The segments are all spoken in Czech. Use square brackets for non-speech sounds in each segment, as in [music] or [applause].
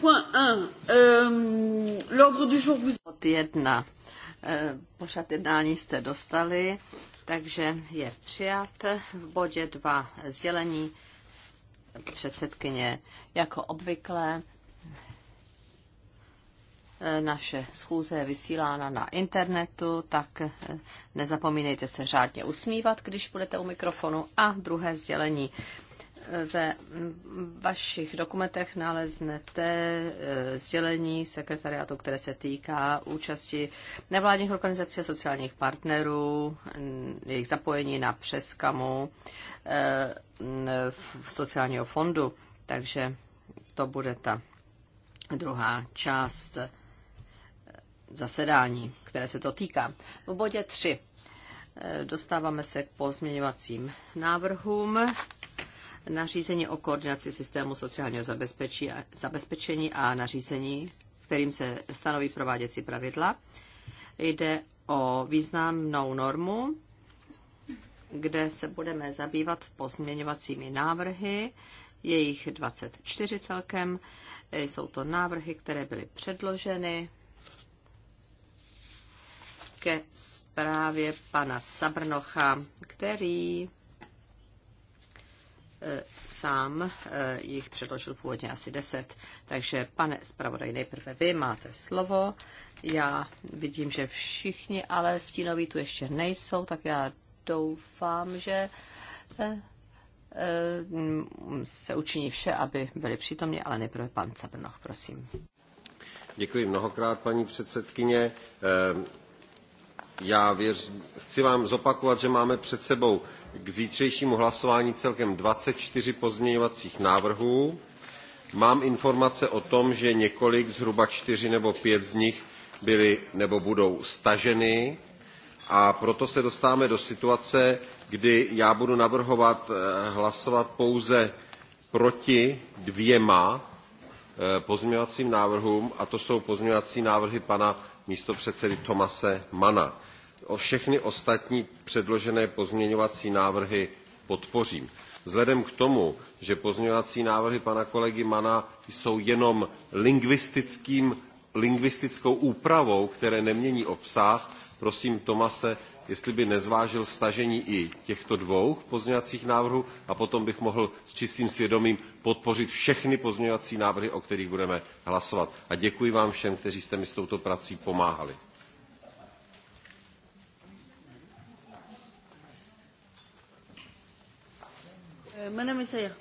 Point 1. Euh, L'ordre du jour vous... Bod 1. Eh, pořad jednání jste dostali, takže je přijat. V bodě 2 sdělení předsedkyně. Jako obvykle eh, naše schůze je vysílána na internetu, tak eh, nezapomínejte se řádně usmívat, když budete u mikrofonu. A druhé sdělení ve vašich dokumentech naleznete eh, sdělení sekretariátu, které se týká účasti nevládních organizací a sociálních partnerů, mm, jejich zapojení na přeskamu eh, mm, sociálního fondu. Takže to bude ta druhá část eh, zasedání, které se to týká. V bodě 3 dostáváme se k pozměňovacím návrhům nařízení o koordinaci systému sociálního zabezpečení a nařízení, kterým se stanoví prováděcí pravidla. Jde o významnou normu, kde se budeme zabývat pozměňovacími návrhy, jejich 24 celkem. Jsou to návrhy, které byly předloženy ke zprávě pana Cabrnocha, který Eh, sám eh, jich předložil původně asi deset. Takže, pane zpravodaj, nejprve vy máte slovo. Já vidím, že všichni, ale stínoví tu ještě nejsou, tak já doufám, že eh, se učiní vše, aby byli přítomni, ale nejprve pan Cabrnoch, prosím. Děkuji mnohokrát, paní předsedkyně. Já věř, chci vám zopakovat, že máme před sebou k zítřejšímu hlasování celkem 24 pozměňovacích návrhů. Mám informace o tom, že několik, zhruba čtyři nebo pět z nich byly nebo budou staženy a proto se dostáváme do situace, kdy já budu navrhovat eh, hlasovat pouze proti dvěma eh, pozměňovacím návrhům, a to jsou pozměňovací návrhy pana místopředsedy Tomase Mana o všechny ostatní předložené pozměňovací návrhy podpořím. Vzhledem k tomu, že pozměňovací návrhy pana kolegy Mana jsou jenom lingvistickým, lingvistickou úpravou, které nemění obsah, prosím Tomase, jestli by nezvážil stažení i těchto dvou pozměňovacích návrhů a potom bych mohl s čistým svědomím podpořit všechny pozměňovací návrhy, o kterých budeme hlasovat. A děkuji vám všem, kteří jste mi s touto prací pomáhali. Jmenuji se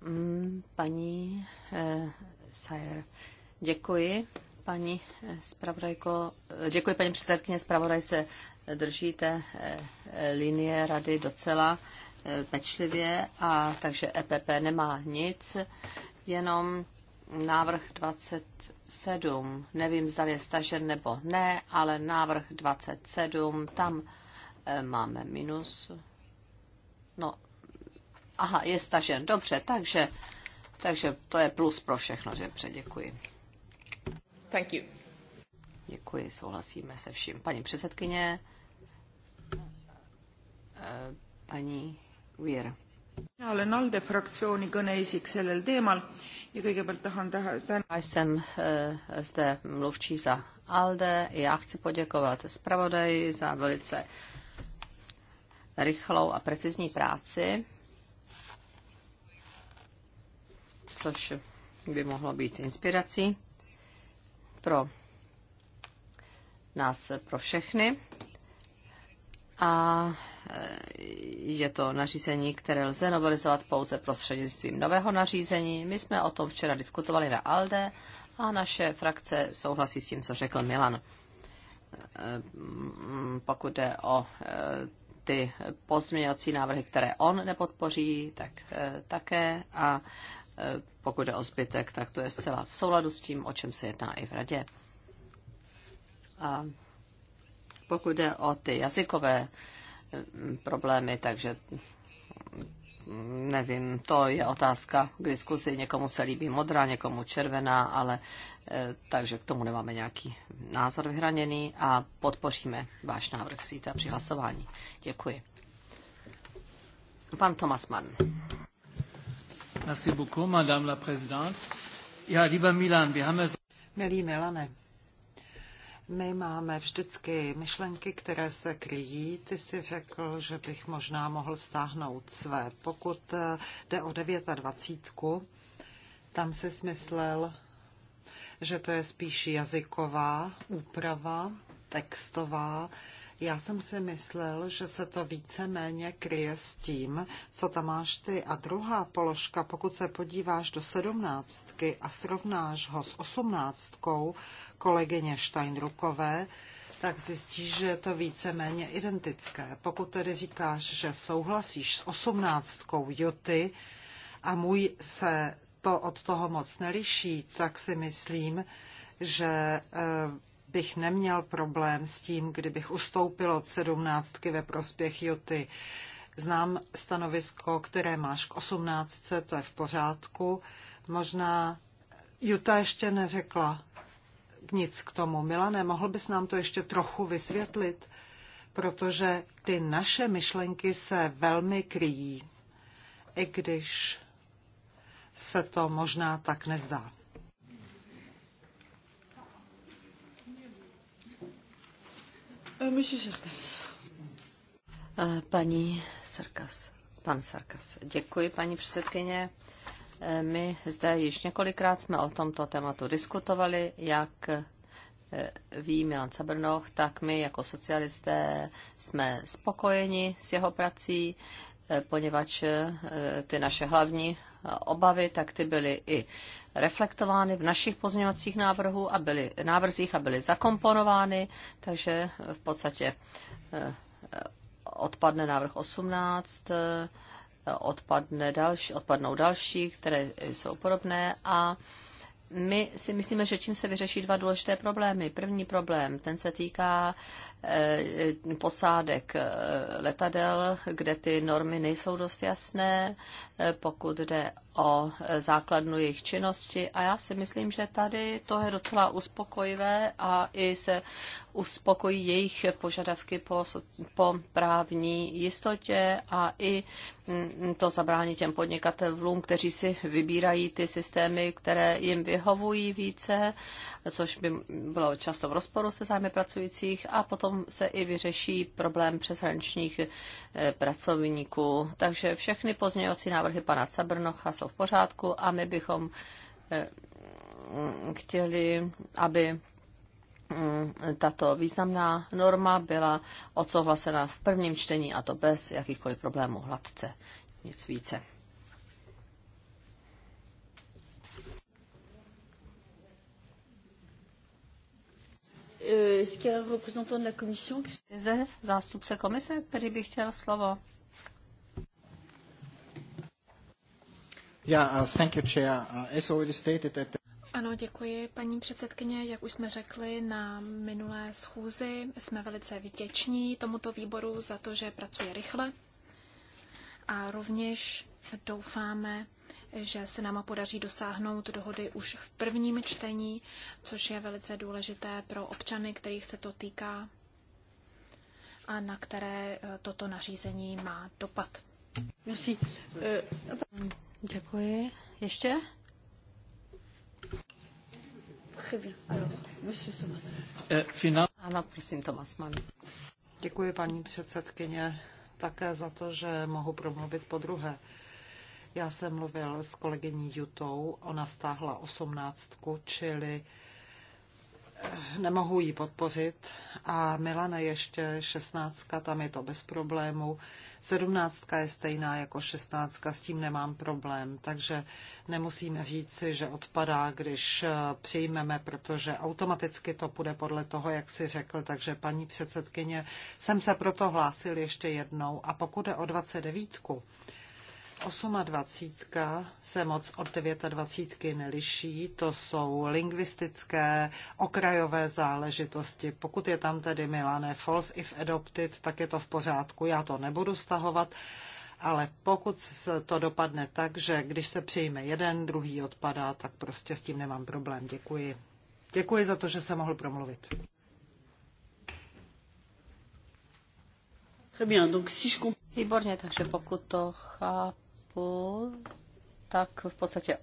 mm, Paní eh, děkuji. Paní eh, zpravodajko, děkuji paní předsedkyně, zpravodaj se držíte eh, linie rady docela eh, pečlivě a takže EPP nemá nic, jenom návrh 27, nevím, zda je stažen nebo ne, ale návrh 27, tam máme minus. No, Aha, je stažen. Dobře, takže, takže to je plus pro všechno, že předěkuji. Thank you. Děkuji, souhlasíme se vším. Paní předsedkyně, eh, paní Weir. Já olen ALDE fraktsiooni kõneisik sellel teemal ja kõigepealt tahan täna jsem eh, zde mluvčí za ALDE. Já chci poděkovat zpravodaji za velice rychlou a precizní práci což by mohlo být inspirací pro nás, pro všechny. A e, je to nařízení, které lze novelizovat pouze prostřednictvím nového nařízení. My jsme o tom včera diskutovali na ALDE a naše frakce souhlasí s tím, co řekl Milan. E, pokud jde o e, ty pozměňovací návrhy, které on nepodpoří, tak také a Eh, pokud je o zbytek, tak to je zcela v souladu s tím, o čem se jedná i v radě. A pokud je o ty jazykové eh, problémy, takže nevím, to je otázka k diskusi. Někomu se líbí modrá, někomu červená, ale eh, takže k tomu nemáme nějaký názor vyhraněný a podpoříme váš návrh zítra při hlasování. Děkuji. Pan Mann. Merci beaucoup, Madame la Présidente. Ja, lieber Milan, wir haben ja... Milý Milane, my máme vždycky myšlenky, které se kryjí. Ty si řekl, že bych možná mohl stáhnout své. Pokud eh, jde o 29, tam se smyslel, že to je spíš jazyková úprava, textová, já jsem si myslel, že se to více-méně kryje s tím, co tam máš ty. A druhá položka, pokud se podíváš do sedmnáctky a srovnáš ho s osmnáctkou kolegyně Steinrukové, tak zjistíš, že je to více-méně identické. Pokud tedy říkáš, že souhlasíš s osmnáctkou Joty a můj se to od toho moc neliší, tak si myslím, že eh, bych neměl problém s tím, kdybych ustoupil od sedmnáctky ve prospěch Juty. Znám stanovisko, které máš k osmnáctce, to je v pořádku. Možná Juta ještě neřekla nic k tomu. Milane, mohl bys nám to ještě trochu vysvětlit? Protože ty naše myšlenky se velmi kryjí, i když se to možná tak nezdá. Eh, monsieur Sarkas. Eh, paní Sarkas. Pan Sarkas. Děkuji, paní předsedkyně. Eh, my zde již několikrát jsme o tomto tématu diskutovali, jak ví Milan Cabrnoch, tak my jako socialisté jsme spokojeni s jeho prací, poněvadž ty naše hlavní obavy, tak ty byly i reflektovány v našich pozměňovacích návrhů a byly, návrzích a byly zakomponovány, takže v podstatě eh, odpadne návrh 18, eh, odpadne další, odpadnou další, které jsou podobné a my si myslíme, že tím se vyřeší dva důležité problémy. První problém, ten se týká Eh, posádek eh, letadel, kde ty normy nejsou dost jasné, eh, pokud jde o základnu jejich činnosti. A já si myslím, že tady to je docela uspokojivé a i se uspokojí jejich požadavky po, po právní jistotě a i mm, to zabrání těm podnikatelům, kteří si vybírají ty systémy, které jim vyhovují více, což by bylo často v rozporu se zájmy pracujících a potom potom se i vyřeší problém přeshraničních eh, pracovníků. Takže všechny pozměňovací návrhy pana Cabrnocha jsou v pořádku a my bychom eh, chtěli, aby mm, tato významná norma byla odsouhlasena v prvním čtení a to bez jakýchkoliv problémů hladce. Nic více. Euh, zde zástupce komise, který by chtěl slovo. Uh, thank you, Chair. Uh, as already stated Ano, děkuji, paní předsedkyně. Jak už jsme řekli na minulé schůzi, jsme velice vděční tomuto výboru za to, že pracuje rychle a rovněž doufáme, že se nám podaří dosáhnout dohody už v prvním čtení, což je velice důležité pro občany, kterých se to týká a na které eh, toto nařízení má dopad. Eh, Děkuji. Ještě? Eh, ano, prosím, Tomas Mann. Děkuji, paní předsedkyně, také za to, že mohu promluvit po druhé. Já jsem mluvil s kolegyní Jutou, ona stáhla osmnáctku, čili eh, nemohu ji podpořit. A Milana ještě šestnáctka, tam je to bez problému. Sedmnáctka je stejná jako šestnáctka, s tím nemám problém. Takže nemusíme říci, že odpadá, když eh, přijmeme, protože automaticky to půjde podle toho, jak si řekl. Takže paní předsedkyně, jsem se proto hlásil ještě jednou. A pokud je o 29 28 se moc od 29 neliší, to jsou lingvistické, okrajové záležitosti. Pokud je tam tedy Milané false if adopted, tak je to v pořádku, já to nebudu stahovat, ale pokud se to dopadne tak, že když se přijme jeden, druhý odpadá, tak prostě s tím nemám problém. Děkuji. Děkuji za to, že jsem mohl promluvit. Výborně, takže pokud to chápu, postupu, tak v podstatě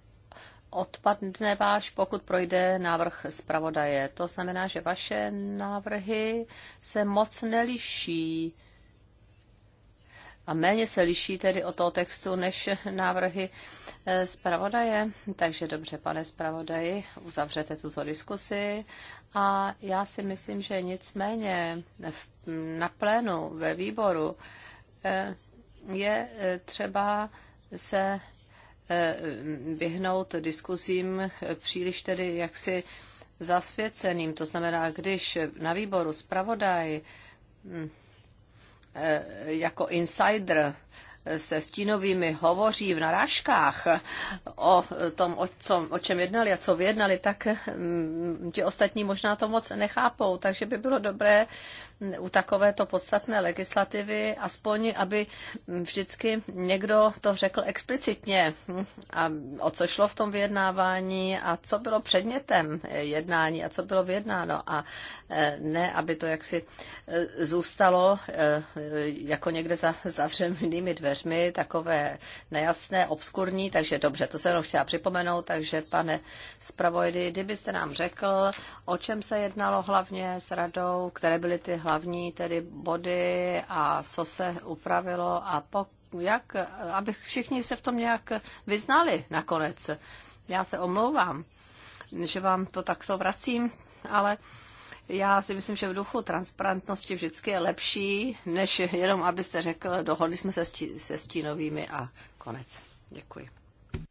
odpadne váš, pokud projde návrh zpravodaje. To znamená, že vaše návrhy se moc neliší a méně se liší tedy od toho textu než návrhy eh, zpravodaje. Takže dobře, pane zpravodaji, uzavřete tuto diskusi a já si myslím, že nicméně na plénu ve výboru eh, je eh, třeba se eh, vyhnout diskuzím příliš tedy jaksi zasvěceným. To znamená, když na výboru zpravodaj hm, eh, jako insider se stínovými hovoří v narážkách o tom, o, co, o čem jednali a co vyjednali, tak hm, ti ostatní možná to moc nechápou. Takže by bylo dobré u takovéto podstatné legislativy, aspoň aby vždycky někdo to řekl explicitně, a o co šlo v tom vyjednávání a co bylo předmětem jednání a co bylo vyjednáno a e, ne, aby to jaksi e, zůstalo e, jako někde za zavřenými dveřmi, takové nejasné, obskurní, takže dobře, to jsem chtěla připomenout, takže pane Spravojdy, kdybyste nám řekl, o čem se jednalo hlavně s radou, které byly ty hlavní hlavní tedy body a co se upravilo a po, jak, aby všichni se v tom nějak vyznali nakonec. Já se omlouvám, že vám to takto vracím, ale já si myslím, že v duchu transparentnosti vždycky je lepší, než jenom abyste řekl, dohodli jsme se, stí, se stínovými a konec. Děkuji.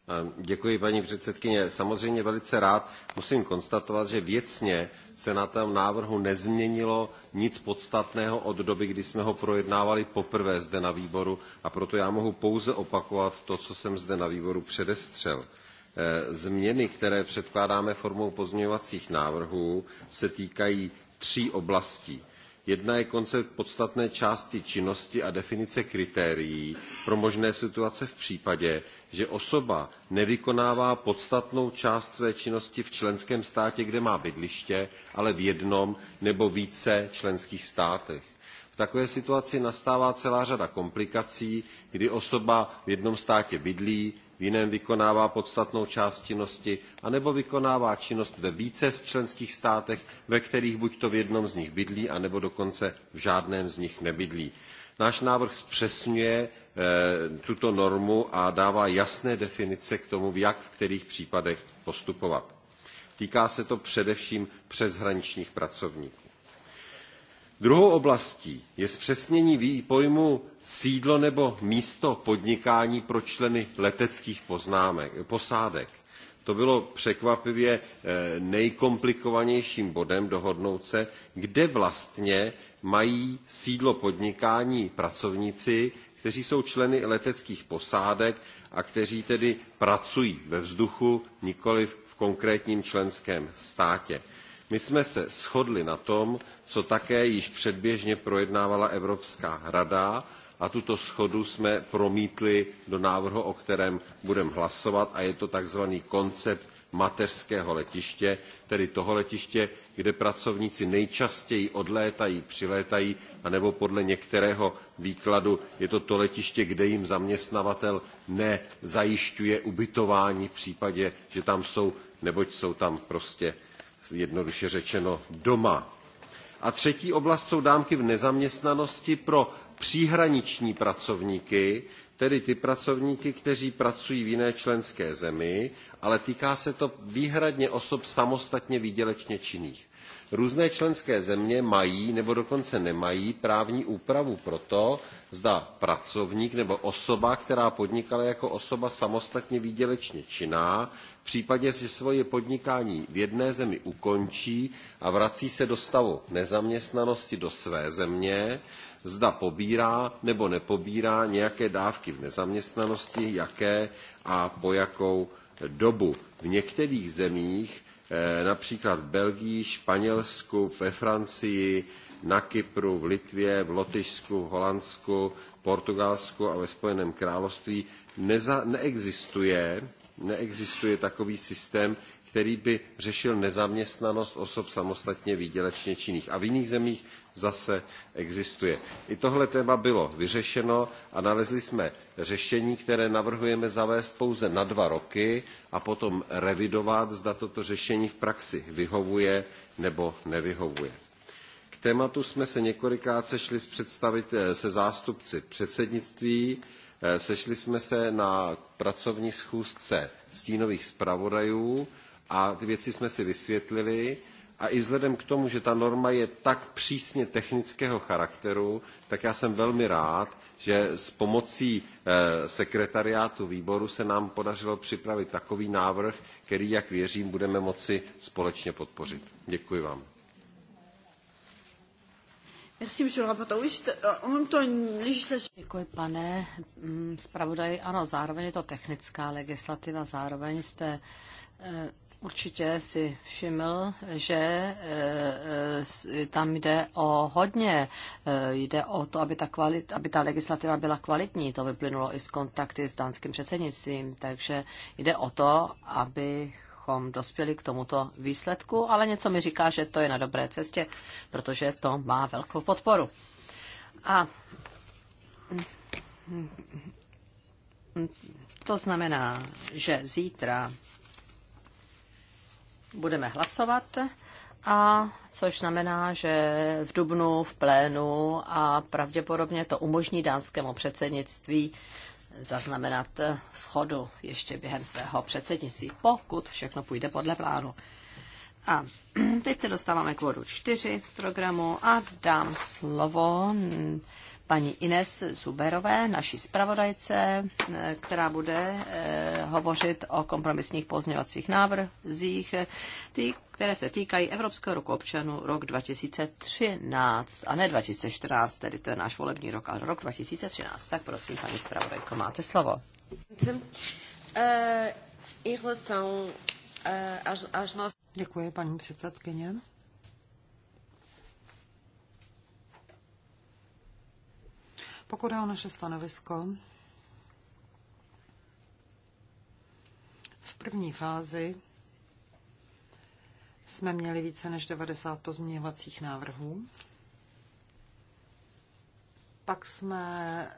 Ehm, děkuji, paní předsedkyně. Samozřejmě velice rád musím konstatovat, že věcně se na tom návrhu nezměnilo nic podstatného od doby, kdy jsme ho projednávali poprvé zde na výboru a proto já mohu pouze opakovat to, co jsem zde na výboru předestřel. Ehm, změny, které předkládáme formou pozměňovacích návrhů, se týkají tří oblastí Jedna je koncept podstatné části činnosti a definice kritérií pro možné situace v případě, že osoba nevykonává podstatnou část své činnosti v členském státě, kde má bydliště, ale v jednom nebo více členských státech. V takové situaci nastává celá řada komplikací, kdy osoba v jednom státě bydlí, v jiném vykonává podstatnou část činnosti, anebo vykonává činnost ve více z členských státech, ve kterých buď to v jednom z nich bydlí, anebo dokonce v žádném z nich nebydlí. Náš návrh zpřesňuje eh, tuto normu a dává jasné definice k tomu, jak v kterých případech postupovat. Týká se to především přeshraničních pracovníků. Druhou oblastí je zpřesnění pojmu sídlo nebo místo podnikání pro členy leteckých poznámek, posádek. To bylo překvapivě eh, nejkomplikovanějším bodem dohodnout se, kde vlastně mají sídlo podnikání pracovníci, kteří jsou členy leteckých posádek a kteří tedy pracují ve vzduchu, nikoli v konkrétním členském státě. My jsme se shodli na tom, co také již předběžně projednávala Evropská rada a tuto schodu jsme promítli do návrhu, o kterém budeme hlasovat a je to takzvaný koncept mateřského letiště, tedy toho letiště, kde pracovníci nejčastěji odlétají, přilétají, anebo podle některého výkladu je to to letiště, kde jim zaměstnavatel nezajišťuje ubytování v případě, že tam jsou, neboť jsou tam prostě jednoduše řečeno doma. A třetí oblast jsou dámky v nezaměstnanosti pro příhraniční pracovníky, tedy ty pracovníky, kteří pracují v jiné členské zemi, ale týká se to výhradně osob samostatně výdělečně činných. Různé členské země mají nebo dokonce nemají právní úpravu pro to, zda pracovník nebo osoba, která podnikala jako osoba samostatně výdělečně činná, případě, že svoje podnikání v jedné zemi ukončí a vrací se do stavu nezaměstnanosti do své země, zda pobírá nebo nepobírá nějaké dávky v nezaměstnanosti, jaké a po jakou dobu. V některých zemích, eh, například v Belgii, Španělsku, ve Francii, na Kypru, v Litvě, v Lotyšsku, v Holandsku, Portugalsku a ve Spojeném království neza, neexistuje neexistuje takový systém, který by řešil nezaměstnanost osob samostatně výdělečně činných. A v jiných zemích zase existuje. I tohle téma bylo vyřešeno a nalezli jsme řešení, které navrhujeme zavést pouze na dva roky a potom revidovat, zda toto řešení v praxi vyhovuje nebo nevyhovuje. K tématu jsme se několikrát sešli se zástupci předsednictví, Eh, sešli jsme se na pracovní schůzce stínových zpravodajů a ty věci jsme si vysvětlili. A i vzhledem k tomu, že ta norma je tak přísně technického charakteru, tak já jsem velmi rád, že s pomocí eh, sekretariátu výboru se nám podařilo připravit takový návrh, který, jak věřím, budeme moci společně podpořit. Děkuji vám. Merci, monsieur le rapporteur. Oui, c'est euh, en même temps une législation. Děkuji, pane mm, zpravodaj. Ano, zároveň je to technická legislativa, zároveň jste eh, Určitě si všiml, že eh, eh, tam jde o hodně. Jde o to, aby ta, kvalit, aby ta legislativa byla kvalitní. To vyplynulo i z kontakty s dánským předsednictvím. Takže jde o to, abychom abychom dospěli k tomuto výsledku, ale něco mi říká, že to je na dobré cestě, protože to má velkou podporu. A to znamená, že zítra budeme hlasovat, a což znamená, že v Dubnu, v plénu a pravděpodobně to umožní dánskému předsednictví zaznamenat eh, schodu ještě během svého předsednictví, pokud všechno půjde podle plánu. A [clears throat] teď se dostáváme k bodu čtyři programu a dám slovo paní Ines Zuberové, naší zpravodajce, která bude eh, hovořit o kompromisních pozměňovacích návrzích, ty, které se týkají Evropského roku občanů rok 2013, a ne 2014, tedy to je náš volební rok, ale rok 2013. Tak prosím, paní zpravodajko, máte slovo. Eh, eh, Děkuji, paní předsedkyně. Pokud je o naše stanovisko, v první fázi jsme měli více než 90 pozměňovacích návrhů. Pak jsme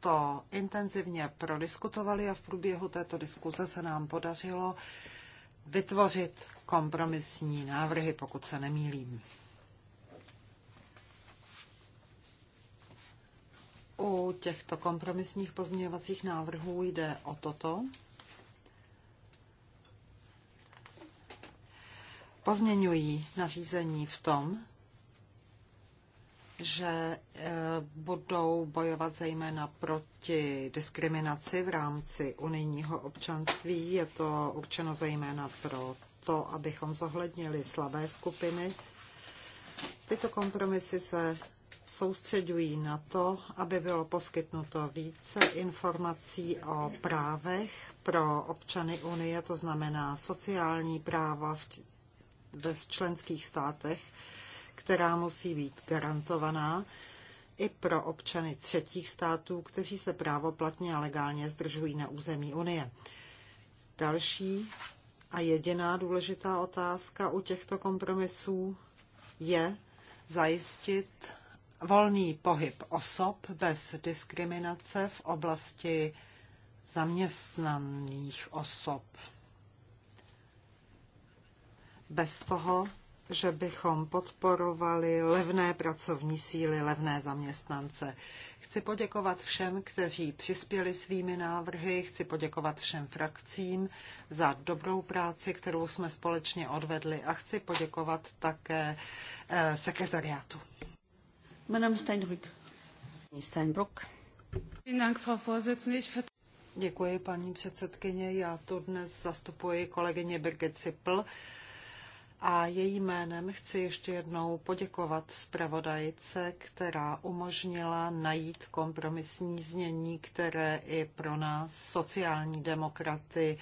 to intenzivně prodiskutovali a v průběhu této diskuze se nám podařilo vytvořit kompromisní návrhy, pokud se nemýlím. U těchto kompromisních pozměňovacích návrhů jde o toto. Pozměňují nařízení v tom, že e, budou bojovat zejména proti diskriminaci v rámci unijního občanství. Je to určeno zejména pro to, abychom zohlednili slabé skupiny. Tyto kompromisy se soustředují na to, aby bylo poskytnuto více informací o právech pro občany Unie, to znamená sociální práva v, ve členských státech, která musí být garantovaná i pro občany třetích států, kteří se právoplatně a legálně zdržují na území Unie. Další a jediná důležitá otázka u těchto kompromisů je zajistit volný pohyb osob bez diskriminace v oblasti zaměstnaných osob. Bez toho, že bychom podporovali levné pracovní síly, levné zaměstnance. Chci poděkovat všem, kteří přispěli svými návrhy, chci poděkovat všem frakcím za dobrou práci, kterou jsme společně odvedli a chci poděkovat také eh, sekretariátu. Madame Steinrück. Steinbrück. Děkuji, paní předsedkyně. Já tu dnes zastupuji kolegyně Birgit Cipl a její jménem chci ještě jednou poděkovat zpravodajce, která umožnila najít kompromisní znění, které i pro nás, sociální demokraty,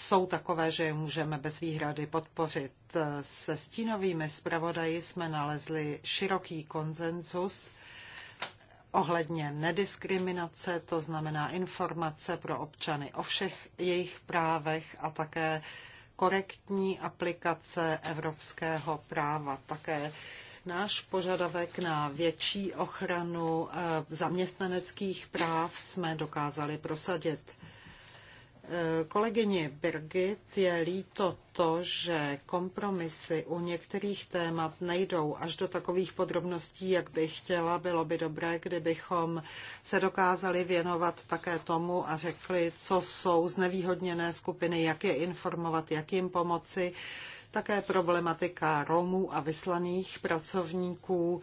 jsou takové, že je můžeme bez výhrady podpořit. Se stínovými zpravodaji jsme nalezli široký konsenzus ohledně nediskriminace, to znamená informace pro občany o všech jejich právech a také korektní aplikace evropského práva. Také náš požadavek na větší ochranu eh, zaměstnaneckých práv jsme dokázali prosadit. Kolegyně Birgit je líto to, že kompromisy u některých témat nejdou až do takových podrobností, jak by chtěla. Bylo by dobré, kdybychom se dokázali věnovat také tomu a řekli, co jsou znevýhodněné skupiny, jak je informovat, jak jim pomoci. Také problematika Romů a vyslaných pracovníků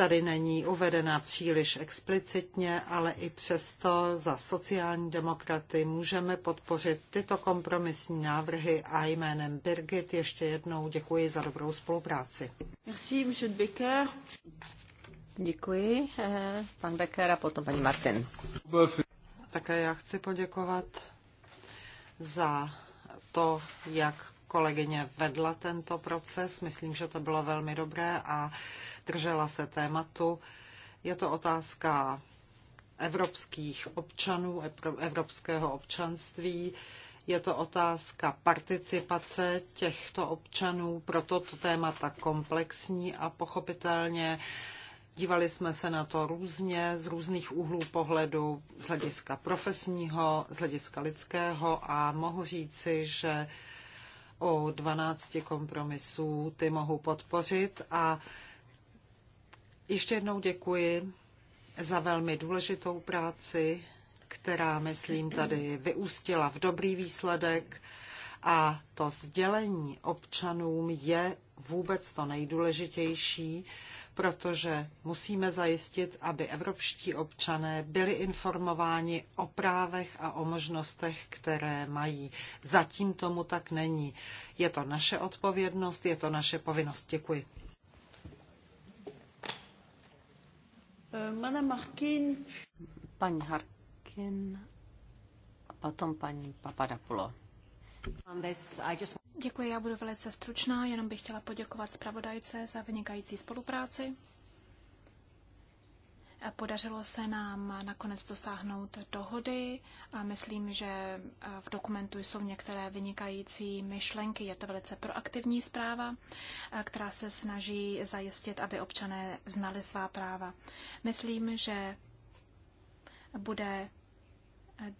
tady není uvedena příliš explicitně, ale i přesto za sociální demokraty můžeme podpořit tyto kompromisní návrhy a jménem Birgit ještě jednou děkuji za dobrou spolupráci. Merci, monsieur Becker. Děkuji, eh, pan Becker a potom paní Martin. Také já chci poděkovat za to, jak kolegyně vedla tento proces. Myslím, že to bylo velmi dobré a držela se tématu. Je to otázka evropských občanů, evropského občanství. Je to otázka participace těchto občanů, proto to téma tak komplexní a pochopitelně dívali jsme se na to různě, z různých úhlů pohledu, z hlediska profesního, z hlediska lidského a mohu říci, že o 12 kompromisů ty mohu podpořit a ještě jednou děkuji za velmi důležitou práci, která, myslím, tady vyústila v dobrý výsledek. A to sdělení občanům je vůbec to nejdůležitější, protože musíme zajistit, aby evropští občané byli informováni o právech a o možnostech, které mají. Zatím tomu tak není. Je to naše odpovědnost, je to naše povinnost. Děkuji. Eh, Madame Machkin, Paní Harkin a potom paní Papadapulo. Děkuji, já budu velice stručná, jenom bych chtěla poděkovat zpravodajce za vynikající spolupráci. Podařilo se nám nakonec dosáhnout dohody a myslím, že e, v dokumentu jsou některé vynikající myšlenky. Je to velice proaktivní zpráva, e, která se snaží zajistit, aby občané znali svá práva. Myslím, že bude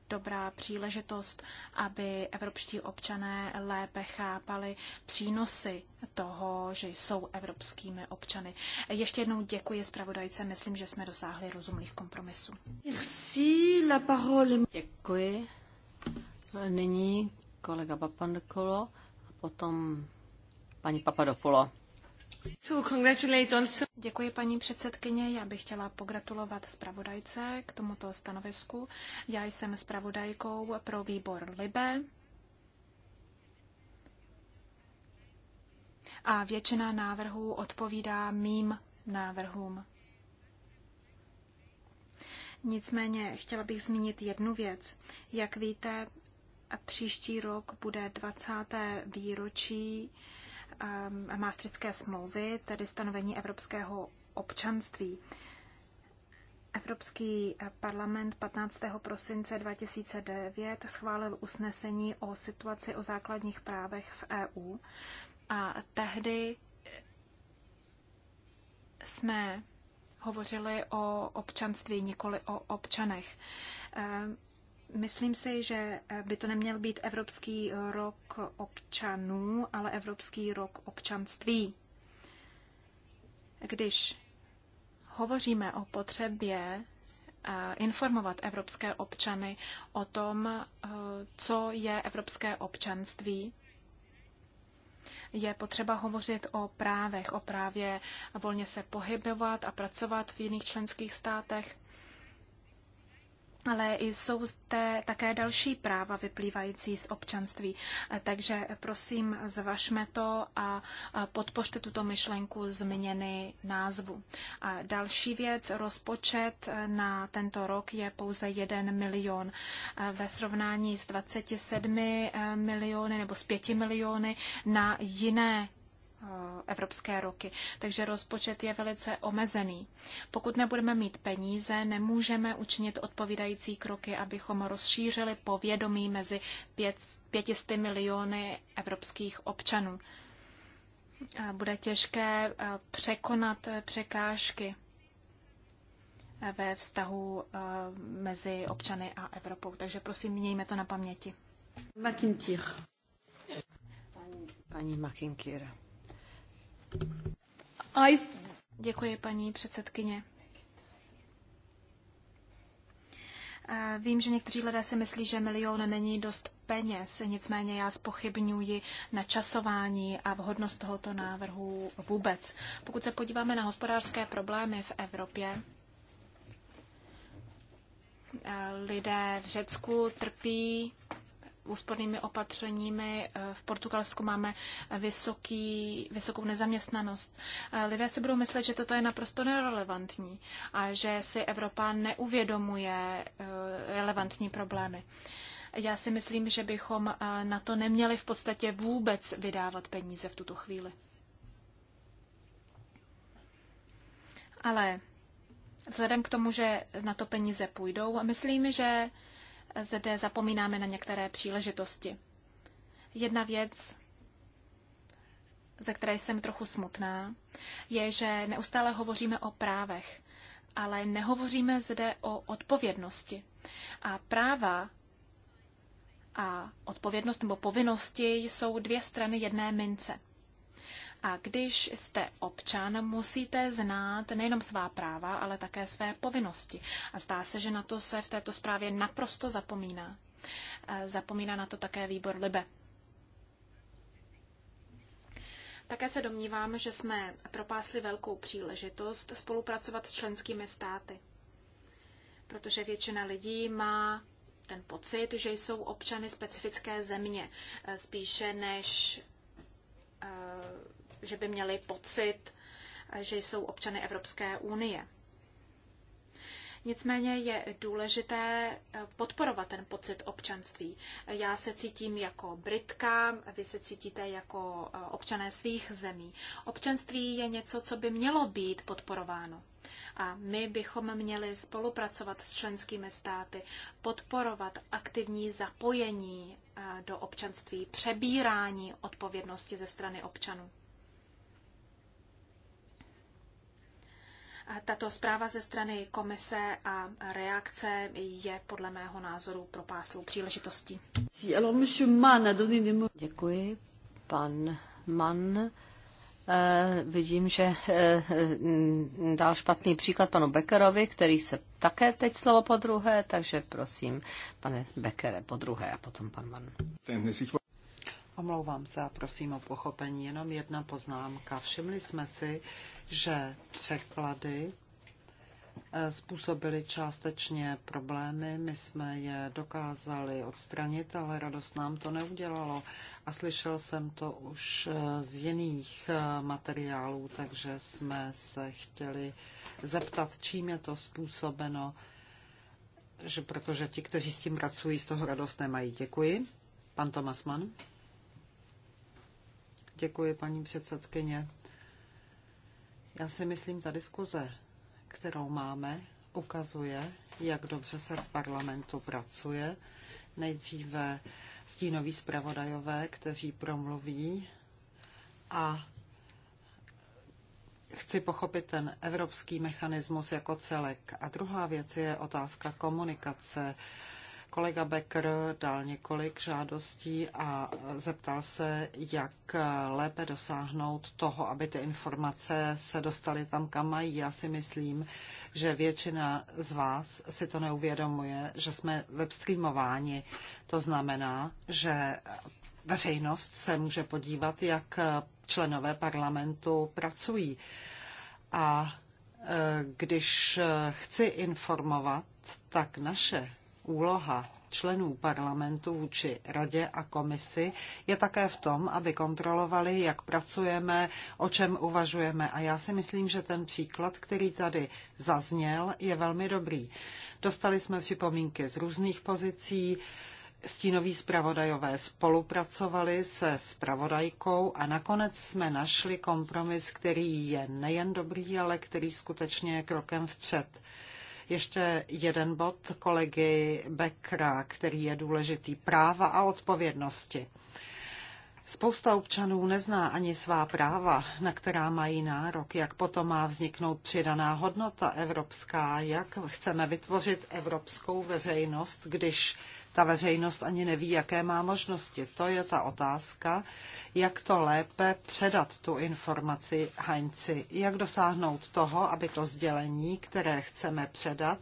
dobrá příležitost, aby evropští občané lépe chápali přínosy toho, že jsou evropskými občany. Ještě jednou děkuji zpravodajce, myslím, že jsme dosáhli rozumných kompromisů. Merci, la parole. Děkuji. Nyní kolega Papandokolo a potom paní Papadopulo. Děkuji paní předsedkyně. Já bych chtěla pogratulovat zpravodajce k tomuto stanovisku. Já jsem zpravodajkou pro výbor Libe. A většina návrhů odpovídá mým návrhům. Nicméně chtěla bych zmínit jednu věc. Jak víte, příští rok bude 20. výročí Um, Maastrické smlouvy, tedy stanovení evropského občanství. Evropský parlament 15. prosince 2009 schválil usnesení o situaci o základních právech v EU a tehdy jsme hovořili o občanství, nikoli o občanech. Myslím si, že eh, by to neměl být Evropský rok občanů, ale Evropský rok občanství. Když hovoříme o potřebě eh, informovat evropské občany o tom, eh, co je evropské občanství, je potřeba hovořit o právech, o právě volně se pohybovat a pracovat v jiných členských státech ale jsou zde také další práva vyplývající z občanství. Takže prosím, zvažme to a podpořte tuto myšlenku změny názvu. A další věc, rozpočet na tento rok je pouze 1 milion. Ve srovnání s 27 eh, miliony nebo s 5 miliony na jiné Eh, evropské roky, takže rozpočet je velice omezený. Pokud nebudeme mít peníze, nemůžeme učinit odpovídající kroky, abychom rozšířili povědomí mezi 500 miliony evropských občanů. Eh, bude těžké eh, překonat překážky ve vztahu mezi občany a Evropou. Takže prosím, mějme to na paměti. McIntyre. Paní, paní Děkuji, paní předsedkyně. Vím, že někteří lidé si myslí, že milion není dost peněz, nicméně já spochybňuji načasování a vhodnost tohoto návrhu vůbec. Pokud se podíváme na hospodářské problémy v Evropě, eh, lidé v Řecku trpí úspornými opatřeními. Eh, v Portugalsku máme vysoký, vysokou nezaměstnanost. Eh, lidé si budou myslet, že toto je naprosto nerelevantní a že si Evropa neuvědomuje eh, relevantní problémy. Já si myslím, že bychom na to neměli v podstatě vůbec vydávat peníze v tuto chvíli. Ale vzhledem k tomu, že na to peníze půjdou, myslím, že zde zapomínáme na některé příležitosti. Jedna věc, ze které jsem trochu smutná, je, že neustále hovoříme o právech, ale nehovoříme zde o odpovědnosti. A práva a odpovědnost nebo povinnosti jsou dvě strany jedné mince. A když jste občan, musíte znát nejenom svá práva, ale také své povinnosti. A zdá se, že na to se v této zprávě naprosto zapomíná. Zapomíná na to také výbor Libe. Také se domnívám, že jsme propásli velkou příležitost spolupracovat s členskými státy. Protože většina lidí má ten pocit, že jsou občany specifické země, spíše než eh, že by měli pocit, že jsou občany Evropské unie. Nicméně je důležité eh, podporovat ten pocit občanství. Já se cítím jako Britka, vy se cítíte jako eh, občané svých zemí. Občanství je něco, co by mělo být podporováno. A my bychom měli spolupracovat s členskými státy, podporovat aktivní zapojení eh, do občanství, přebírání odpovědnosti ze strany občanů. Tato zpráva ze strany komise a reakce je podle mého názoru propáslou příležitostí. Děkuji. Pan Mann eh, vidím, že eh, eh, dal špatný příklad panu Beckerovi, který chce také teď slovo po druhé, takže prosím, pane Beckere, po druhé a potom pan Mann. Omlouvám se a prosím o pochopení. Jenom jedna poznámka. Všimli jsme si, že překlady eh, způsobily částečně problémy. My jsme je dokázali odstranit, ale radost nám to neudělalo. A slyšel jsem to už eh, z jiných eh, materiálů, takže jsme se chtěli zeptat, čím je to způsobeno, že protože ti, kteří s tím pracují, z toho radost nemají. Děkuji. Pan Tomasman. Děkuji, paní předsedkyně. Já si myslím, ta diskuze, kterou máme, ukazuje, jak dobře se v parlamentu pracuje. Nejdříve stínoví zpravodajové, kteří promluví a chci pochopit ten evropský mechanismus jako celek. A druhá věc je otázka komunikace. Uh, Kolega Becker dal několik žádostí a zeptal se, jak lépe dosáhnout toho, aby ty informace se dostaly tam, kam mají. Já si myslím, že většina z vás si to neuvědomuje, že jsme webstreamováni. To znamená, že veřejnost se může podívat, jak členové parlamentu pracují. A e, když e, chci informovat, tak naše úloha členů parlamentu vůči radě a komisi je také v tom, aby kontrolovali, jak pracujeme, o čem uvažujeme. A já si myslím, že ten příklad, který tady zazněl, je velmi dobrý. Dostali jsme připomínky z různých pozicí, Stínoví zpravodajové spolupracovali se zpravodajkou a nakonec jsme našli kompromis, který je nejen dobrý, ale který skutečně je krokem vpřed. Ještě jeden bod kolegy Beckera, který je důležitý. Práva a odpovědnosti. Spousta občanů nezná ani svá práva, na která mají nárok, jak potom má vzniknout přidaná hodnota evropská, jak chceme vytvořit evropskou veřejnost, když ta veřejnost ani neví, jaké má možnosti. To je ta otázka, jak to lépe předat tu informaci Heinzi, jak dosáhnout toho, aby to sdělení, které chceme předat,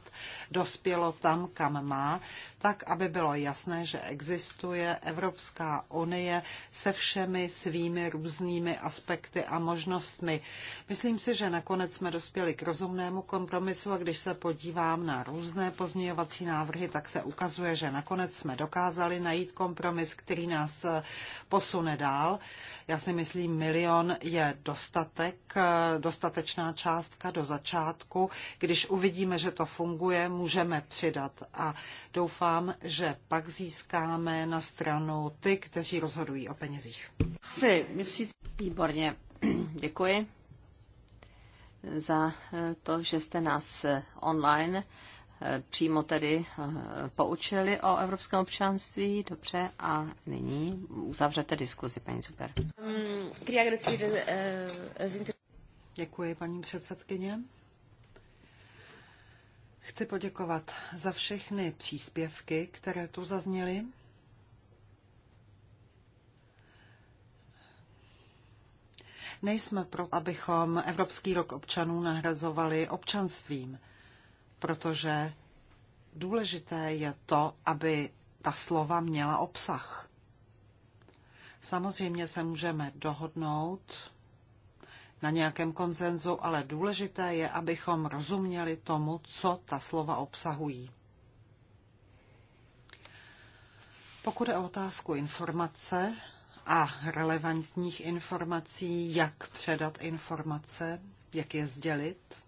dospělo tam, kam má, tak, aby bylo jasné, že existuje Evropská unie se všemi svými různými aspekty a možnostmi. Myslím si, že nakonec jsme dospěli k rozumnému kompromisu a když se podívám na různé pozměňovací návrhy, tak se ukazuje, že nakonec jsme dokázali najít kompromis, který nás posune dál já si myslím, milion je dostatek, eh, dostatečná částka do začátku. Když uvidíme, že to funguje, můžeme přidat a doufám, že pak získáme na stranu ty, kteří rozhodují o penězích. Výborně, [clears throat] děkuji za eh, to, že jste nás eh, online přímo tedy eh, poučili o evropském občanství. Dobře, a nyní uzavřete diskuzi, paní Super. Děkuji, paní předsedkyně. Chci poděkovat za všechny příspěvky, které tu zazněly. Nejsme pro, abychom Evropský rok občanů nahrazovali občanstvím protože důležité je to, aby ta slova měla obsah. Samozřejmě se můžeme dohodnout na nějakém konsenzu, ale důležité je, abychom rozuměli tomu, co ta slova obsahují. Pokud je o otázku informace a relevantních informací, jak předat informace, jak je sdělit,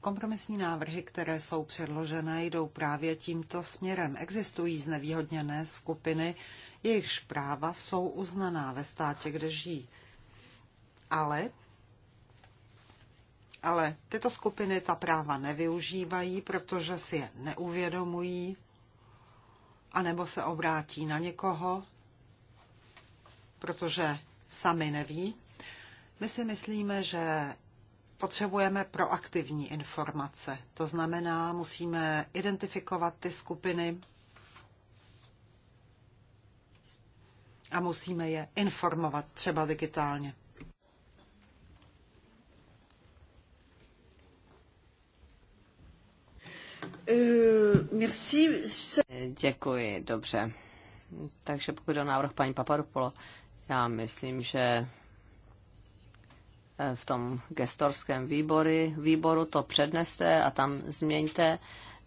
Kompromisní návrhy, které jsou předložené, jdou právě tímto směrem. Existují znevýhodněné skupiny, jejichž práva jsou uznaná ve státě, kde žijí. Ale, ale tyto skupiny ta práva nevyužívají, protože si je neuvědomují, anebo se obrátí na někoho, protože sami neví. My si myslíme, že potřebujeme proaktivní informace. To znamená, musíme identifikovat ty skupiny a musíme je informovat, třeba digitálně. Eh, Děkuji, dobře. Takže pokud do návrh paní Paparupolo, já myslím, že v tom gestorském výbory, výboru to předneste a tam změňte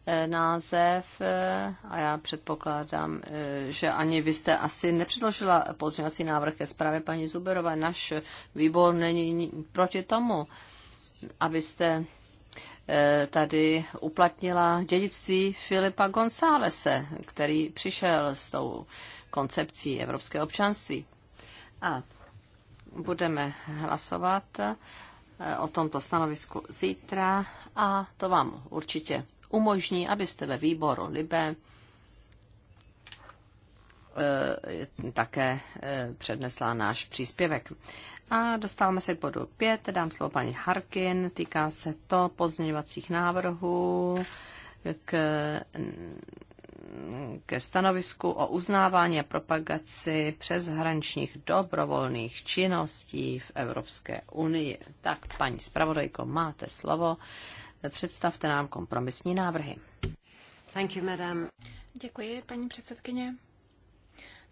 e, název e, a já předpokládám, e, že ani vy jste asi nepředložila pozměňovací návrh ke zprávě paní Zuberové. Náš výbor není proti tomu, abyste tady uplatnila dědictví Filipa Gonzálese, který přišel s tou koncepcí evropského občanství. A budeme hlasovat eh, o tomto stanovisku zítra a to vám určitě umožní, abyste ve výboru Libe eh, také eh, přednesla náš příspěvek. A dostáváme se k bodu 5, dám slovo paní Harkin, týká se to pozměňovacích návrhů k ke stanovisku o uznávání a propagaci přeshraničních dobrovolných činností v Evropské unii. Tak, paní zpravodajko, máte slovo. Představte nám kompromisní návrhy. Thank you, madam. Děkuji, paní předsedkyně.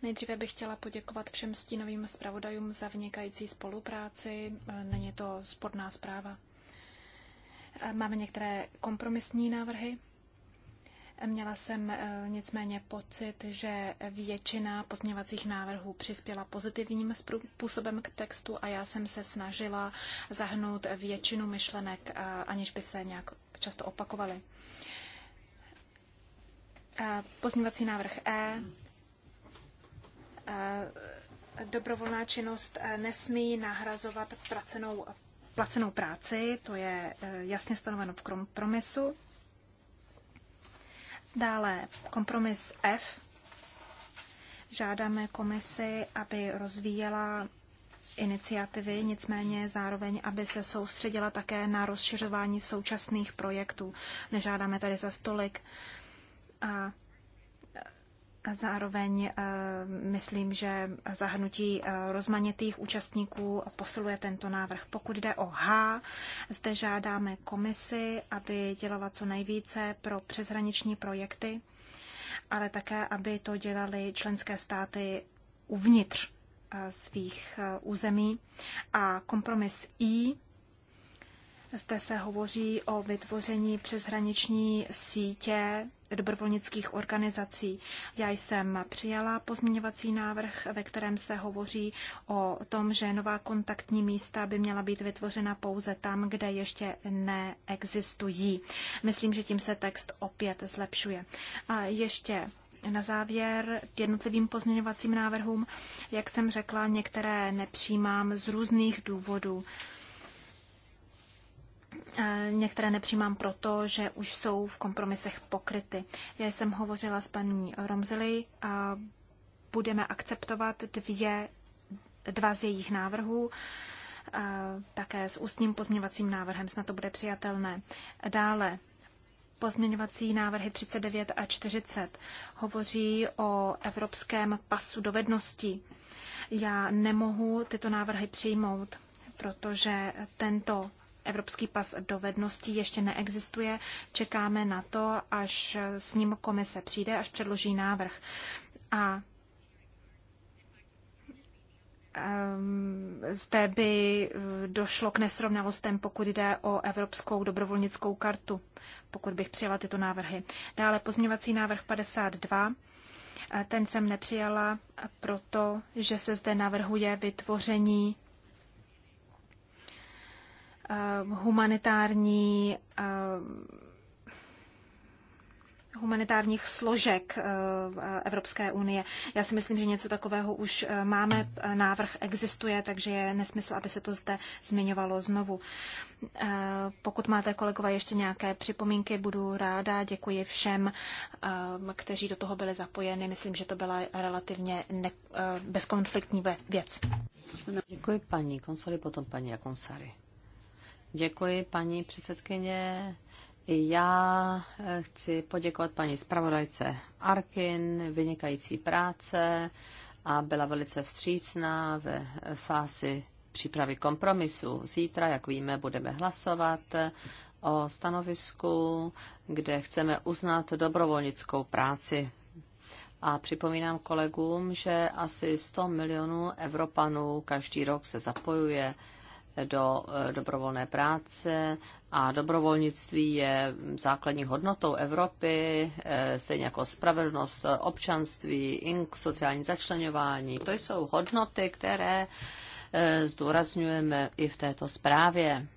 Nejdříve bych chtěla poděkovat všem stínovým zpravodajům za vynikající spolupráci. Není to sporná zpráva. Máme některé kompromisní návrhy. Měla jsem eh, nicméně pocit, že většina pozměňovacích návrhů přispěla pozitivním způsobem k textu a já jsem se snažila zahnout většinu myšlenek, eh, aniž by se nějak často opakovaly. Eh, pozměňovací návrh E. Dobrovolná činnost nesmí nahrazovat placenou, placenou práci, to je jasně stanoveno v kompromisu. Dále kompromis F. Žádáme komisi, aby rozvíjela iniciativy, nicméně zároveň, aby se soustředila také na rozšiřování současných projektů. Nežádáme tady za stolik. A Zároveň eh, myslím, že zahrnutí eh, rozmanitých účastníků posiluje tento návrh. Pokud jde o H, zde žádáme komisi, aby dělala co nejvíce pro přeshraniční projekty, ale také, aby to dělali členské státy uvnitř eh, svých území. A kompromis I zde se hovoří o vytvoření přeshraniční sítě dobrovolnických organizací. Já jsem přijala pozměňovací návrh, ve kterém se hovoří o tom, že nová kontaktní místa by měla být vytvořena pouze tam, kde ještě neexistují. Myslím, že tím se text opět zlepšuje. A ještě na závěr k jednotlivým pozměňovacím návrhům. Jak jsem řekla, některé nepřijímám z různých důvodů. Eh, některé nepřijímám proto, že už jsou v kompromisech pokryty. Já jsem hovořila s paní Romzely a budeme akceptovat dvě, dva z jejich návrhů, eh, také s ústním pozměňovacím návrhem, snad to bude přijatelné. Dále pozměňovací návrhy 39 a 40 hovoří o evropském pasu dovedností. Já nemohu tyto návrhy přijmout, protože tento Evropský pas dovedností ještě neexistuje. Čekáme na to, až s ním komise přijde, až předloží návrh. A ehm, zde by eh, došlo k nesrovnalostem, pokud jde o Evropskou dobrovolnickou kartu, pokud bych přijala tyto návrhy. Dále pozměňovací návrh 52. Eh, ten jsem nepřijala, eh, protože se zde navrhuje vytvoření Eh, humanitární eh, humanitárních složek eh, Evropské unie. Já si myslím, že něco takového už máme, návrh existuje, takže je nesmysl, aby se to zde zmiňovalo znovu. Pokud máte, kolegové, ještě nějaké připomínky, budu ráda. Děkuji všem, kteří do toho byli zapojeni. Myslím, že to byla relativně ne- bezkonfliktní věc. Děkuji paní Konsoli, potom paní Akonsary. Děkuji, paní předsedkyně. Já eh, chci poděkovat paní zpravodajce Arkin, vynikající práce a byla velice vstřícná ve fázi přípravy kompromisu. Zítra, jak víme, budeme hlasovat o stanovisku, kde chceme uznat dobrovolnickou práci. A připomínám kolegům, že asi 100 milionů Evropanů každý rok se zapojuje do eh, dobrovolné práce a dobrovolnictví je základní hodnotou Evropy, eh, stejně jako spravedlnost, občanství, sociální začlenování. To jsou hodnoty, které eh, zdůrazňujeme i v této zprávě.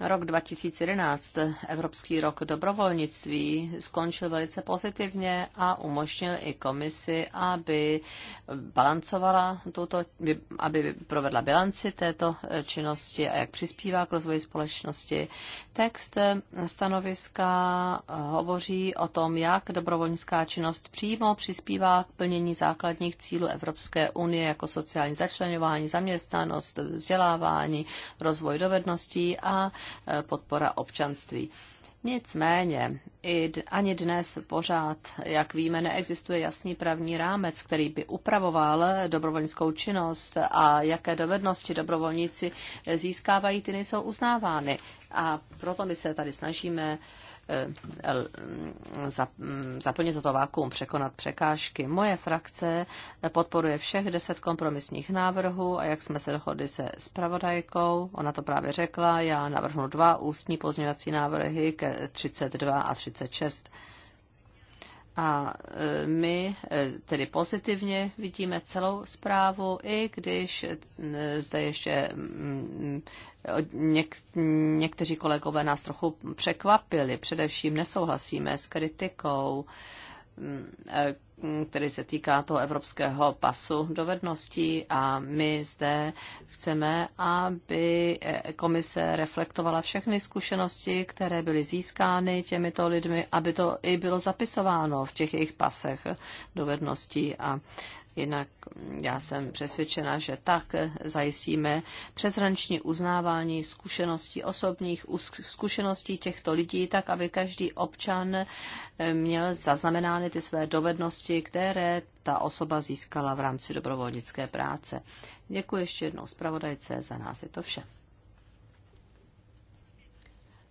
Rok 2011, Evropský rok dobrovolnictví, skončil velice pozitivně a umožnil i komisi, aby balancovala tuto, aby provedla bilanci této činnosti a jak přispívá k rozvoji společnosti. Text stanoviska hovoří o tom, jak dobrovolnická činnost přímo přispívá k plnění základních cílů Evropské unie, jako sociální začlenování, zaměstnanost, vzdělávání, rozvoj dovedností a Eh, podpora občanství. Nicméně i ani dnes pořád, jak víme, neexistuje jasný právní rámec, který by upravoval dobrovolnickou činnost a jaké dovednosti dobrovolníci získávají, ty nejsou uznávány. A proto my se tady snažíme uh, Eh, mm, zaplnit toto vákuum, překonat překážky. Moje frakce podporuje všech deset kompromisních návrhů a jak jsme se dohodli se spravodajkou, ona to právě řekla, já navrhnu dva ústní pozměňovací návrhy ke 32 a 36. A e, my e, tedy pozitivně vidíme celou zprávu, i když e, zde ještě mm, něk, někteří kolegové nás trochu překvapili. Především nesouhlasíme s kritikou Mm, e, který se týká toho evropského pasu dovedností a my zde chceme, aby e, komise reflektovala všechny zkušenosti, které byly získány těmito lidmi, aby to i bylo zapisováno v těch jejich pasech dovedností a Jinak já jsem přesvědčena, že tak zajistíme přeshraniční uznávání zkušeností, osobních zkušeností těchto lidí, tak aby každý občan eh, měl zaznamenány ty své dovednosti, které ta osoba získala v rámci dobrovolnické práce. Děkuji ještě jednou zpravodajce, za nás je to vše.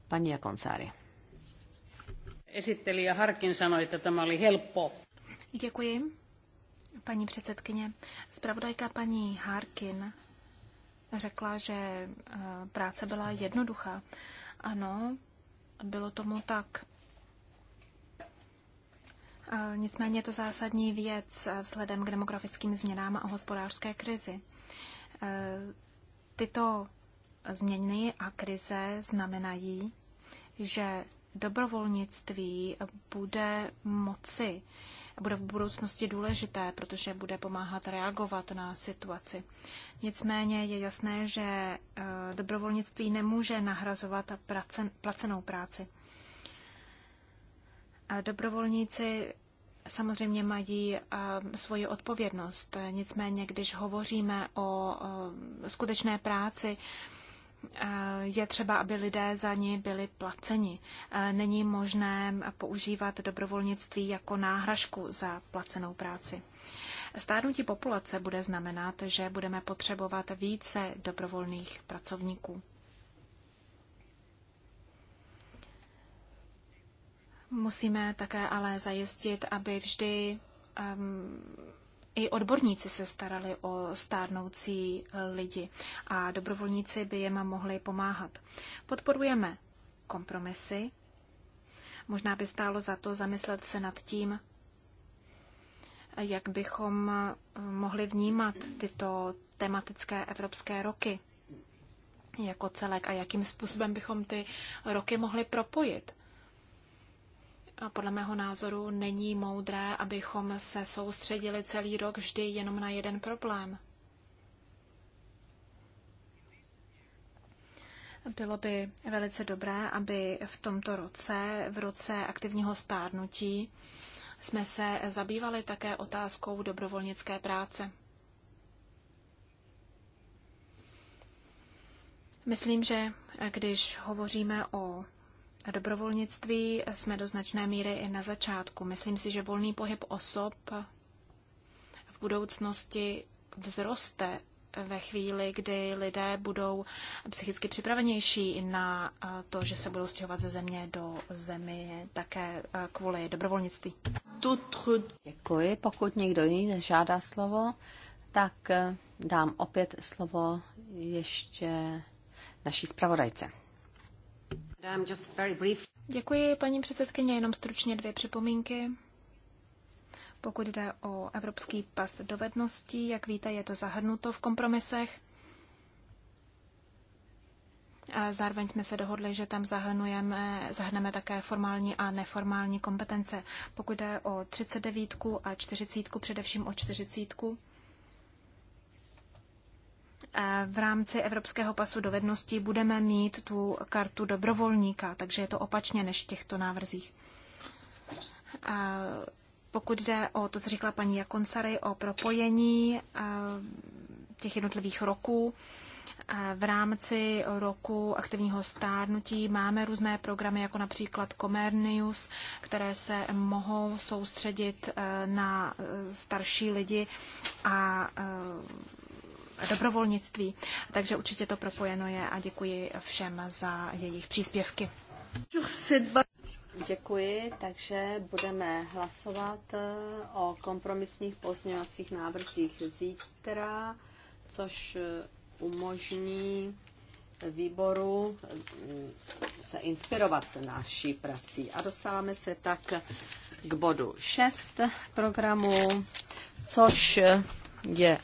Paní Jakonsári. Esittelijä Harkin sanoi, että tämä oli helppo. Děkuji. Paní předsedkyně, spravodajka paní Harkin řekla, že eh, práce byla jednoduchá. Ano, bylo tomu tak. Eh, nicméně je to zásadní věc eh, vzhledem k demografickým změnám a hospodářské krizi. Tyto změny a krize znamenají, že dobrovolnictví bude moci bude v budoucnosti důležité, protože bude pomáhat reagovat na situaci. Nicméně je jasné, že e, dobrovolnictví nemůže nahrazovat placenou práci. Dobrovolníci samozřejmě mají e, svoji odpovědnost. Nicméně, když hovoříme o e, skutečné práci, je třeba, aby lidé za ní byli placeni. E, není možné používat dobrovolnictví jako náhražku za placenou práci. Stárnutí populace bude znamenat, že budeme potřebovat více dobrovolných pracovníků. Musíme také ale zajistit, aby vždy um, i odborníci se starali o stárnoucí lidi a dobrovolníci by jim mohli pomáhat. Podporujeme kompromisy. Možná by stálo za to zamyslet se nad tím, jak bychom eh, mohli vnímat tyto tematické evropské roky jako celek a jakým způsobem bychom ty roky mohli propojit podle mého názoru není moudré, abychom se soustředili celý rok vždy jenom na jeden problém. Bylo by velice dobré, aby v tomto roce, v roce aktivního stárnutí, jsme se zabývali také otázkou dobrovolnické práce. Myslím, že když hovoříme o dobrovolnictví jsme do značné míry i na začátku. Myslím si, že volný pohyb osob v budoucnosti vzroste ve chvíli, kdy lidé budou psychicky připravenější na to, že se budou stěhovat ze země do zemi také kvůli dobrovolnictví. Děkuji. Pokud někdo jiný nežádá slovo, tak dám opět slovo ještě naší zpravodajce. Děkuji, paní předsedkyně, jenom stručně dvě připomínky. Pokud jde o evropský pas dovedností, jak víte, je to zahrnuto v kompromisech. Zároveň jsme se dohodli, že tam zahrnujeme, zahrneme také formální a neformální kompetence. Pokud jde o 39 a 40, především o 40, v rámci Evropského pasu dovedností budeme mít tu kartu dobrovolníka, takže je to opačně než v těchto návrzích. Pokud jde o to, co říkala paní Jakonsary, o propojení těch jednotlivých roků, v rámci roku aktivního stárnutí máme různé programy, jako například Comernius, které se mohou soustředit e, na e, starší lidi a e, dobrovolnictví. Takže určitě to propojeno je a děkuji všem za jejich příspěvky. Děkuji, takže budeme hlasovat eh, o kompromisních pozměňovacích návrzích zítra, což eh, umožní výboru eh, se inspirovat naší prací. A dostáváme se tak k bodu 6 programu, což je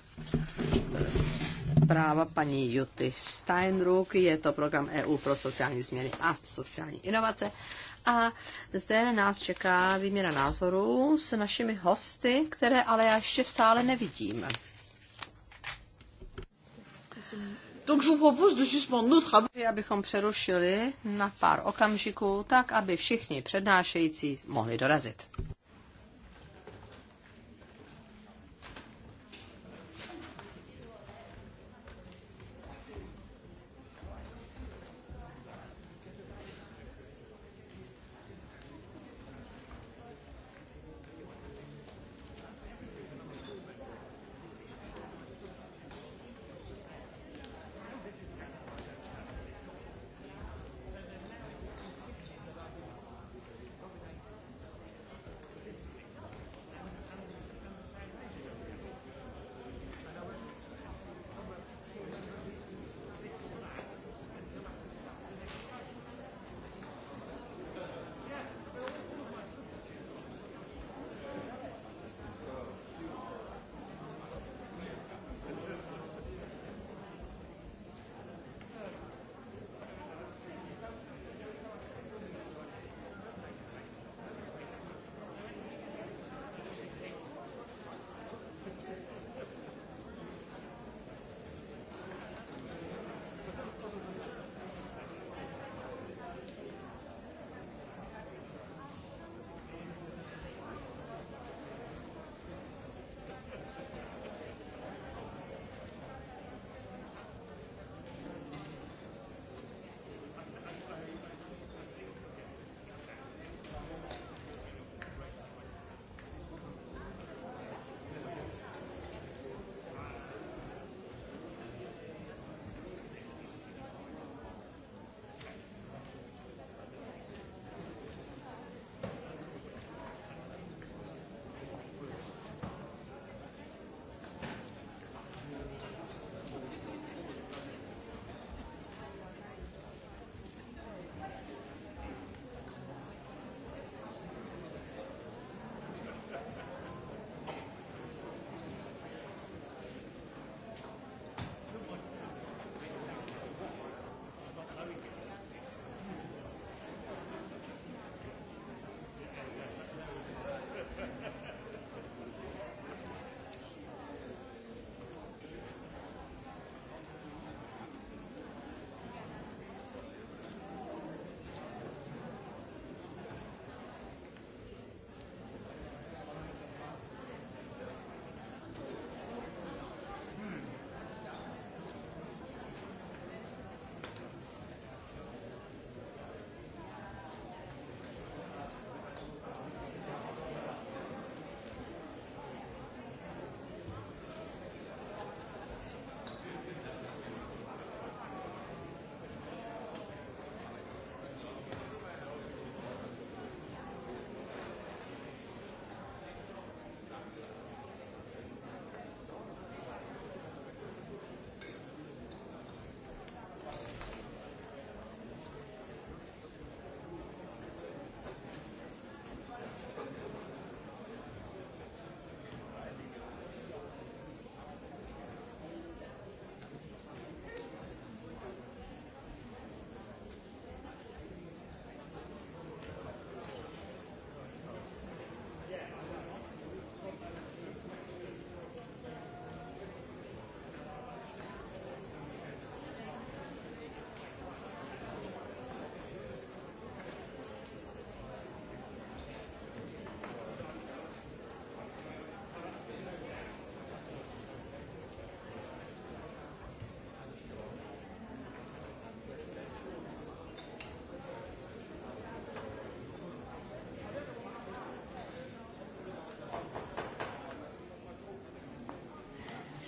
zpráva paní Juty Steinruck, je to program EU pro sociální změny a sociální inovace. A zde nás čeká výměna názorů s našimi hosty, které ale já ještě v sále nevidím. Donc je vous propose de suspendre nos travaux. přerušili na pár okamžiků, tak aby všichni přednášející mohli dorazit.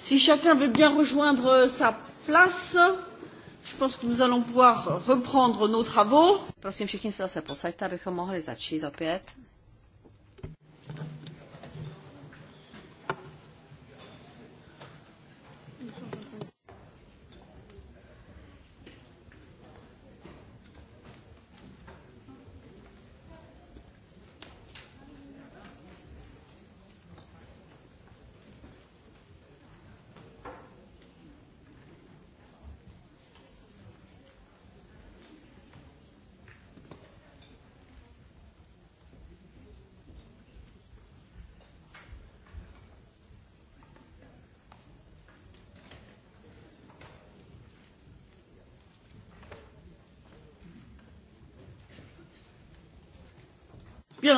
Si chacun veut bien rejoindre euh, sa place, je pense que nous allons pouvoir reprendre nos travaux. Prosím, všichni se zase posaďte, abychom mohli začít opět.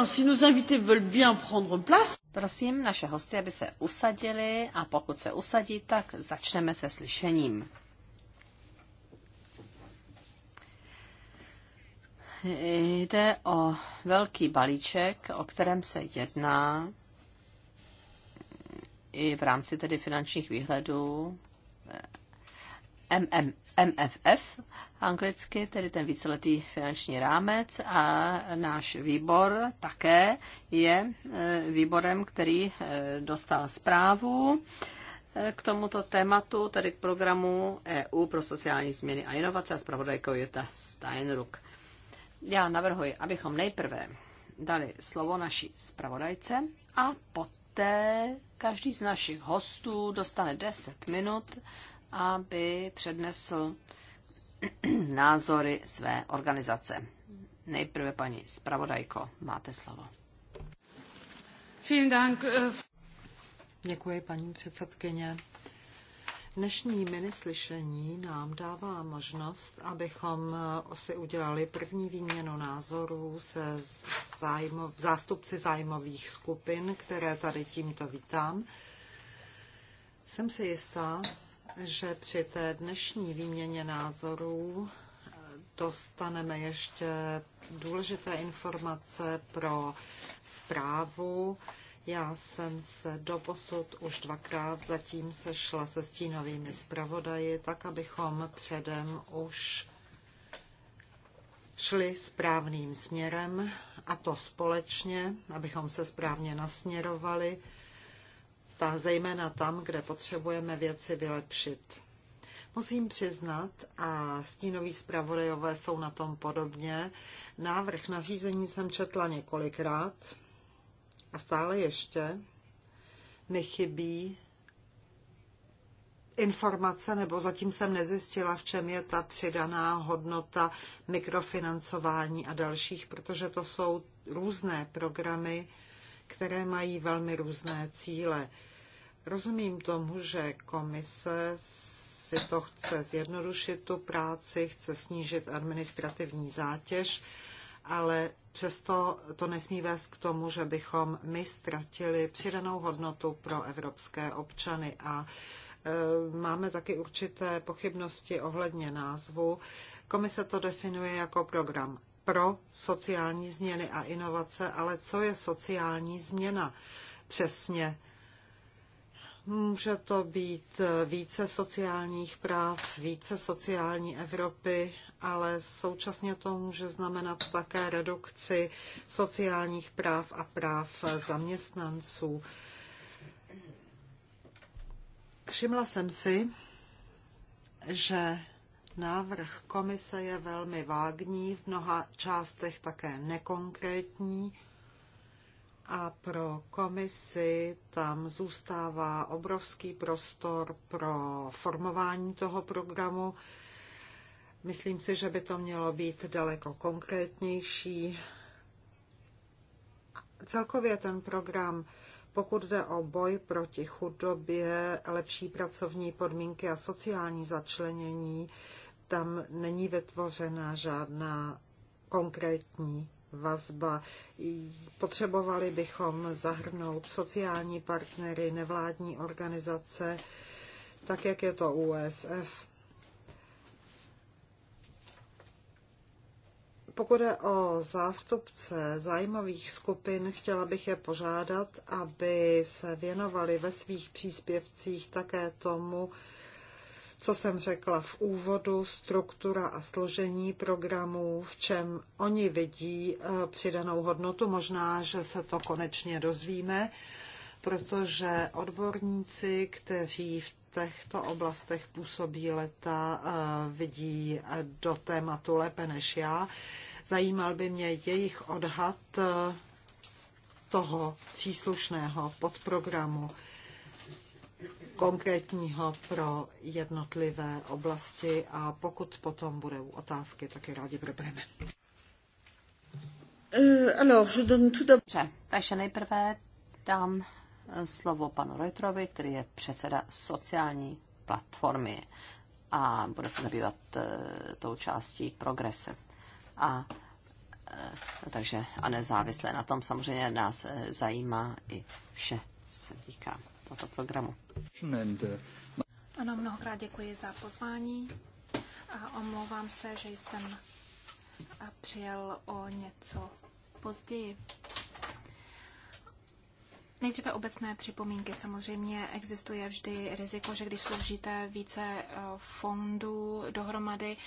si nos invités veulent bien prendre place. Prosím naše hosty, aby se usadili a pokud se usadí, tak začneme se slyšením. Jde o velký balíček, o kterém se jedná i v rámci tedy finančních výhledů MMF, anglicky, tedy ten víceletý finanční rámec a náš výbor také je e, výborem, který e, dostal zprávu e, k tomuto tématu, tedy k programu EU pro sociální změny a inovace a zpravodajkou Jutta Steinruck. Já navrhuji, abychom nejprve dali slovo naší zpravodajce a poté každý z našich hostů dostane 10 minut, aby přednesl názory své organizace. Nejprve paní zpravodajko, máte slovo. Eh, Děkuji, paní předsedkyně. Dnešní minislyšení nám dává možnost, abychom eh, si udělali první výměnu názorů se zájmo, zástupci zájmových skupin, které tady tímto vítám. Jsem si jistá, že při té dnešní výměně názorů eh, dostaneme ještě důležité informace pro zprávu. Já jsem se doposud už dvakrát zatím sešla se stínovými zpravodaji, tak abychom předem už šli správným směrem a to společně, abychom se správně nasměrovali ta, zejména tam, kde potřebujeme věci vylepšit. Musím přiznat, a stínoví zpravodajové jsou na tom podobně, návrh nařízení jsem četla několikrát a stále ještě mi chybí informace, nebo zatím jsem nezjistila, v čem je ta přidaná hodnota mikrofinancování a dalších, protože to jsou různé programy, které mají velmi různé cíle. Rozumím tomu, že komise si to chce zjednodušit tu práci, chce snížit administrativní zátěž, ale přesto to nesmí vést k tomu, že bychom my ztratili přidanou hodnotu pro evropské občany a e, Máme taky určité pochybnosti ohledně názvu. Komise to definuje jako program pro sociální změny a inovace, ale co je sociální změna přesně? Může to být více sociálních práv, více sociální Evropy, ale současně to může znamenat také redukci sociálních práv a práv zaměstnanců. Všimla jsem si, že Návrh komise je velmi vágní, v mnoha částech také nekonkrétní a pro komisi tam zůstává obrovský prostor pro formování toho programu. Myslím si, že by to mělo být daleko konkrétnější. Celkově ten program, pokud jde o boj proti chudobě, lepší pracovní podmínky a sociální začlenění, tam není vytvořena žádná konkrétní vazba. Potřebovali bychom zahrnout sociální partnery, nevládní organizace, tak jak je to USF. Pokud je o zástupce zájmových skupin, chtěla bych je požádat, aby se věnovali ve svých příspěvcích také tomu, co jsem řekla v úvodu, struktura a složení programů, v čem oni vidí eh, přidanou hodnotu. Možná, že se to konečně dozvíme, protože odborníci, kteří v těchto oblastech působí leta, eh, vidí eh, do tématu lépe než já. Zajímal by mě jejich odhad toho příslušného podprogramu konkrétního pro jednotlivé oblasti a pokud potom budou otázky, tak je rádi probereme. Eh, Dobře, takže nejprve dám eh, slovo panu Reutrovi, který je předseda sociální platformy a bude se zabývat eh, tou částí progrese. A takže a nezávisle na tom samozřejmě nás zajímá i vše, co se týká tohoto programu. Ano, mnohokrát děkuji za pozvání a omlouvám se, že jsem přijel o něco později. Nejdříve obecné připomínky. Samozřejmě existuje vždy riziko, že když sloužíte více eh, fondů dohromady,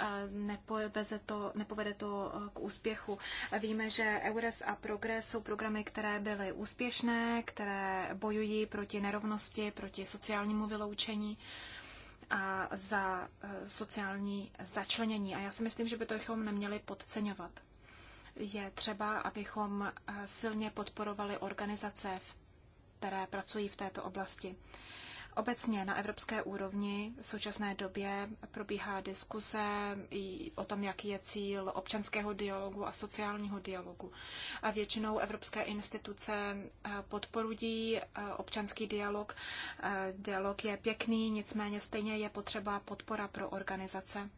eh, to, nepovede to eh, k úspěchu. Víme, že EURES a PROGRESS jsou programy, které byly úspěšné, které bojují proti nerovnosti, proti sociálnímu vyloučení a za sociální začlenění. A já si myslím, že by to bychom neměli podceňovat je třeba, abychom eh, silně podporovali organizace, které pracují v této oblasti. Obecně na evropské úrovni v současné době probíhá diskuse i o tom, jaký je cíl občanského dialogu a sociálního dialogu. A většinou evropské instituce eh, podporují eh, občanský dialog. Dialog je pěkný, nicméně stejně je potřeba podpora pro organizace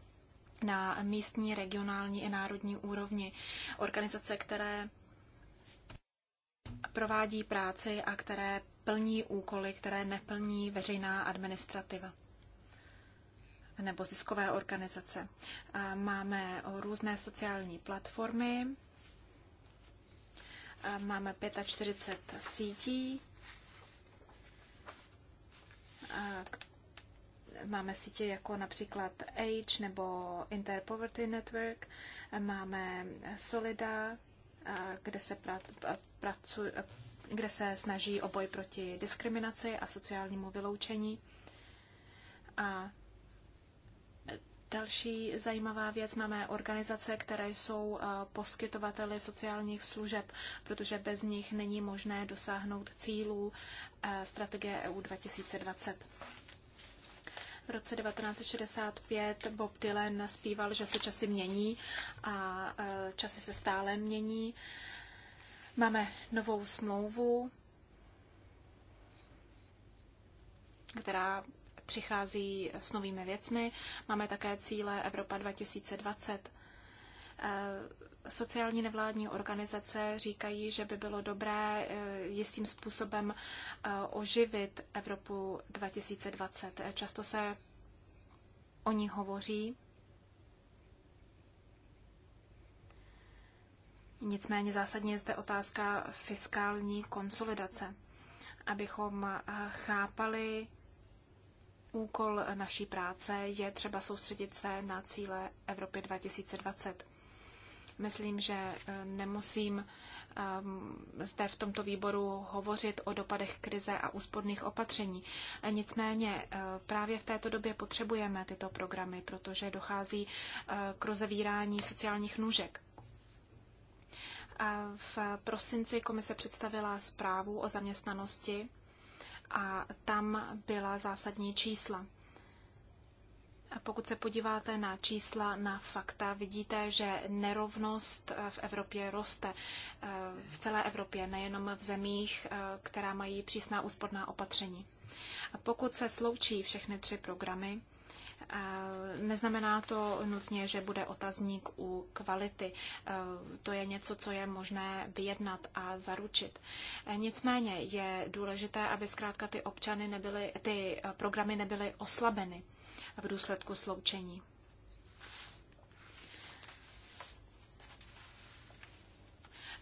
na místní, regionální i národní úrovni. Organizace, které provádí práci a které plní úkoly, které neplní veřejná administrativa nebo ziskové organizace. Máme různé sociální platformy, máme 45 sítí, Máme sítě jako například Age nebo Interpoverty Network, máme Solida, kde se, pra, pracu, kde se snaží o boj proti diskriminaci a sociálnímu vyloučení. A Další zajímavá věc máme organizace, které jsou poskytovateli sociálních služeb, protože bez nich není možné dosáhnout cílů strategie EU 2020. V roce 1965 Bob Dylan zpíval, že se časy mění a e, časy se stále mění. Máme novou smlouvu, která přichází s novými věcmi. Máme také cíle Evropa 2020. Eh, sociální nevládní organizace říkají, že by bylo dobré eh, jistým způsobem eh, oživit Evropu 2020. Často se o ní hovoří. Nicméně zásadně je zde otázka fiskální konsolidace, abychom chápali úkol naší práce je třeba soustředit se na cíle Evropy 2020. Myslím, že eh, nemusím ehm, zde v tomto výboru hovořit o dopadech krize a úsporných opatření. Nicméně eh, právě v této době potřebujeme tyto programy, protože dochází eh, k rozevírání sociálních nůžek. V prosinci komise představila zprávu o zaměstnanosti a tam byla zásadní čísla. Pokud se podíváte na čísla, na fakta, vidíte, že nerovnost eh, v Evropě roste. Eh, v celé Evropě, nejenom v zemích, eh, která mají přísná úsporná opatření. Pokud se sloučí všechny tři programy, Neznamená to nutně, že bude otazník u kvality. E, to je něco, co je možné vyjednat a zaručit. E, nicméně je důležité, aby zkrátka ty občany nebyly, ty programy nebyly oslabeny v důsledku sloučení.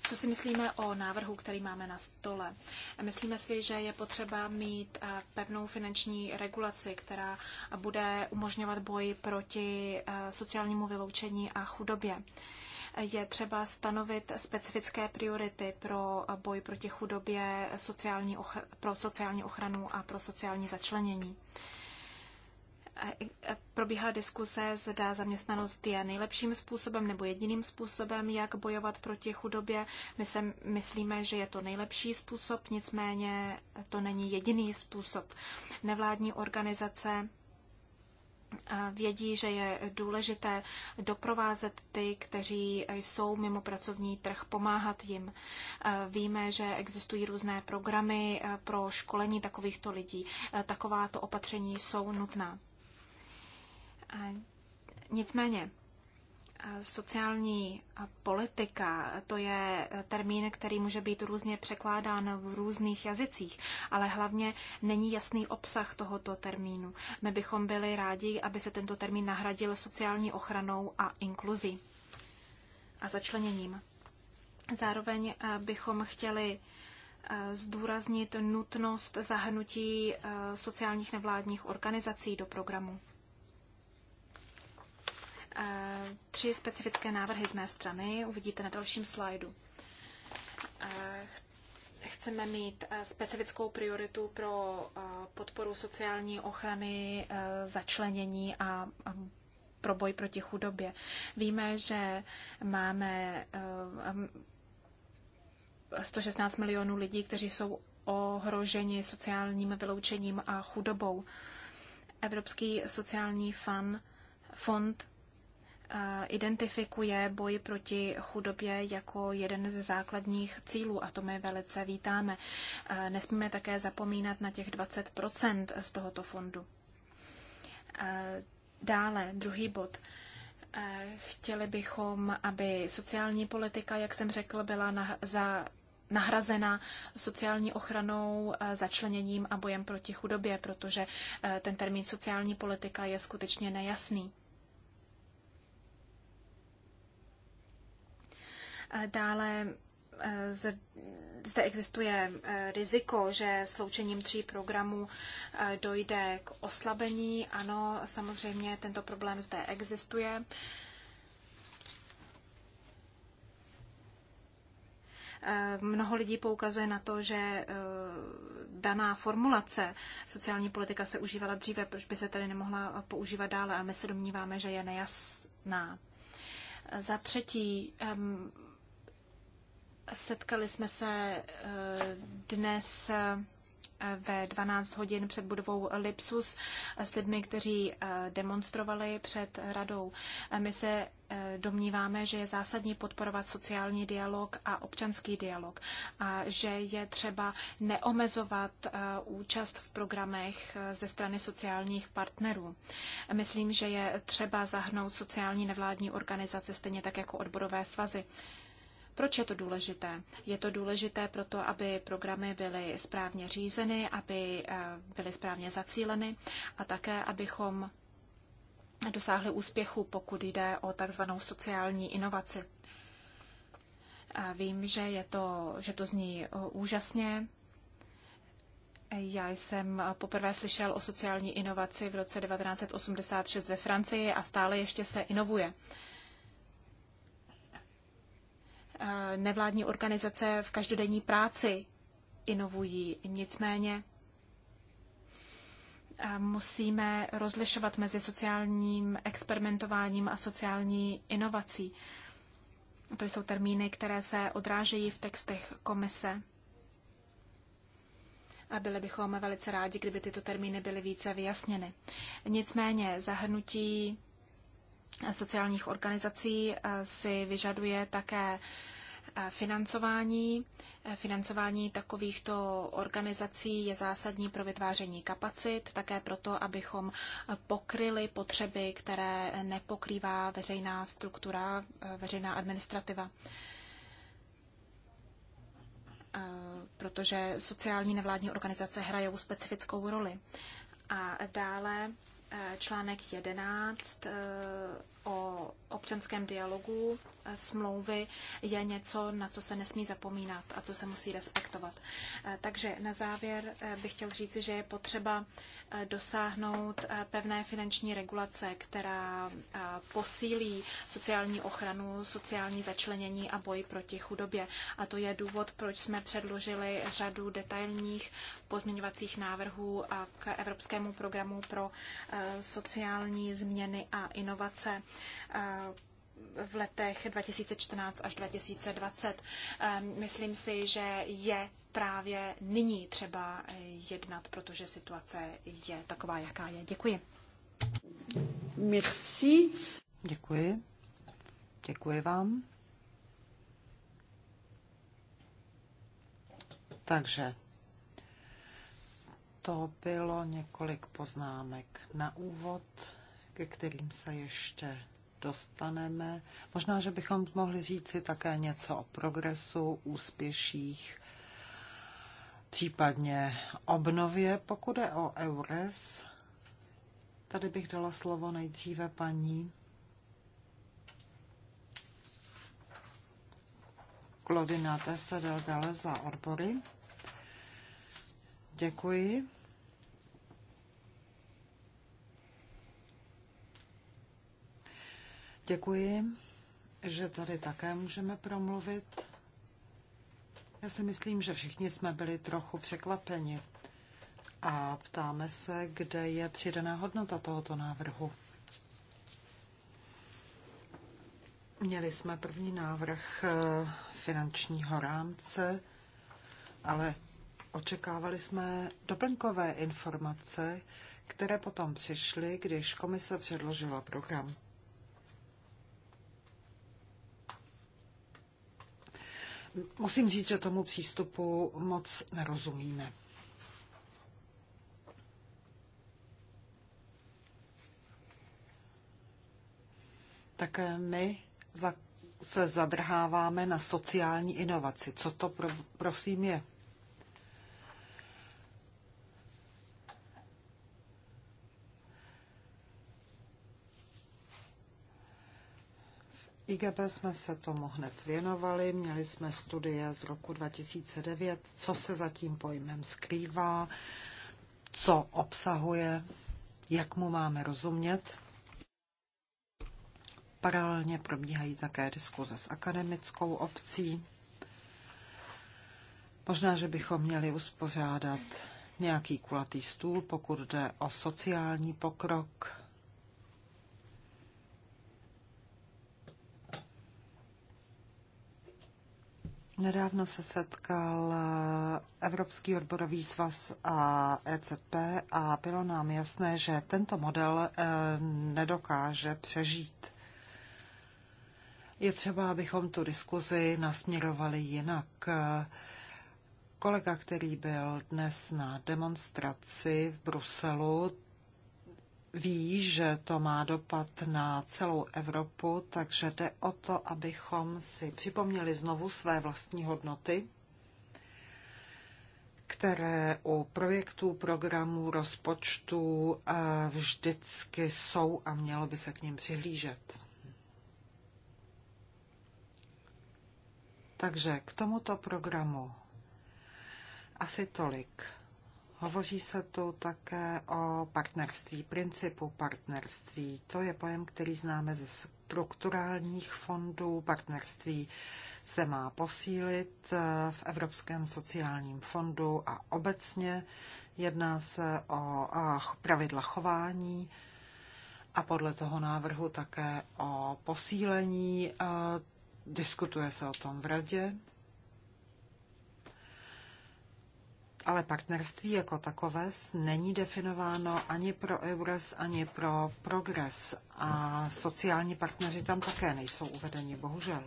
Co si myslíme o návrhu, který máme na stole? Myslíme si, že je potřeba mít eh, pevnou finanční regulaci, která bude umožňovat boj proti eh, sociálnímu vyloučení a chudobě. Je třeba stanovit specifické priority pro eh, boj proti chudobě, sociální pro sociální ochranu a pro sociální začlenění probíhá diskuse, zda zaměstnanost je nejlepším způsobem nebo jediným způsobem, jak bojovat proti chudobě. My se myslíme, že je to nejlepší způsob, nicméně to není jediný způsob. Nevládní organizace vědí, že je důležité doprovázet ty, kteří jsou mimo pracovní trh, pomáhat jim. Víme, že existují různé programy pro školení takovýchto lidí. Takováto opatření jsou nutná. Nicméně, sociální politika, to je termín, který může být různě překládán v různých jazycích, ale hlavně není jasný obsah tohoto termínu. My bychom byli rádi, aby se tento termín nahradil sociální ochranou a inkluzí a začleněním. Zároveň bychom chtěli zdůraznit nutnost zahrnutí sociálních nevládních organizací do programu. Eh, tři specifické návrhy z mé strany. Uvidíte na dalším slajdu. Eh, chceme mít eh, specifickou prioritu pro podporu sociální ochrany, začlenění a pro boj proti chudobě. Víme, že máme 116 milionů lidí, kteří jsou ohroženi sociálním vyloučením a chudobou. Evropský sociální fan, fond identifikuje boj proti chudobě jako jeden ze základních cílů a to my velice vítáme. Nesmíme také zapomínat na těch 20 z tohoto fondu. Dále, druhý bod. Chtěli bychom, aby sociální politika, jak jsem řekl, byla na, za nahrazena sociální ochranou, začleněním a bojem proti chudobě, protože ten termín sociální politika je skutečně nejasný. Eh, dále eh, zde existuje eh, riziko, že sloučením tří programů dojde k oslabení. Ano, samozřejmě tento problém zde existuje. Mnoho lidí poukazuje na to, že daná formulace sociální politika se užívala dříve, proč by se tady nemohla používat dále, ale my se domníváme, že je nejasná. Za třetí, Setkali jsme se eh, dnes eh, ve 12 hodin před budovou Lipsus eh, s lidmi, kteří demonstrovali před radou. My se domníváme, že je zásadní podporovat sociální dialog a občanský dialog a že je třeba neomezovat účast v programech ze strany sociálních partnerů. Myslím, že je třeba zahnout sociální nevládní organizace stejně tak jako odborové svazy. Proč je to důležité? Je to důležité proto, aby programy byly správně řízeny, aby eh, byly správně zacíleny a také, abychom dosáhli úspěchu, pokud jde o takzvanou sociální inovaci. A vím, že, je to, že to zní eh, úžasně. Já jsem eh, poprvé slyšel o sociální inovaci v roce 1986 ve Francii a stále ještě se inovuje. Eh, nevládní organizace v každodenní práci inovují. Nicméně eh, musíme rozlišovat mezi sociálním experimentováním a sociální inovací. To jsou termíny, které se odrážejí v textech komise. A byli bychom velice rádi, kdyby tyto termíny byly více vyjasněny. Nicméně zahrnutí sociálních organizací eh, si vyžaduje také eh, financování. Eh, financování takovýchto organizací je zásadní pro vytváření kapacit, také proto, abychom pokryli potřeby, které nepokrývá veřejná struktura, veřejná administrativa. Protože sociální nevládní organizace hrajou specifickou roli. A dále Eh, článek 11 o občanském dialogu eh, smlouvy je něco, na co se nesmí zapomínat a co se musí respektovat. Eh, takže na závěr eh, bych chtěl říci, že je potřeba dosáhnout pevné finanční regulace, která posílí sociální ochranu, sociální začlenění a boj proti chudobě. A to je důvod, proč jsme předložili řadu detailních pozměňovacích návrhů k Evropskému programu pro sociální změny a inovace Eh, v letech 2014 až 2020. Ehm, myslím si, že je právě nyní třeba eh, jednat, protože situace je taková, jaká je. Děkuji. Merci. Děkuji. Děkuji vám. Takže to bylo několik poznámek na úvod ke kterým se ještě dostaneme. Možná, že bychom mohli říci také něco o progresu, úspěších, případně obnově. Pokud je o EURES, tady bych dala slovo nejdříve paní Klodina se dále za odbory. Děkuji. Děkuji, že tady také můžeme promluvit. Já si myslím, že všichni jsme byli trochu překvapeni a ptáme se, kde je přidaná hodnota tohoto návrhu. Měli jsme první návrh eh, finančního rámce, ale očekávali jsme doplňkové informace, které potom přišly, když komise předložila program. musím říct, že tomu přístupu moc nerozumíme. Tak my se zadrháváme na sociální inovaci. Co to pro, prosím je? IGB jsme se tomu hned věnovali, měli jsme studie z roku 2009, co se za tím pojmem skrývá, co obsahuje, jak mu máme rozumět. Paralelně probíhají také diskuze s akademickou obcí. Možná, že bychom měli uspořádat nějaký kulatý stůl, pokud jde o sociální pokrok Nedávno se setkal eh, Evropský odborový svaz a ECP a bylo nám jasné, že tento model eh, nedokáže přežít. Je třeba, abychom tu diskuzi nasměrovali jinak. Kolega, který byl dnes na demonstraci v Bruselu, ví, že to má dopad na celou Evropu, takže jde o to, abychom si připomněli znovu své vlastní hodnoty, které u projektů, programů, rozpočtů eh, vždycky jsou a mělo by se k ním přihlížet. Takže k tomuto programu asi tolik. Hovoří se tu také o partnerství, principu partnerství. To je pojem, který známe ze strukturálních fondů. Partnerství se má posílit eh, v Evropském sociálním fondu a obecně jedná se o eh, pravidla chování a podle toho návrhu také o posílení. Eh, diskutuje se o tom v radě ale partnerství jako takové není definováno ani pro EURES, ani pro progres a sociální partneři tam také nejsou uvedeni, bohužel.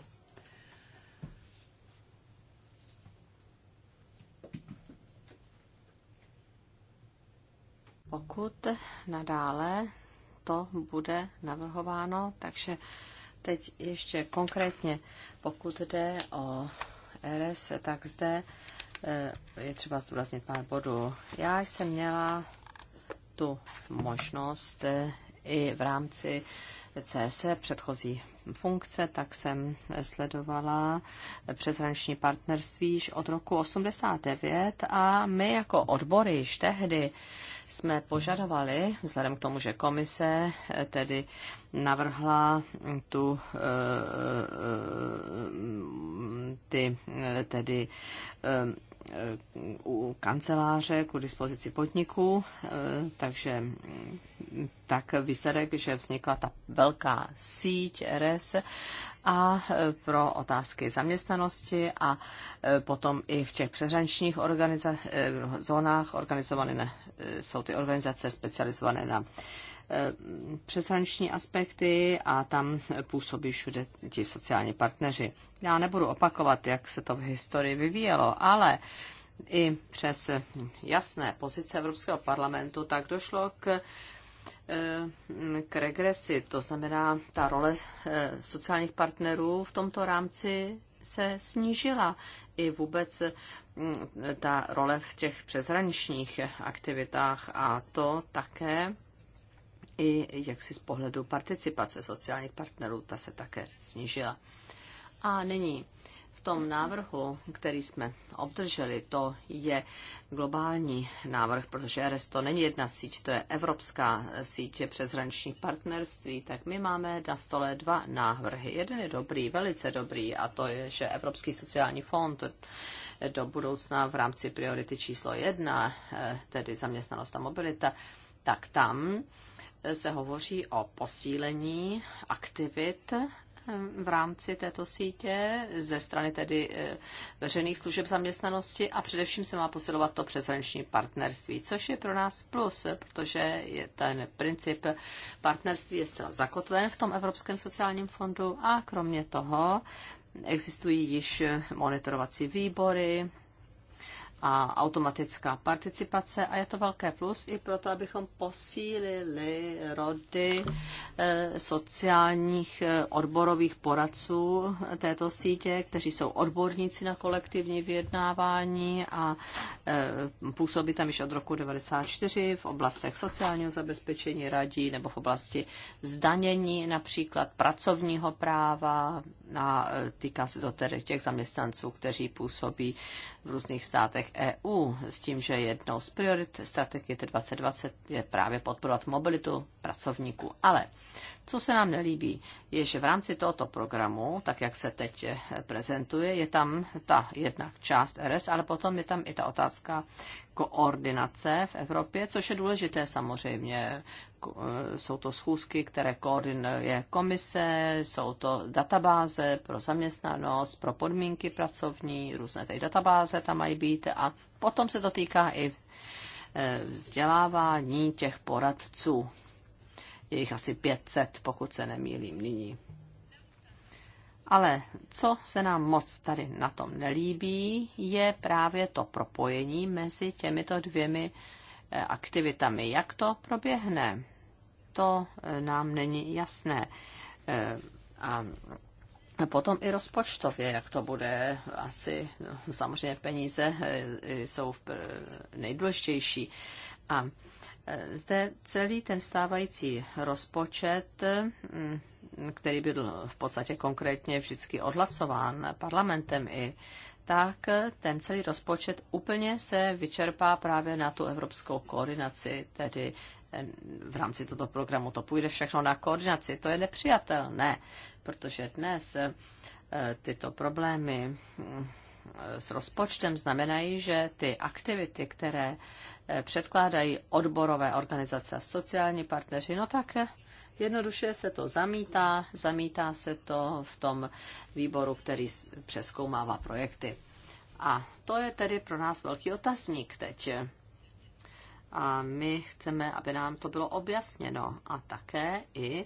Pokud nadále to bude navrhováno, takže teď ještě konkrétně, pokud jde o RS, tak zde Eh, je třeba zdůraznit pár bodů. Já jsem měla tu možnost eh, i v rámci CS předchozí funkce, tak jsem sledovala přeshraniční partnerství již od roku 89 a my jako odbory již tehdy jsme požadovali, vzhledem k tomu, že komise eh, tedy navrhla tu, ty, tedy u kanceláře k dispozici podniků, e, takže mm, tak výsledek, že vznikla ta velká síť RS e a e, pro otázky zaměstnanosti a potom i v těch přeřančních organiza- zónách organizované jsou ty organizace specializované na přeshraniční aspekty a tam působí všude ti sociální partneři. Já nebudu opakovat, jak se to v historii vyvíjelo, ale i přes jasné pozice Evropského parlamentu tak došlo k eh, k regresi, to znamená, ta role eh, sociálních partnerů v tomto rámci se snížila. I vůbec eh, ta role v těch přeshraničních aktivitách a to také i jaksi z pohledu participace sociálních partnerů, ta se také snížila. A nyní v tom návrhu, který jsme obdrželi, to je globální návrh, protože RS to není jedna síť, to je evropská síť přeshraničních partnerství, tak my máme na stole dva návrhy. Jeden je dobrý, velice dobrý, a to je, že Evropský sociální fond do budoucna v rámci priority číslo jedna, eh, tedy zaměstnanost a mobilita, tak tam se hovoří o posílení aktivit eh, v rámci této sítě ze strany tedy eh, veřejných služeb zaměstnanosti a především se má posilovat to přeshraniční partnerství, což je pro nás plus, protože je ten princip partnerství je zcela zakotven v tom Evropském sociálním fondu a kromě toho existují již monitorovací výbory a automatická participace a je to velké plus i proto, abychom posílili rody eh, sociálních eh, odborových poradců eh, této sítě, kteří jsou odborníci na kolektivní vyjednávání a působí tam již od roku 1994 v oblastech sociálního zabezpečení radí nebo v oblasti zdanění například pracovního práva a týká se to tedy těch zaměstnanců, kteří působí v různých státech. EU s tím, že jednou z priorit strategie 2020 je právě podporovat mobilitu pracovníků. Ale co se nám nelíbí, je, že v rámci tohoto programu, tak jak se teď eh, prezentuje, je tam ta jedna část RS, ale potom je tam i ta otázka koordinace v Evropě, což je důležité samozřejmě. Eh, jsou to schůzky, které koordinuje komise, jsou to databáze pro zaměstnanost, pro podmínky pracovní, různé tady databáze tam mají být a potom se to týká i eh, vzdělávání těch poradců je jich asi 500, pokud se nemýlím nyní. Ale co se nám moc tady na tom nelíbí, je právě to propojení mezi těmito dvěmi eh, aktivitami. Jak to proběhne? To eh, nám není jasné. Eh, a potom i rozpočtově, jak to bude, asi no, samozřejmě peníze jsou nejdůležitější. A zde celý ten stávající rozpočet, mm, který byl v podstatě konkrétně vždycky odhlasován parlamentem i tak ten celý rozpočet úplně se vyčerpá právě na tu evropskou koordinaci, tedy v rámci tohoto programu to půjde všechno na koordinaci. To je nepřijatelné, protože dnes eh, tyto problémy mm, s rozpočtem znamenají, že ty aktivity, které Eh, předkládají odborové organizace a sociální partneři, no tak eh, jednoduše se to zamítá, zamítá se to v tom výboru, který přeskoumává projekty. A to je tedy pro nás velký otazník teď. A my chceme, aby nám to bylo objasněno. A také i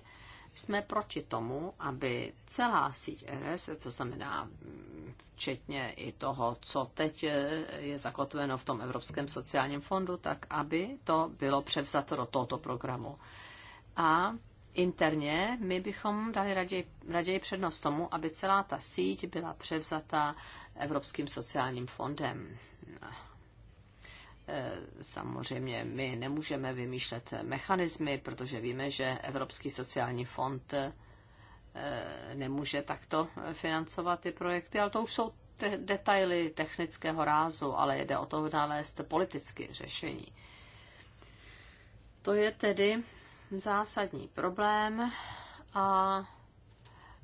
jsme proti tomu, aby celá síť RS, to znamená mm, včetně i toho, co teď eh, je zakotveno v tom Evropském sociálním fondu, tak aby to bylo převzato do tohoto programu. A interně my bychom dali raději, raději přednost tomu, aby celá ta síť byla převzata Evropským sociálním fondem. Eh, samozřejmě my nemůžeme vymýšlet mechanismy, protože víme, že Evropský sociální fond eh, Eh, nemůže takto financovat ty projekty, ale to už jsou te- detaily technického rázu, ale jde o to nalézt politické řešení. To je tedy zásadní problém a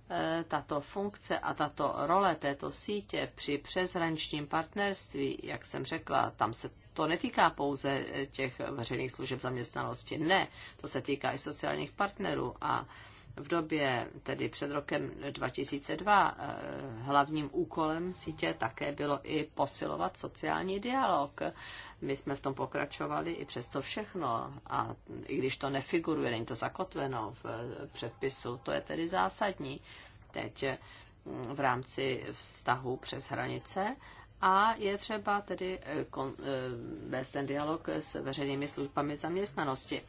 eh, tato funkce a tato role této sítě při přeshraničním partnerství, jak jsem řekla, tam se to netýká pouze eh, těch veřejných služeb zaměstnanosti. Ne, to se týká i sociálních partnerů a v době, tedy před rokem 2002, eh, hlavním úkolem sítě také bylo i posilovat sociální dialog. My jsme v tom pokračovali i přesto všechno. A i když to nefiguruje, není to zakotveno v eh, předpisu, to je tedy zásadní teď eh, v rámci vztahu přes hranice. A je třeba tedy vést ten dialog s veřejnými službami zaměstnanosti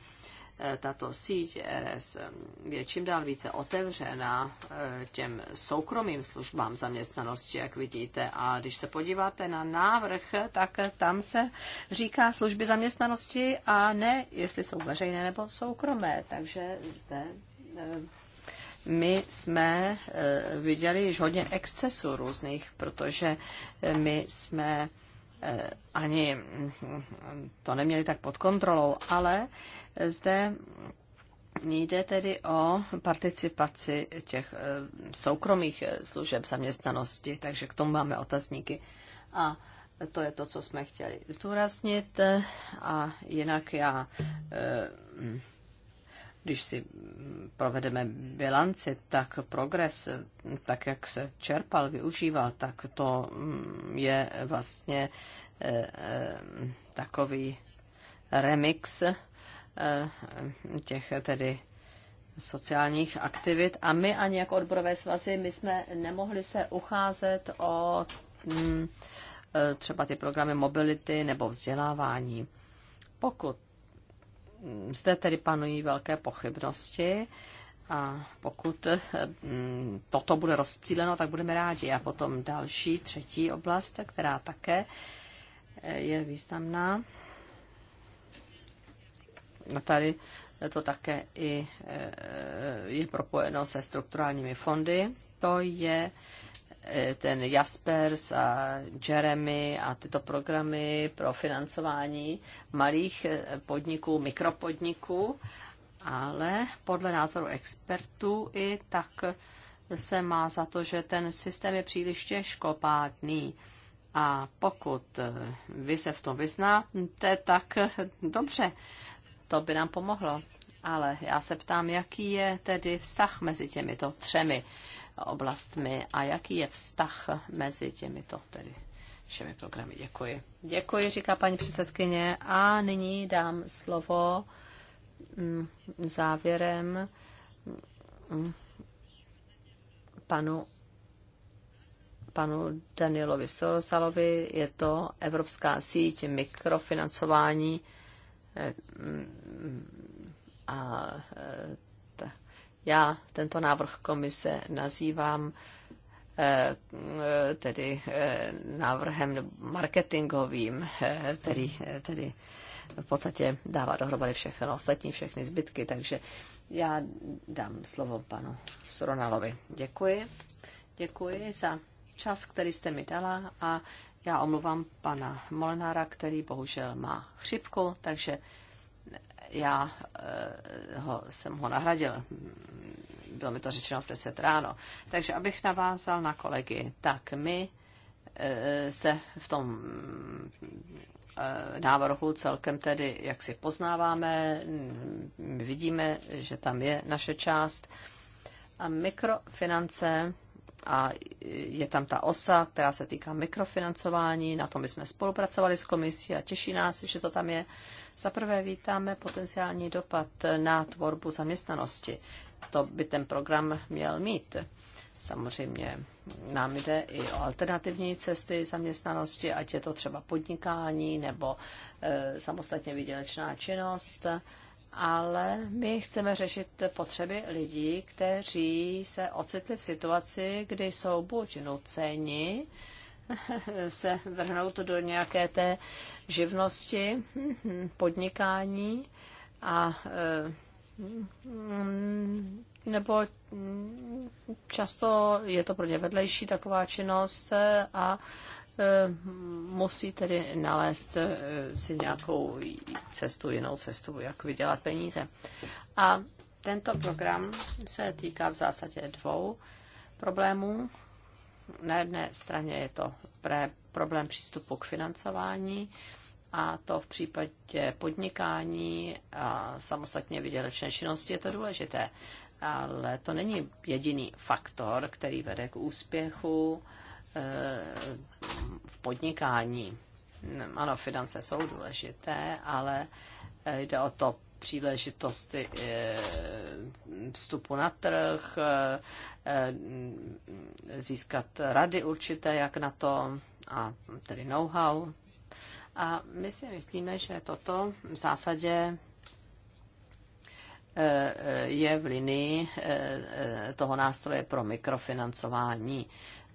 tato síť RS je čím dál více otevřená eh, těm soukromým službám zaměstnanosti, jak vidíte. A když se podíváte na návrh, tak tam se říká služby zaměstnanosti a ne, jestli jsou veřejné nebo soukromé. Takže zde eh, my jsme eh, viděli již hodně excesů různých, protože my jsme ani hm, hm, to neměli tak pod kontrolou, ale zde Jde tedy o participaci těch eh, soukromých eh, služeb zaměstnanosti, takže k tomu máme otazníky. A to je to, co jsme chtěli zdůraznit. Eh, a jinak já, když si provedeme bilanci, tak progres, tak jak se čerpal, využíval, tak to mm, je vlastně takový remix Eh, těch tedy sociálních aktivit a my ani jako odborové svazy, my jsme nemohli se ucházet o mm, eh, třeba ty programy mobility nebo vzdělávání. Pokud mm, zde tedy panují velké pochybnosti a pokud eh, mm, toto bude rozptýleno, tak budeme rádi. A potom další, třetí oblast, která také je významná, tady to také i eh, je propojeno se strukturálními fondy. To je eh, ten Jaspers a Jeremy a tyto programy pro financování malých eh, podniků, mikropodniků, ale podle názoru expertů i tak se má za to, že ten systém je příliš těžkopádný. A pokud vy se v tom vyznáte, tak [laughs] dobře. To by nám pomohlo. Ale já se ptám, jaký je tedy vztah mezi těmito třemi oblastmi a jaký je vztah mezi těmito tedy všemi programy. Děkuji. Děkuji, říká paní předsedkyně. A nyní dám slovo mm, závěrem mm, panu panu Danielovi Sorosalovi. Je to Evropská síť mikrofinancování a eh, já tento návrh komise nazývám eh, tedy eh, návrhem marketingovým, který tedy v podstatě dává dohromady všechno ostatní, všechny zbytky, takže já dám slovo panu Sronalovi. Děkuji. Děkuji za čas, který jste mi dala a já omluvám pana Molenára, který bohužel má chřipku, takže já eh, ho, jsem ho nahradil. Bylo mi to řečeno v 10 ráno. Takže abych navázal na kolegy, tak my eh, se v tom eh, návrhu celkem tedy, jak si poznáváme, vidíme, že tam je naše část. A mikrofinance a je tam ta osa, která se týká mikrofinancování, na tom jsme spolupracovali s komisí a těší nás, že to tam je. Za prvé vítáme potenciální dopad na tvorbu zaměstnanosti. To by ten program měl mít. Samozřejmě nám jde i o alternativní cesty zaměstnanosti, ať je to třeba podnikání nebo e, samostatně výdělečná činnost. E, ale my chceme řešit potřeby lidí, kteří se ocitli v situaci, kdy jsou buď nuceni [laughs] se vrhnout do nějaké té živnosti, [laughs] podnikání a eh, mm, nebo mm, často je to pro ně vedlejší taková činnost eh, a Eh, musí tedy nalézt eh, si nějakou cestu, jinou cestu, jak vydělat peníze. A tento program se týká v zásadě dvou problémů. Na jedné straně je to pre problém přístupu k financování, a to v případě podnikání a samostatně vydělečné činnosti je to důležité. Ale to není jediný faktor, který vede k úspěchu v podnikání. Ano, finance jsou důležité, ale eh, jde o to příležitosti eh, vstupu na trh, eh, získat rady určité, jak na to, a tedy know-how. A my si myslíme, že toto v zásadě je v linii toho nástroje pro mikrofinancování.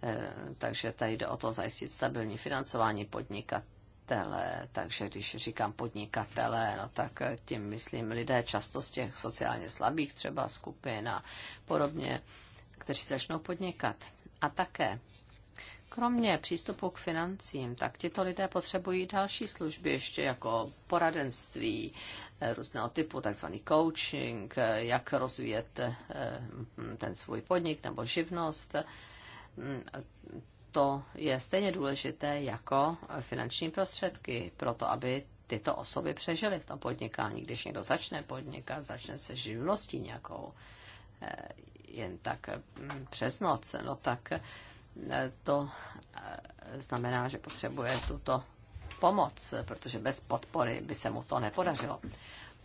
Eh, takže tady jde o to zajistit stabilní financování podnikatele. Takže když říkám podnikatele, no tak eh, tím myslím lidé často z těch sociálně slabých třeba skupin a podobně, kteří začnou podnikat. A také Kromě přístupu k financím, tak tito lidé potřebují další služby, ještě jako poradenství eh, různého typu, takzvaný coaching, jak rozvíjet ten svůj podnik nebo živnost to je stejně důležité jako finanční prostředky pro to, aby tyto osoby přežily v tom podnikání. Když někdo začne podnikat, začne se živností nějakou eh, jen tak mm, přes noc, no tak eh, to eh, znamená, že potřebuje tuto pomoc, protože bez podpory by se mu to nepodařilo.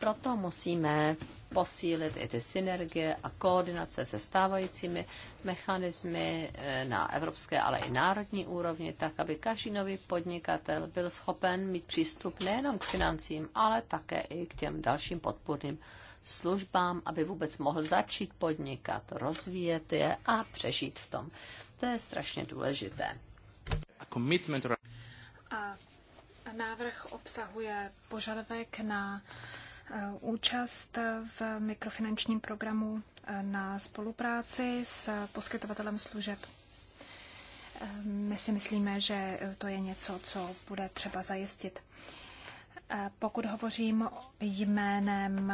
Proto musíme posílit i ty synergie a koordinace se stávajícími mechanismy eh, na evropské, ale i národní úrovni, tak aby každý nový podnikatel byl schopen mít přístup nejenom k financím, ale také i k těm dalším podpůrným službám, aby vůbec mohl začít podnikat, rozvíjet je a přežít v tom. To je strašně důležité. A návrh obsahuje požadavek na Eh, účast v mikrofinančním programu eh, na spolupráci s poskytovatelem služeb. Eh, my si myslíme, že to je něco, co bude třeba zajistit. Pokud hovořím jménem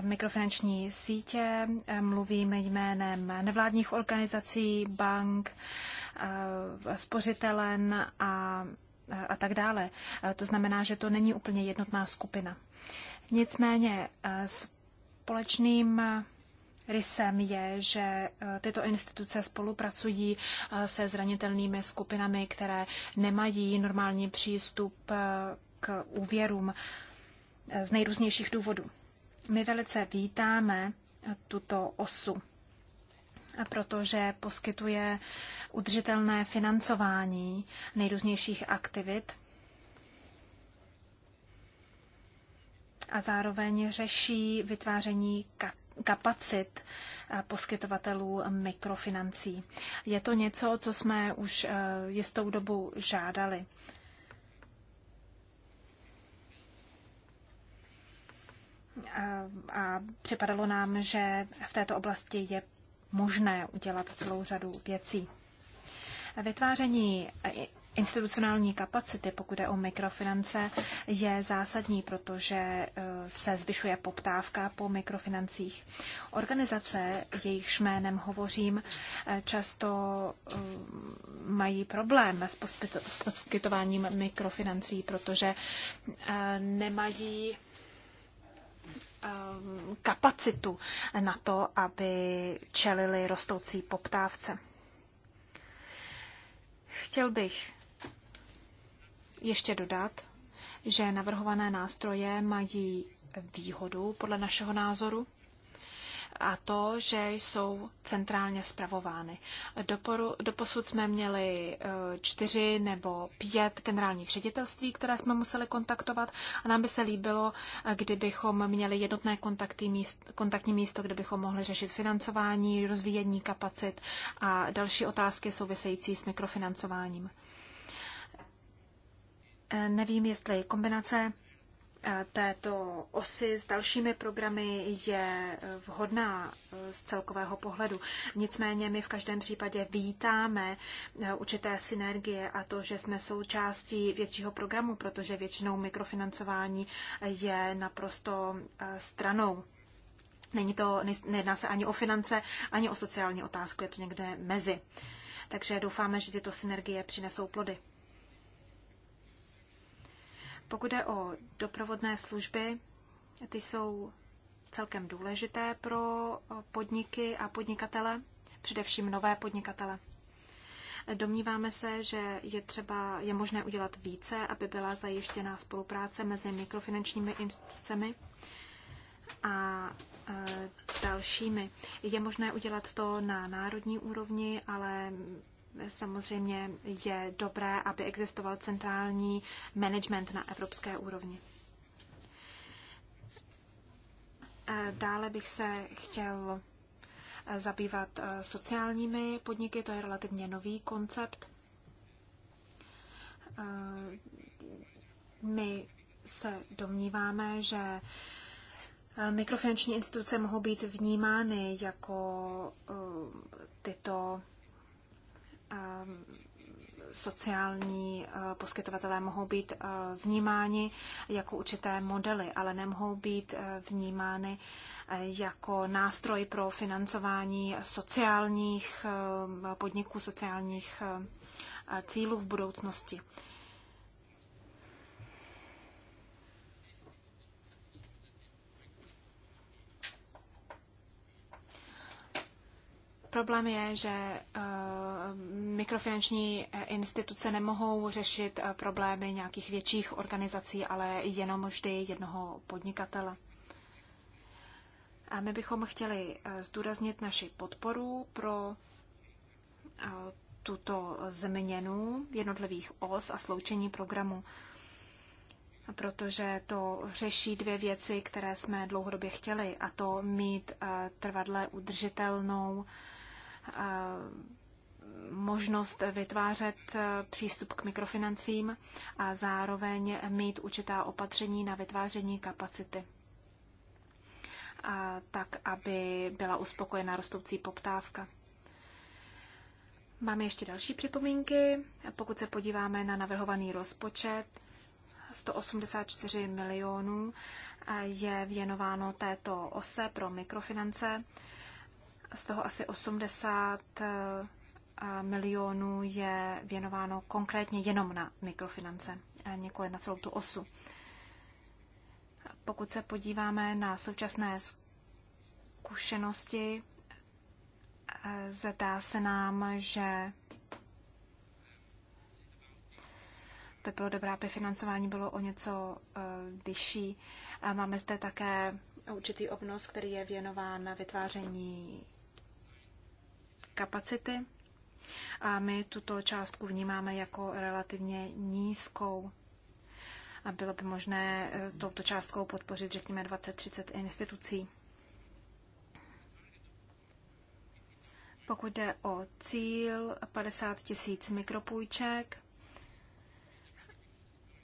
mikrofinanční sítě, mluvím jménem nevládních organizací, bank, spořitelen a, a tak dále. To znamená, že to není úplně jednotná skupina. Nicméně eh, společným eh, rysem je, že eh, tyto instituce spolupracují se zranitelnými skupinami, které nemají normální přístup k úvěrům z nejrůznějších důvodů. My velice vítáme tuto osu, protože poskytuje udržitelné financování nejrůznějších aktivit a zároveň řeší vytváření kapacit eh, poskytovatelů mikrofinancí. Je to něco, co jsme už eh, jistou dobu žádali. A, eh, a připadalo nám, že v této oblasti je možné udělat celou řadu věcí. Vytváření institucionální kapacity, pokud je o mikrofinance, je zásadní, protože eh, se zvyšuje poptávka po mikrofinancích. Organizace, jejich jménem hovořím, eh, často eh, mají problém s poskytováním mikrofinancí, protože nemají ehm, kapacitu na to, aby čelili rostoucí poptávce. Chtěl bych ještě dodat, že navrhované nástroje mají výhodu podle našeho názoru a to, že jsou centrálně spravovány. doposud jsme měli eh, čtyři nebo pět generálních ředitelství, které jsme museli kontaktovat a nám by se líbilo, eh, kdybychom měli jednotné kontakty, kontaktní místo, kde bychom mohli řešit financování, rozvíjení kapacit a další otázky související s mikrofinancováním. Nevím, jestli kombinace eh, této osy s dalšími programy je eh, vhodná eh, z celkového pohledu. Nicméně my v každém případě vítáme určité synergie a to, že jsme součástí většího programu, protože většinou mikrofinancování je naprosto stranou. Není to, nejedná se ani o finance, ani o sociální otázku, je to někde mezi. Takže doufáme, že tyto synergie přinesou plody. Pokud jde o doprovodné služby, ty jsou celkem důležité pro podniky a podnikatele, především nové podnikatele. Domníváme se, že je třeba, je možné udělat více, aby byla zajištěná spolupráce mezi mikrofinančními institucemi a e, dalšími. Je možné udělat to na národní úrovni, ale samozřejmě je dobré, aby existoval centrální management na evropské úrovni. Eh, dále bych se chtěl eh, zabývat eh, sociálními podniky, to je relativně nový koncept. My se domníváme, že mikrofinanční instituce mohou být vnímány jako tyto Ehm, sociální eh, poskytovatelé mohou být eh, vnímáni jako určité modely, ale nemohou být eh, vnímány jako nástroj pro financování sociálních ehm, podniků, sociálních cílů v budoucnosti. Problém je, že eh, mikrofinanční eh, instituce nemohou řešit eh, problémy nějakých větších organizací, ale jenom vždy jednoho podnikatele. A my bychom chtěli zdůraznit naši podporu pro tuto změnu jednotlivých os a sloučení programu, protože to řeší dvě věci, které jsme dlouhodobě chtěli, a to mít trvadle udržitelnou možnost vytvářet e, přístup k mikrofinancím a zároveň mít určitá opatření na vytváření kapacity. A tak, aby byla uspokojena rostoucí poptávka. Máme ještě další připomínky. Pokud se podíváme na navrhovaný rozpočet, 184 milionů e, je věnováno této ose pro mikrofinance z toho asi 80 eh, milionů je věnováno konkrétně jenom na mikrofinance, nikoli na celou tu osu. Pokud se podíváme na současné zkušenosti, eh, zdá se nám, že by bylo dobré, aby financování bylo o něco eh, vyšší. Máme zde také určitý obnos, který je věnován na vytváření kapacity. A my tuto částku vnímáme jako relativně nízkou. A bylo by možné eh, touto částkou podpořit, řekněme, 20-30 institucí. Pokud jde o cíl 50 tisíc mikropůjček,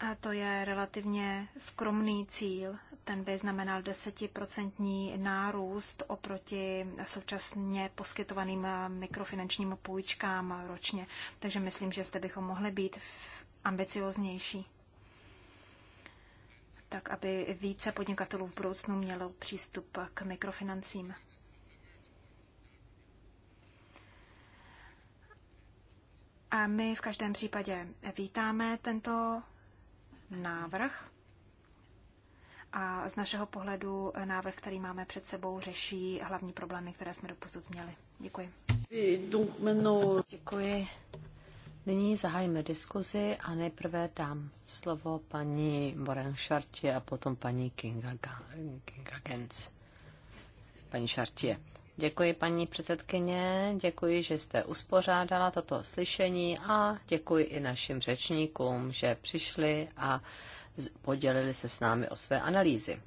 a to je relativně skromný cíl. Ten by znamenal desetiprocentní nárůst oproti současně poskytovaným mikrofinančním půjčkám ročně. Takže myslím, že zde bychom mohli být ambicioznější. Tak, aby více podnikatelů v budoucnu mělo přístup k mikrofinancím. A my v každém případě vítáme tento návrh. A z našeho pohledu návrh, který máme před sebou, řeší hlavní problémy, které jsme doposud měli. Děkuji. Děkuji. Nyní zahájíme diskuzi a nejprve dám slovo paní Moren Šartě a potom paní Kinga, Kinga Gens. Paní Šartě. Děkuji, paní předsedkyně, děkuji, že jste uspořádala toto slyšení a děkuji i našim řečníkům, že přišli a podělili se s námi o své analýzy.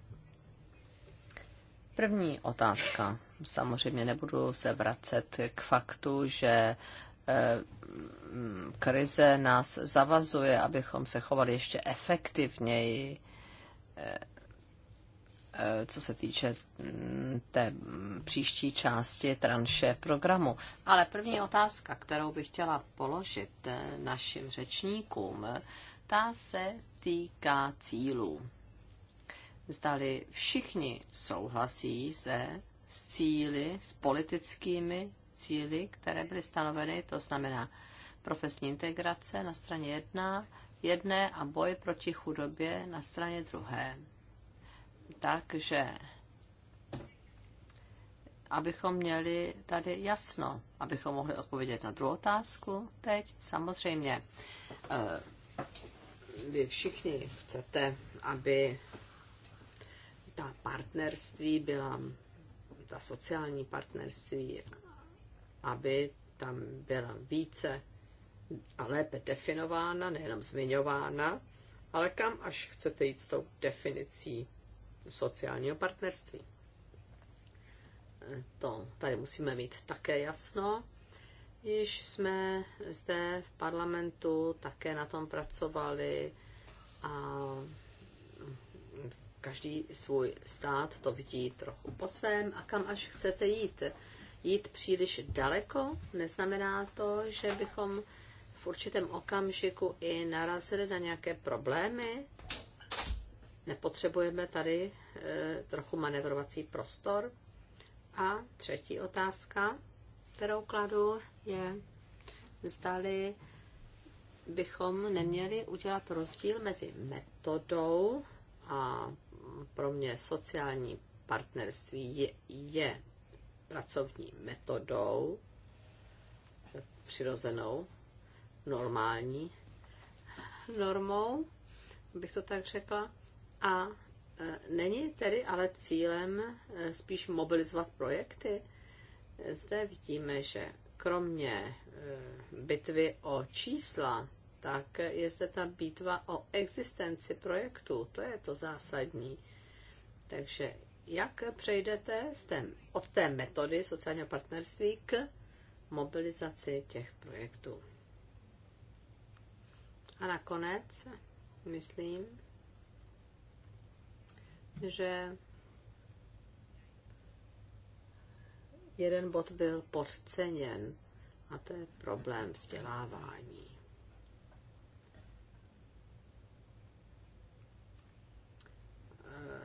První otázka. Samozřejmě nebudu se vracet k faktu, že eh, krize nás zavazuje, abychom se chovali ještě efektivněji eh, Eh, co se týče mm, té příští části tranše programu. Ale první otázka, kterou bych chtěla položit eh, našim řečníkům, eh, ta se týká cílů. Zdali všichni souhlasí se s cíly, s politickými cíly, které byly stanoveny, to znamená profesní integrace na straně jedna, jedné a boj proti chudobě na straně druhé tak, že abychom měli tady jasno, abychom mohli odpovědět na druhou otázku teď. Samozřejmě, eh, vy všichni chcete, aby ta partnerství byla, ta sociální partnerství, aby tam byla více a lépe definována, nejenom zmiňována, ale kam až chcete jít s tou definicí sociálního partnerství. To tady musíme mít také jasno. Již jsme zde v parlamentu také na tom pracovali a každý svůj stát to vidí trochu po svém a kam až chcete jít. Jít příliš daleko neznamená to, že bychom v určitém okamžiku i narazili na nějaké problémy, Nepotřebujeme tady e, trochu manevrovací prostor? A třetí otázka, kterou kladu, je, zdali bychom neměli udělat rozdíl mezi metodou a pro mě sociální partnerství je, je pracovní metodou přirozenou, normální normou, bych to tak řekla. A e, není tedy ale cílem e, spíš mobilizovat projekty? Zde vidíme, že kromě e, bitvy o čísla, tak je zde ta bitva o existenci projektu. To je to zásadní. Takže jak přejdete z té, od té metody sociálního partnerství k mobilizaci těch projektů? A nakonec, myslím, že jeden bod byl podceněn a to je problém vzdělávání. Eh,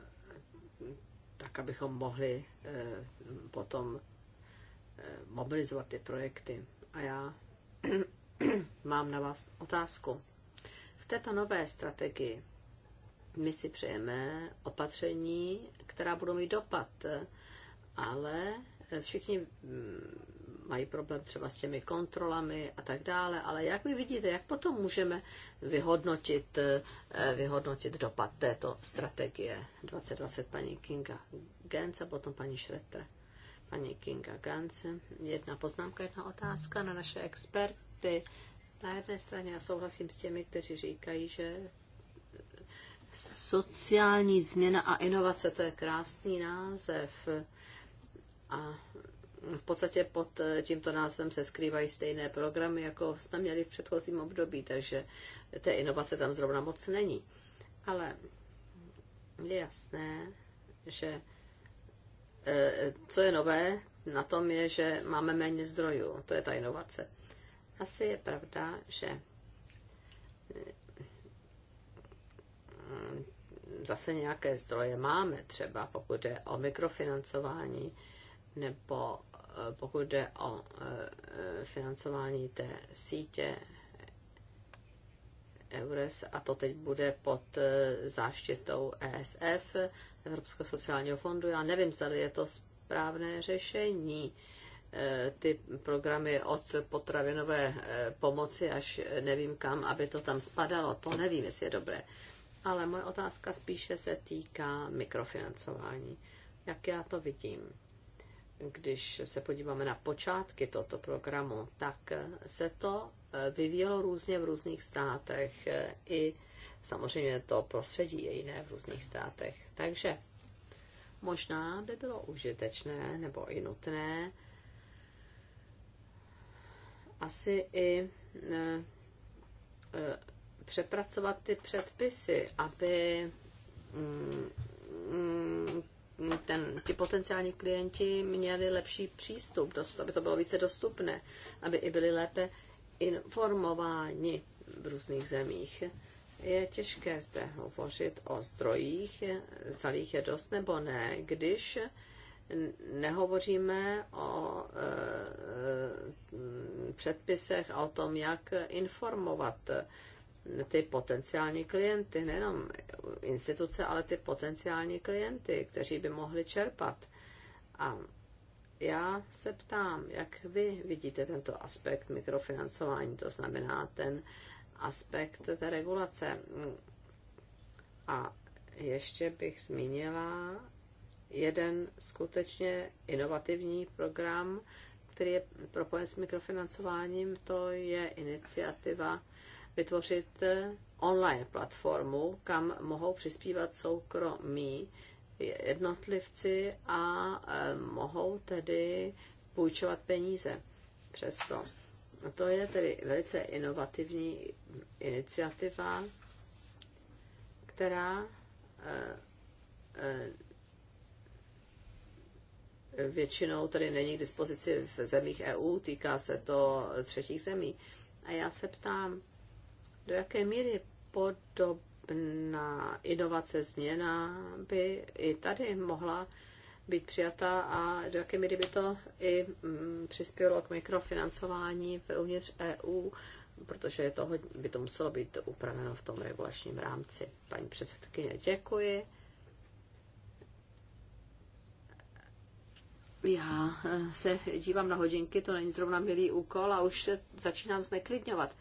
tak, abychom mohli eh, potom eh, mobilizovat ty projekty. A já [clears throat] mám na vás otázku. V této nové strategii my si přejeme opatření, která budou mít dopad, ale všichni mm, mají problém třeba s těmi kontrolami a tak dále, ale jak vy vidíte, jak potom můžeme vyhodnotit, eh, vyhodnotit dopad této strategie 2020 paní Kinga Gens a potom paní Schretter. Paní Kinga Gens, jedna poznámka, jedna otázka na naše experty. Na jedné straně já souhlasím s těmi, kteří říkají, že Sociální změna a inovace, to je krásný název. A v podstatě pod tímto názvem se skrývají stejné programy, jako jsme měli v předchozím období, takže té inovace tam zrovna moc není. Ale je jasné, že e, co je nové na tom je, že máme méně zdrojů. To je ta inovace. Asi je pravda, že zase nějaké zdroje máme, třeba pokud jde o mikrofinancování nebo eh, pokud jde o eh, financování té sítě EURES a to teď bude pod eh, záštitou ESF, Evropského sociálního fondu. Já nevím, zda je to správné řešení. Ty programy od potravinové pomoci až nevím kam, aby to tam spadalo, to nevím, jestli je dobré ale moje otázka spíše se týká mikrofinancování. Jak já to vidím? Když se podíváme na počátky tohoto programu, tak se to eh, vyvíjelo různě v různých státech. Eh, I samozřejmě to prostředí je jiné v různých státech. Takže možná by bylo užitečné nebo i nutné asi i eh, přepracovat ty předpisy, aby mm, mm, ten, ti potenciální klienti měli lepší přístup, dost, aby to bylo více dostupné, aby i byli lépe informováni v různých zemích. Je těžké zde hovořit o zdrojích, zdalých je dost nebo ne, když nehovoříme o e, e předpisech a o tom, jak informovat ty potenciální klienty, nejenom instituce, ale ty potenciální klienty, kteří by mohli čerpat. A já se ptám, jak vy vidíte tento aspekt mikrofinancování, to znamená ten aspekt té regulace. A ještě bych zmínila jeden skutečně inovativní program, který je propojen s mikrofinancováním, to je iniciativa vytvořit eh, online platformu, kam mohou přispívat soukromí jednotlivci a eh, mohou tedy půjčovat peníze přesto. To je tedy velice inovativní iniciativa, která eh, většinou tady není k dispozici v zemích EU, týká se to třetích zemí. A já se ptám, do jaké míry podobná inovace, změna by i tady mohla být přijata a do jaké míry by to i mm, přispělo k mikrofinancování uvnitř EU, protože je to, by to muselo být upraveno v tom regulačním rámci. Paní předsedkyně, děkuji. Já eh, se dívám na hodinky, to není zrovna milý úkol a už se začínám zneklidňovat.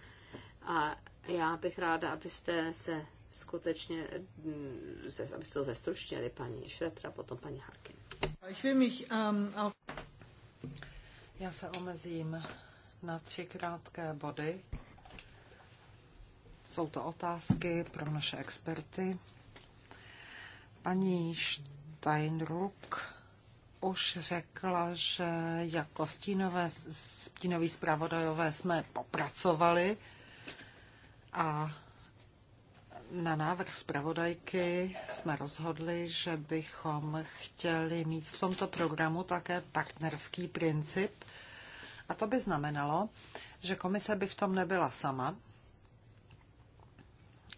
A já bych ráda, abyste se skutečně, mm, abyste to zestručnili, paní Šretra, potom paní Harkin. Ähm, Já se omezím na tři krátké body. Jsou to otázky pro naše experty. Paní Steinruck už řekla, že jako stínové, stínový zpravodajové jsme popracovali a na návrh zpravodajky jsme rozhodli, že bychom chtěli mít v tomto programu také partnerský princip. A to by znamenalo, že komise by v tom nebyla sama,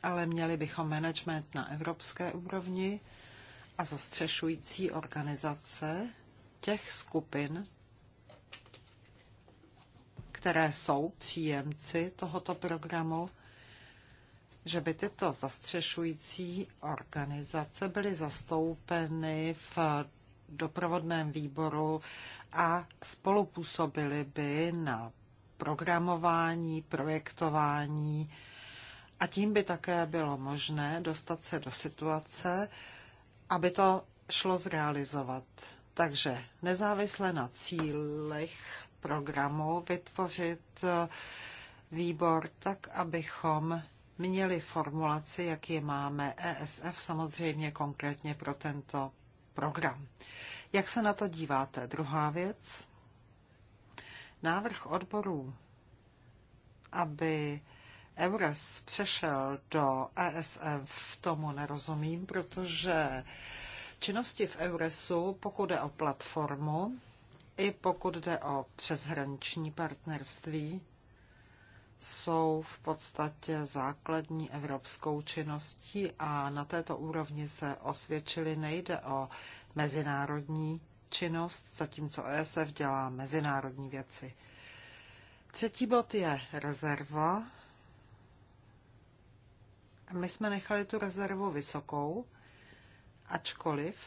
ale měli bychom management na evropské úrovni a zastřešující organizace těch skupin, které jsou příjemci tohoto programu, že by tyto zastřešující organizace byly zastoupeny v doprovodném výboru a spolupůsobily by na programování, projektování a tím by také bylo možné dostat se do situace, aby to šlo zrealizovat. Takže nezávisle na cílech programu vytvořit eh, výbor tak, abychom měli formulaci, jak je máme ESF, samozřejmě konkrétně pro tento program. Jak se na to díváte? Druhá věc. Návrh odborů, aby EURES přešel do ESF, tomu nerozumím, protože činnosti v EURESu, pokud jde o platformu, i pokud jde o přeshraniční partnerství, jsou v podstatě základní evropskou činností a na této úrovni se osvědčili, nejde o mezinárodní činnost, zatímco ESF dělá mezinárodní věci. Třetí bod je rezerva. My jsme nechali tu rezervu vysokou, ačkoliv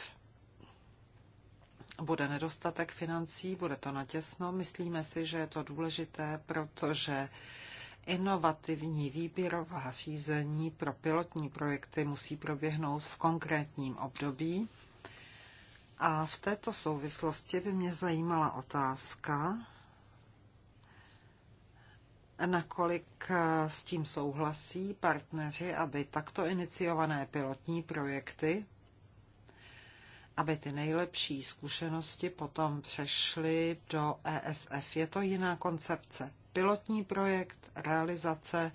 bude nedostatek financí, bude to natěsno. Myslíme si, že je to důležité, protože inovativní výběrová řízení pro pilotní projekty musí proběhnout v konkrétním období. A v této souvislosti by mě zajímala otázka, nakolik eh, s tím souhlasí partneři, aby takto iniciované pilotní projekty, aby ty nejlepší zkušenosti potom přešly do ESF. Je to jiná koncepce pilotní projekt realizace,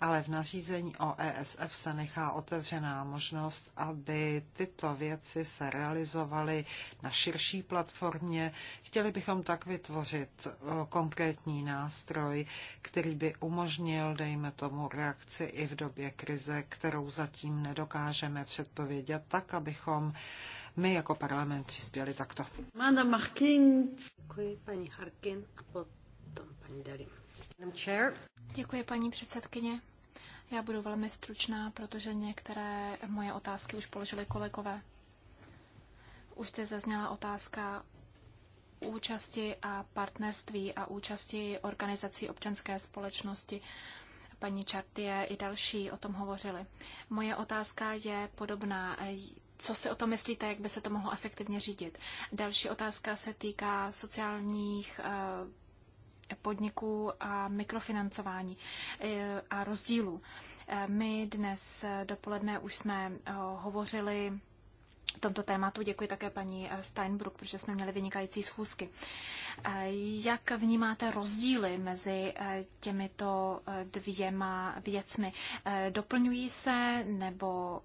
ale v nařízení o ESF se nechá otevřená možnost, aby tyto věci se realizovaly na širší platformě. Chtěli bychom tak vytvořit eh, konkrétní nástroj, který by umožnil, dejme tomu, reakci i v době krize, kterou zatím nedokážeme předpovědět, tak, abychom my jako parlament přispěli takto. Máda Markin. Děkuji paní Harkin a pot paní Děkuji, paní předsedkyně. Já budu velmi stručná, protože některé moje otázky už položili kolegové. Už zde zazněla otázka účasti a partnerství a účasti organizací občanské společnosti. Paní Čartie i další o tom hovořili. Moje otázka je podobná. Co si o tom myslíte, jak by se to mohlo efektivně řídit? Další otázka se týká sociálních eh, podniků a mikrofinancování eh, a rozdílů. Eh, my dnes eh, dopoledne už jsme hovořili tomto tématu. Děkuji také paní Steinbruck, protože jsme měli vynikající schůzky. Jak vnímáte rozdíly mezi těmito dvěma věcmi? Doplňují se nebo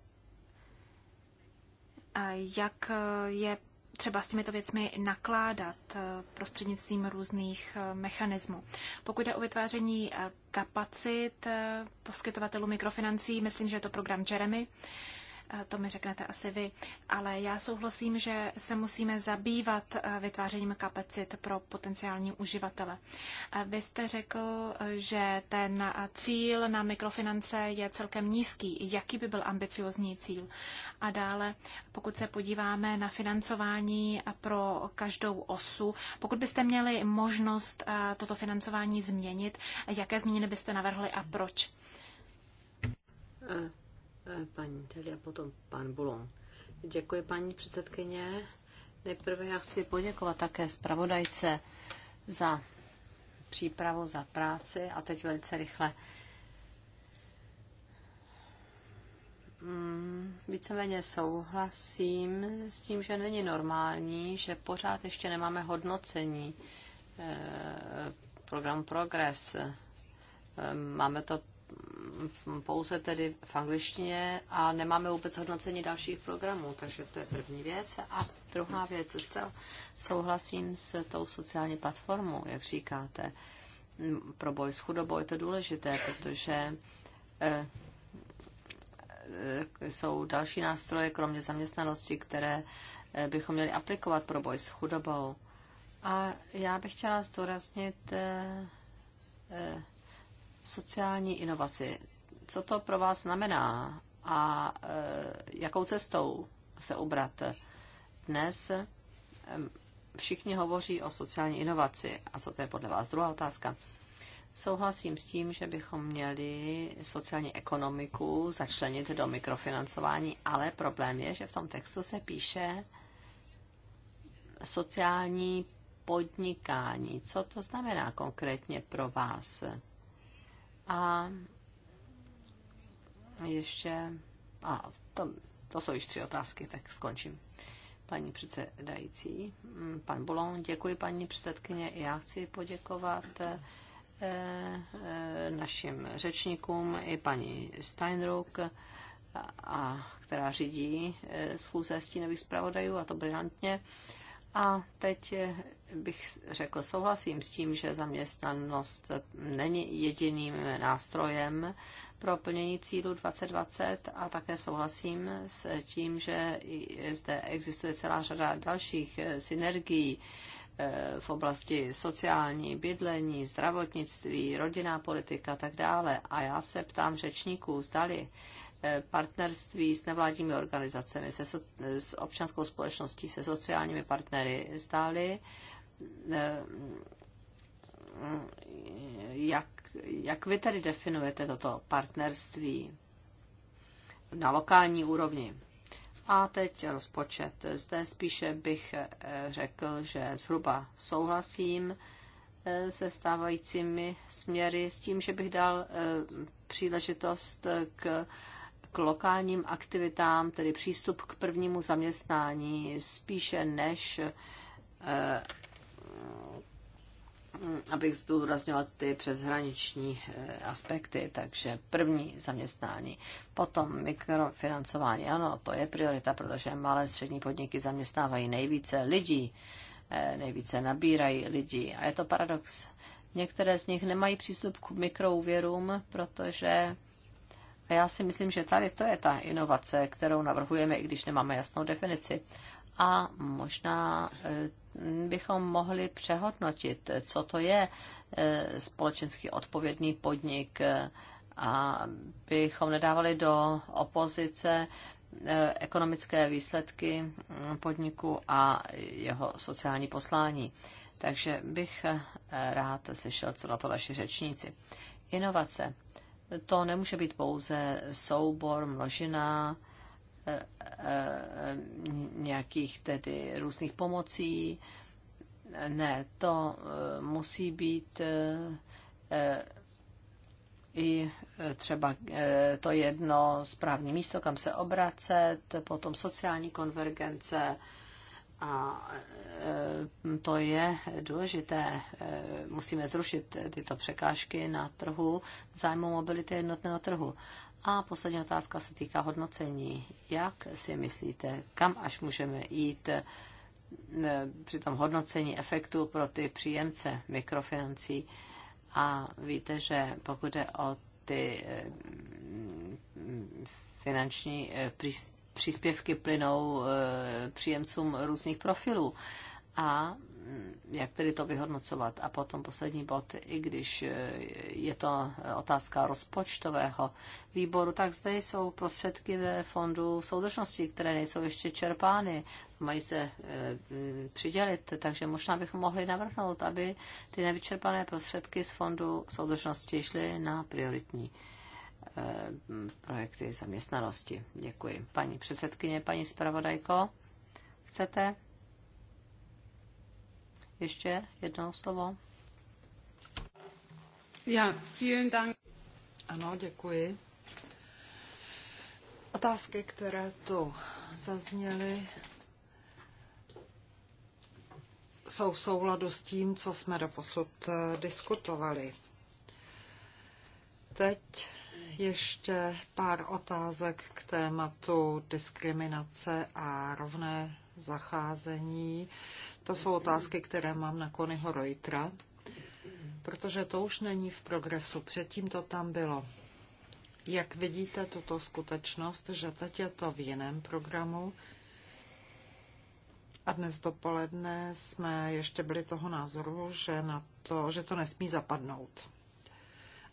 jak je třeba s těmito věcmi nakládat eh, prostřednictvím různých eh, mechanismů. Pokud je o vytváření eh, kapacit poskytovatelů mikrofinancí, myslím, že je to program Jeremy, Eh, to mi řeknete asi vy. Ale já souhlasím, že se musíme zabývat eh, vytvářením kapacit pro potenciální uživatele. Eh, vy jste řekl, že ten cíl na mikrofinance je celkem nízký. Jaký by byl ambiciozní cíl? A dále, pokud se podíváme na financování pro každou osu, pokud byste měli možnost toto financování změnit, jaké změny byste navrhli a proč? Eh, paní tedy a potom pan Bulon. Děkuji, paní předsedkyně. Nejprve já chci poděkovat také zpravodajce za přípravu, za práci a teď velice rychle. Mm, víceméně souhlasím s tím, že není normální, že pořád ještě nemáme hodnocení eh, program Progress. Eh, máme to pouze tedy v angličtině a nemáme vůbec hodnocení dalších programů, takže to je první věc. A druhá věc, zcela souhlasím s tou sociální platformou, jak říkáte, pro boj s chudobou je to důležité, protože eh, eh, jsou další nástroje, kromě zaměstnanosti, které eh, bychom měli aplikovat pro boj s chudobou. A já bych chtěla zdůraznit sociální inovaci. Co to pro vás znamená a e, jakou cestou se ubrat? Dnes e, všichni hovoří o sociální inovaci. A co to je podle vás? Druhá otázka. Souhlasím s tím, že bychom měli sociální ekonomiku začlenit do mikrofinancování, ale problém je, že v tom textu se píše sociální podnikání. Co to znamená konkrétně pro vás? A ještě, a to, to jsou již tři otázky, tak skončím. Paní předsedající, mm, pan Bulon, děkuji paní předsedkyně. Já chci poděkovat eh, eh, našim řečníkům i paní Steinruck, a, která řídí eh, schůze stínových zpravodajů, a to brilantně. A teď bych řekl, souhlasím s tím, že zaměstnanost není jediným nástrojem pro plnění cílu 2020 a také souhlasím s tím, že zde existuje celá řada dalších synergií eh, v oblasti sociální, bydlení, zdravotnictví, rodinná politika a tak dále. A já se ptám řečníků, zdali eh, partnerství s nevládními organizacemi, se, so, s občanskou společností, se sociálními partnery, zdali Eh, jak, jak vy tady definujete toto partnerství na lokální úrovni? A teď rozpočet. Zde spíše bych eh, řekl, že zhruba souhlasím eh, se stávajícími směry s tím, že bych dal příležitost k, k lokálním aktivitám, tedy přístup k prvnímu zaměstnání, spíše než Mm, abych zdůraznila ty přeshraniční eh, aspekty, takže první zaměstnání, potom mikrofinancování, ano, to je priorita, protože malé střední podniky zaměstnávají nejvíce lidí, eh, nejvíce nabírají lidí a je to paradox. Některé z nich nemají přístup k mikrouvěrům, protože a já si myslím, že tady to je ta inovace, kterou navrhujeme, i když nemáme jasnou definici a možná eh, bychom mohli přehodnotit, co to je eh, společensky odpovědný podnik eh, a bychom nedávali do opozice ekonomické výsledky mm, podniku a jeho sociální poslání. Takže bych rád slyšel, co na to naši řečníci. Inovace. To nemůže být pouze soubor, množina, nějakých tedy různých pomocí. Ne, to eh, musí být eh, i třeba eh, to jedno správné místo, kam se obracet, potom sociální konvergence a to je důležité. Musíme zrušit tyto překážky na trhu zájmu mobility jednotného trhu. A poslední otázka se týká hodnocení. Jak si myslíte, kam až můžeme jít eh, při tom hodnocení efektu pro ty příjemce mikrofinancí? A víte, že pokud jde o ty eh, finanční eh, příspěvky plynou příjemcům různých profilů. A jak tedy to vyhodnocovat. A potom poslední bod, i když eh, je to otázka rozpočtového výboru, tak zde jsou prostředky ve fondu soudržnosti, které nejsou ještě čerpány, mají se eh, mm, přidělit, takže možná bychom mohli navrhnout, aby ty nevyčerpané prostředky z fondu soudržnosti šly na prioritní eh, mm, projekty zaměstnanosti. Děkuji. Paní předsedkyně, paní zpravodajko, chcete? ještě jedno slovo. Já, vielen Dank. Ano, děkuji. Otázky, které tu zazněly, jsou v souladu s tím, co jsme doposud eh, diskutovali. Teď ještě pár otázek k tématu diskriminace a rovné zacházení. To jsou otázky, které mám na Konyho Reutera, protože to už není v progresu. Předtím to tam bylo. Jak vidíte tuto skutečnost, že teď je to v jiném programu a dnes dopoledne jsme ještě byli toho názoru, že, na to, že to nesmí zapadnout.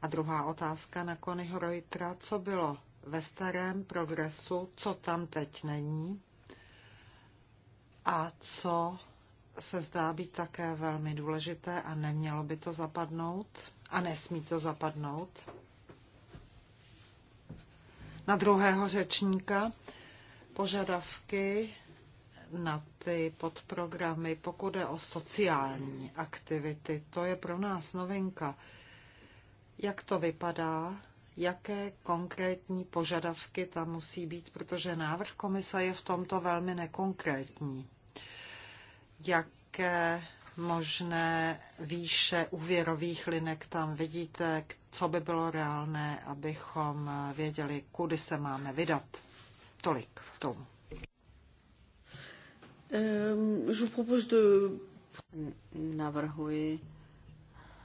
A druhá otázka na Konyho Reutera, co bylo ve starém progresu, co tam teď není a co se zdá být také velmi důležité a nemělo by to zapadnout a nesmí to zapadnout. Na druhého řečníka požadavky na ty podprogramy, pokud je o sociální aktivity. To je pro nás novinka. Jak to vypadá? Jaké konkrétní požadavky tam musí být, protože návrh komisa je v tomto velmi nekonkrétní jaké možné výše úvěrových linek tam vidíte, co by bylo reálné, abychom věděli, kudy se máme vydat. Tolik k tomu. Ehm, Navrhuji,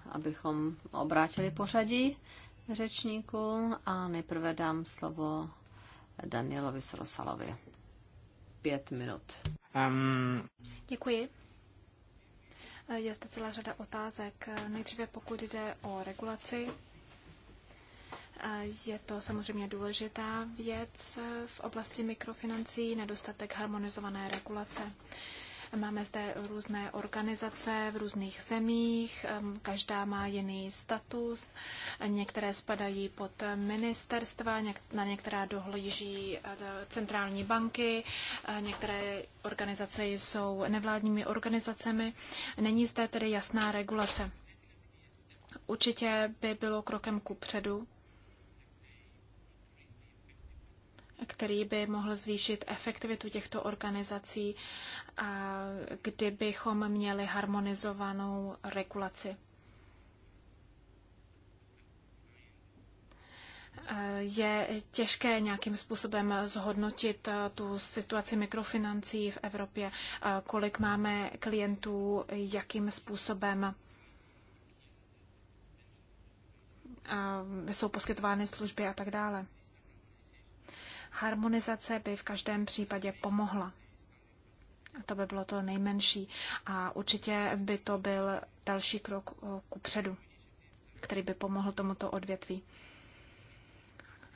abychom obrátili pořadí řečníků a nejprve dám slovo Danielovi Srosalovi. Pět minut. Um... Děkuji. E, je zde celá řada otázek. Nejdříve pokud jde o regulaci, e, je to samozřejmě důležitá věc v oblasti mikrofinancí, nedostatek harmonizované regulace. Máme zde různé organizace v různých zemích, každá má jiný status, některé spadají pod ministerstva, na některá dohlíží eh, centrální banky, eh, některé organizace jsou nevládními organizacemi. Není zde tedy jasná regulace. Určitě by bylo krokem ku předu, který by mohl zvýšit efektivitu těchto organizací, a kdybychom měli harmonizovanou regulaci. Je těžké nějakým způsobem zhodnotit tu situaci mikrofinancí v Evropě, kolik máme klientů, jakým způsobem jsou poskytovány služby a tak dále. Harmonizace by v každém případě pomohla. A to by bylo to nejmenší. A určitě by to byl další krok eh, ku předu, který by pomohl tomuto odvětví.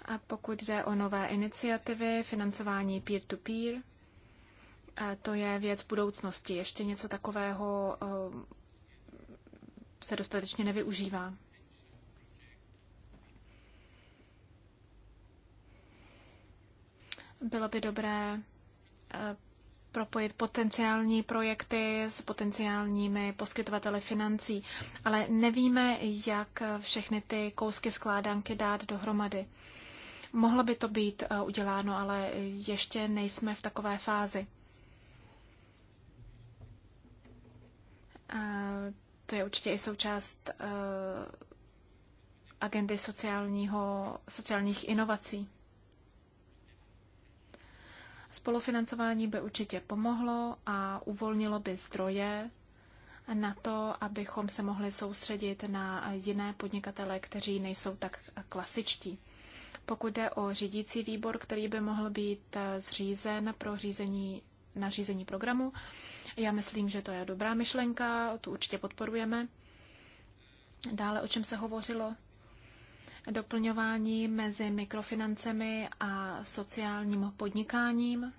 A pokud jde o nové iniciativy, financování peer-to-peer, -to, eh, -peer, to je věc budoucnosti. Ještě něco takového eh, se dostatečně nevyužívá. Bylo by dobré eh, propojit potenciální projekty s potenciálními poskytovateli financí, ale nevíme, jak všechny ty kousky skládanky dát dohromady. Mohlo by to být eh, uděláno, ale ještě nejsme v takové fázi. A to je určitě i součást eh, agendy sociálního, sociálních inovací. Spolufinancování by určitě pomohlo a uvolnilo by zdroje na to, abychom se mohli soustředit na jiné podnikatele, kteří nejsou tak klasičtí. Pokud jde o řídící výbor, který by mohl být zřízen pro řízení, na řízení programu, já myslím, že to je dobrá myšlenka, tu určitě podporujeme. Dále, o čem se hovořilo? doplňování mezi mikrofinancemi a sociálním podnikáním.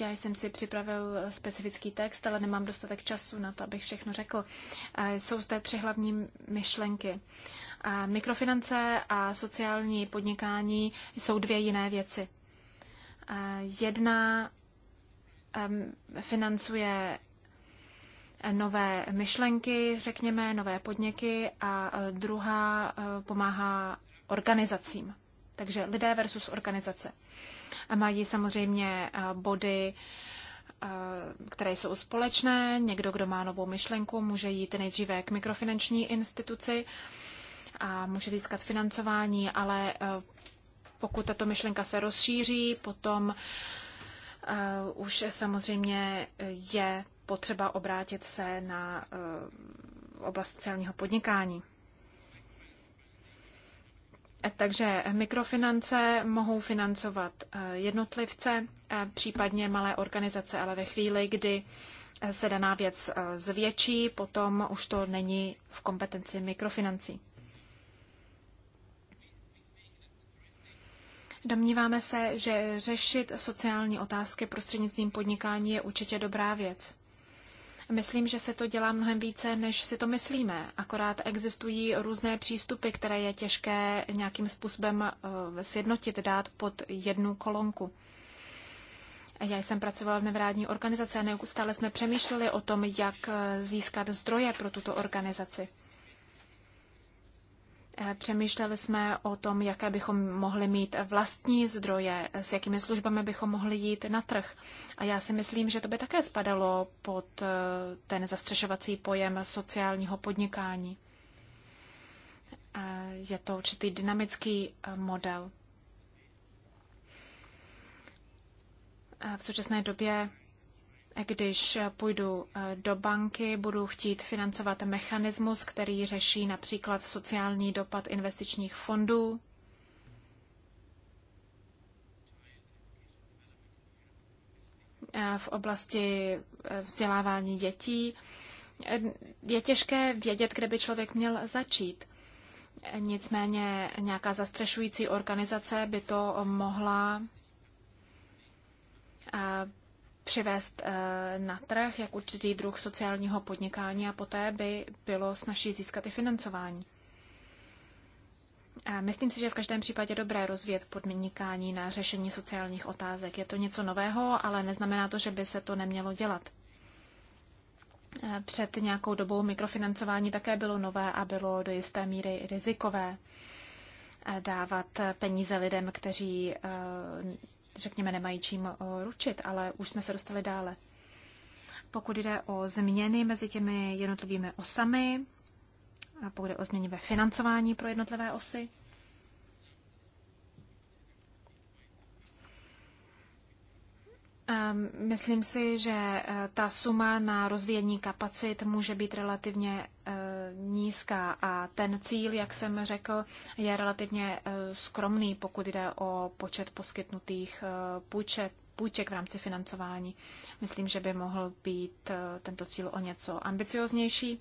Já jsem si připravil specifický text, ale nemám dostatek času na to, abych všechno řekl. Eh, jsou zde tři hlavní myšlenky. Eh, Mikrofinance a sociální podnikání jsou dvě jiné věci. Eh, jedna financuje nové myšlenky, řekněme, nové podniky a e, druhá e, pomáhá organizacím. Takže lidé versus organizace. A mají samozřejmě e, body, které jsou společné. Někdo, kdo má novou myšlenku, může jít nejdříve k mikrofinanční instituci a může získat financování, ale pokud tato myšlenka se rozšíří, potom už samozřejmě je potřeba obrátit se na eh, oblast sociálního podnikání. Eh, takže mikrofinance mohou financovat eh, jednotlivce, případně malé organizace, ale ve chvíli, kdy se daná věc zvětší, potom už to není v kompetenci mikrofinancí. Domníváme se, že řešit sociální otázky prostřednictvím podnikání je určitě dobrá věc. Myslím, že se to dělá mnohem více, než si to myslíme. Akorát existují různé přístupy, které je těžké nějakým způsobem eh, sjednotit, dát pod jednu kolonku. Já jsem pracovala v nevrádní organizaci a neustále jsme přemýšleli o tom, jak eh, získat zdroje pro tuto organizaci. Eh, přemýšleli jsme o tom, jaké bychom mohli mít vlastní zdroje, s jakými službami bychom mohli jít na trh. A já si myslím, že to by také spadalo pod eh, ten zastřešovací pojem sociálního podnikání. Eh, je to určitý dynamický model. V současné době když půjdu eh, do banky, budu chtít financovat mechanismus, který řeší například sociální dopad investičních fondů. Eh, v oblasti eh, vzdělávání dětí. Je těžké vědět, kde by člověk měl začít. Nicméně nějaká zastřešující organizace by to mohla přivést eh, na trh jak určitý druh sociálního podnikání a poté by bylo snažší získat i financování. Eh, myslím si, že v každém případě dobré rozvět podmínikání na řešení sociálních otázek. Je to něco nového, ale neznamená to, že by se to nemělo dělat. Eh, před nějakou dobou mikrofinancování také bylo nové a bylo do jisté míry rizikové dávat peníze lidem, kteří řekněme, nemají čím eh, ručit, ale už jsme se dostali dále. Pokud jde o změny mezi těmi jednotlivými osami, a pokud jde o změny ve financování pro jednotlivé osy, Ehm, myslím si, že eh, ta suma na rozvíjení kapacit může být relativně eh, nízká a ten cíl, jak jsem řekl, je relativně eh, skromný, pokud jde o počet poskytnutých půjček, půjček v rámci financování. Myslím, že by mohl být tento cíl o něco ambicioznější.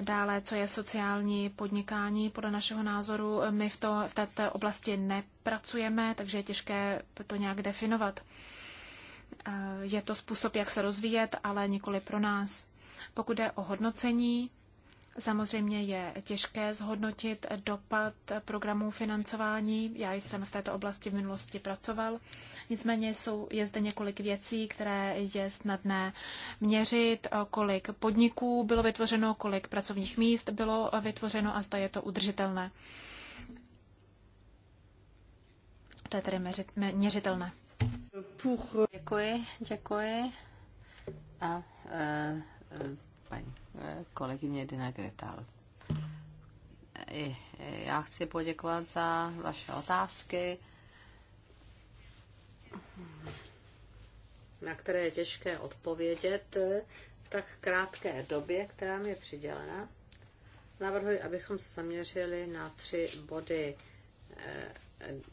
Dále, co je sociální podnikání, podle našeho názoru, my v, to, v této oblasti nepracujeme, takže je těžké to nějak definovat. Je to způsob, jak se rozvíjet, ale nikoli pro nás. Pokud jde o hodnocení, Samozřejmě je těžké zhodnotit dopad programů financování. Já jsem v této oblasti v minulosti pracoval. Nicméně jsou, je zde několik věcí, které je snadné měřit, kolik podniků bylo vytvořeno, kolik pracovních míst bylo vytvořeno a zda je to udržitelné. To je tedy měřitelné. Děkuji, děkuji. A, uh, uh, paní kolegyně Dina Gretal. Já chci poděkovat za vaše otázky, na které je těžké odpovědět v tak krátké době, která mi je přidělena. Navrhuji, abychom se zaměřili na tři body eh,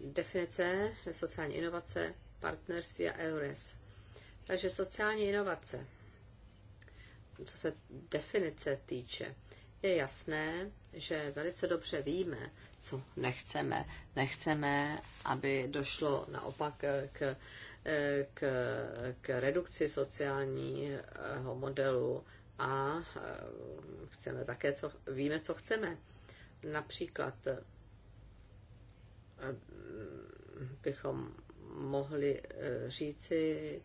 definice sociální inovace, partnerství a EURES. Takže sociální inovace co se definice týče, je jasné, že velice dobře víme, co nechceme. Nechceme, aby došlo naopak k, k, k redukci sociálního modelu a eh, chceme také, co, víme, co chceme. Například eh, bychom mohli eh, říci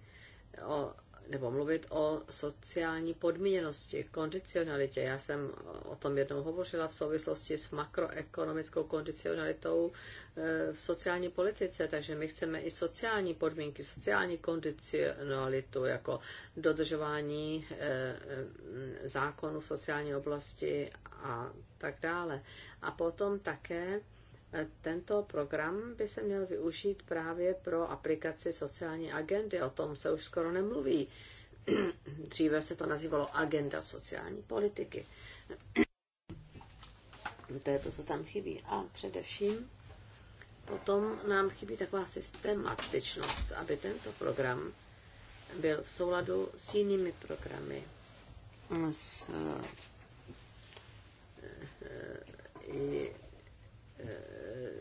o nebo mluvit o sociální podmíněnosti, kondicionalitě. Já jsem o tom jednou hovořila v souvislosti s makroekonomickou kondicionalitou eh, v sociální politice, takže my chceme i sociální podmínky, sociální kondicionalitu, jako dodržování eh, eh, zákonů v sociální oblasti a tak dále. A potom také tento program by se měl využít právě pro aplikaci sociální agendy. O tom se už skoro nemluví. [clears throat] Dříve se to nazývalo agenda sociální politiky. [clears throat] to je to, co tam chybí. A především potom nám chybí taková systematičnost, aby tento program byl v souladu s jinými programy. S, uh,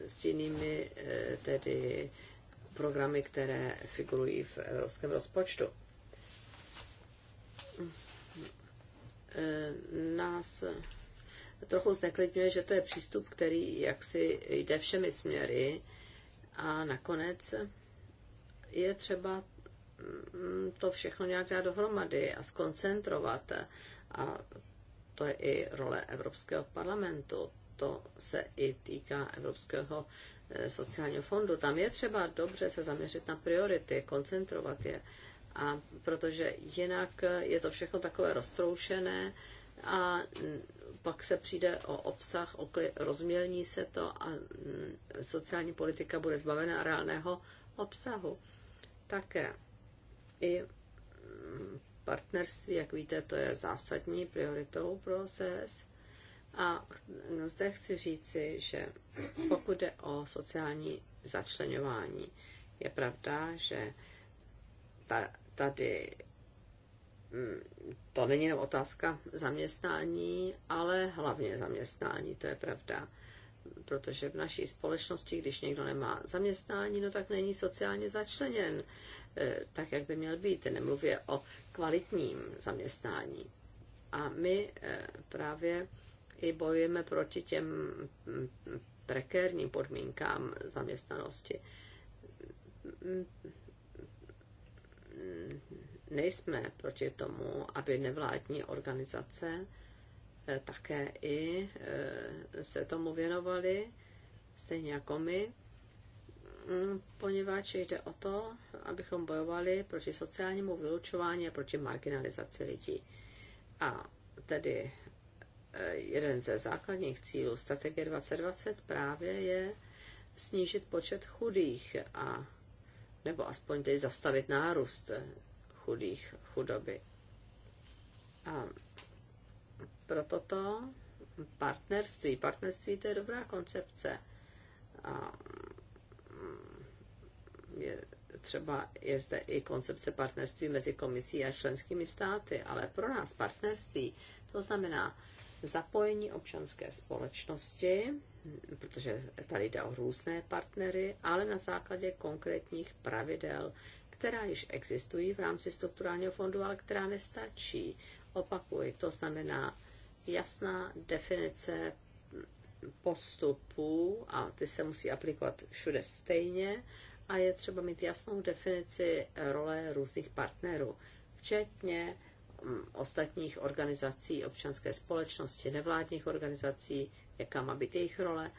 s jinými eh, tedy programy, které figurují v evropském rozpočtu. Eh, nás trochu zneklidňuje, že to je přístup, který jaksi jde všemi směry a nakonec je třeba mm, to všechno nějak dát dohromady a skoncentrovat. A to je i role Evropského parlamentu to se i týká Evropského eh, sociálního fondu. Tam je třeba dobře se zaměřit na priority, koncentrovat je, a protože jinak eh, je to všechno takové roztroušené a mm, pak se přijde o obsah, kli, rozmělní se to a mm, sociální politika bude zbavena reálného obsahu. Také i mm, partnerství, jak víte, to je zásadní prioritou pro SES. A zde chci říci, že pokud jde o sociální začlenování, je pravda, že ta, tady mm, to není jenom otázka zaměstnání, ale hlavně zaměstnání, to je pravda. Protože v naší společnosti, když někdo nemá zaměstnání, no tak není sociálně začleněn e, tak, jak by měl být. Nemluvě o kvalitním zaměstnání. A my e, právě i bojujeme proti těm prekérním podmínkám zaměstnanosti. Nejsme proti tomu, aby nevládní organizace eh, také i eh, se tomu věnovali, stejně jako my, mm, poněvadž jde o to, abychom bojovali proti sociálnímu vylučování a proti marginalizaci lidí. A tedy Eh, jeden ze základních cílů strategie 2020 právě je snížit počet chudých a nebo aspoň tedy zastavit nárůst eh, chudých, chudoby. A pro toto partnerství, partnerství to je dobrá koncepce. A mm, je, třeba je zde i koncepce partnerství mezi komisí a členskými státy, ale pro nás partnerství to znamená zapojení občanské společnosti, protože tady jde o různé partnery, ale na základě konkrétních pravidel, která již existují v rámci strukturálního fondu, ale která nestačí. Opakuji, to znamená jasná definice postupů a ty se musí aplikovat všude stejně a je třeba mít jasnou definici role různých partnerů, včetně Mm, ostatních organizací občanské společnosti, nevládních organizací, jaká má být jejich role.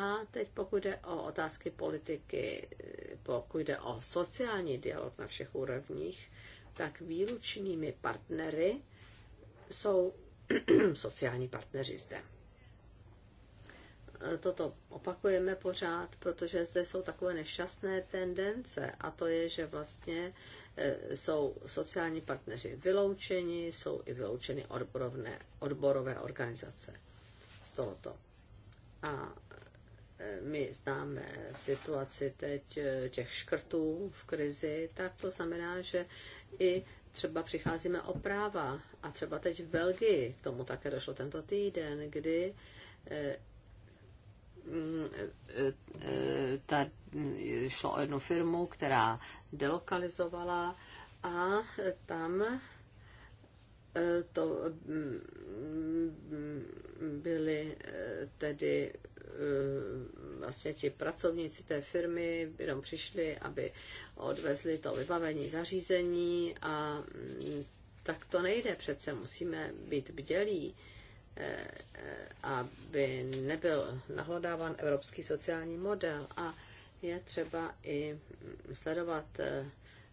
A teď pokud jde o otázky politiky, pokud jde o sociální dialog na všech úrovních, tak výlučnými partnery jsou [clears throat] sociální partneři zde. Toto opakujeme pořád, protože zde jsou takové nešťastné tendence a to je, že vlastně Eh, jsou sociální partneři vyloučeni, jsou i vyloučeny odborovné, odborové organizace z tohoto. A eh, my známe situaci teď eh, těch škrtů v krizi, tak to znamená, že i třeba přicházíme o práva. A třeba teď v Belgii, tomu také došlo tento týden, kdy ta, šlo o jednu firmu, která delokalizovala a tam eh, to mm, byli eh, tedy eh, vlastně ti pracovníci té firmy jenom přišli, aby odvezli to vybavení zařízení a mm, tak to nejde přece, musíme být bdělí. Eh, aby nebyl nahlodáván evropský sociální model a je třeba i sledovat eh,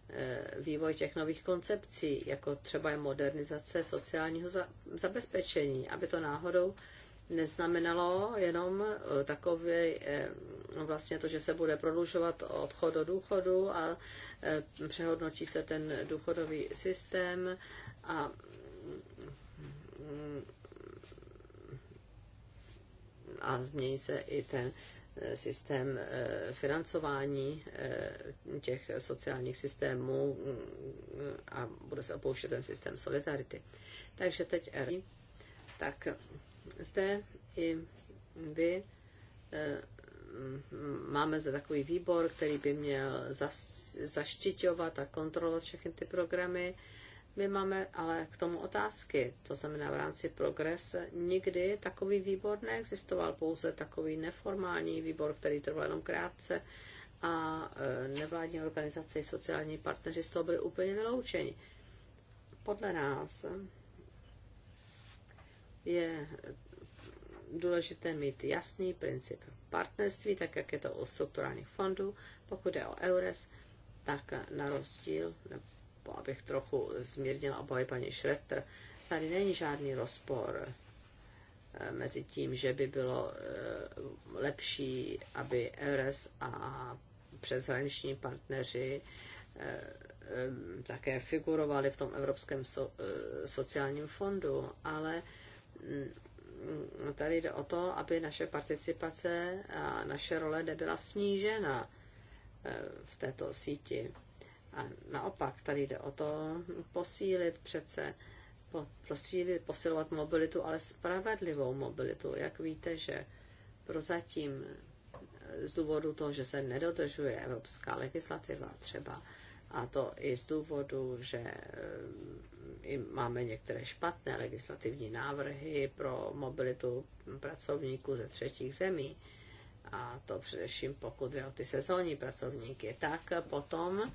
eh, vývoj těch nových koncepcí, jako třeba je modernizace sociálního zabezpečení, aby to náhodou neznamenalo jenom takové vlastně to, že se bude prodlužovat odchod do důchodu a přehodnotí se ten důchodový systém a mm, a změní se i ten eh, systém eh, financování eh, těch sociálních systémů mm, a bude se opouštět ten systém solidarity. Takže teď R. Tak zde i vy máme zde takový výbor, který by měl zaštiťovat a kontrolovat všechny ty programy my máme ale k tomu otázky. To znamená, v rámci progres nikdy takový výbor neexistoval, pouze takový neformální výbor, který trval jenom krátce a e, nevládní organizace i sociální partneři z toho byli úplně vyloučeni. Podle nás je důležité mít jasný princip partnerství, tak jak je to u strukturálních fondů. Pokud je o EURES, tak na rozdíl, No, abych trochu zmírnila obavy paní Schroeter, tady není žádný rozpor eh, mezi tím, že by bylo eh, lepší, aby ERS a přeshraniční partneři eh, také figurovali v tom Evropském sociálním fondu, ale mm, tady jde o to, aby naše participace a naše role nebyla snížena v této síti. A naopak, tady jde o to posílit přece, posílit, posilovat mobilitu, ale spravedlivou mobilitu. Jak víte, že prozatím eh, z důvodu toho, že se nedodržuje evropská legislativa třeba, a to i z důvodu, že eh, i máme některé špatné legislativní návrhy pro mobilitu pracovníků ze třetích zemí, a to především pokud jde o ty sezónní pracovníky, tak potom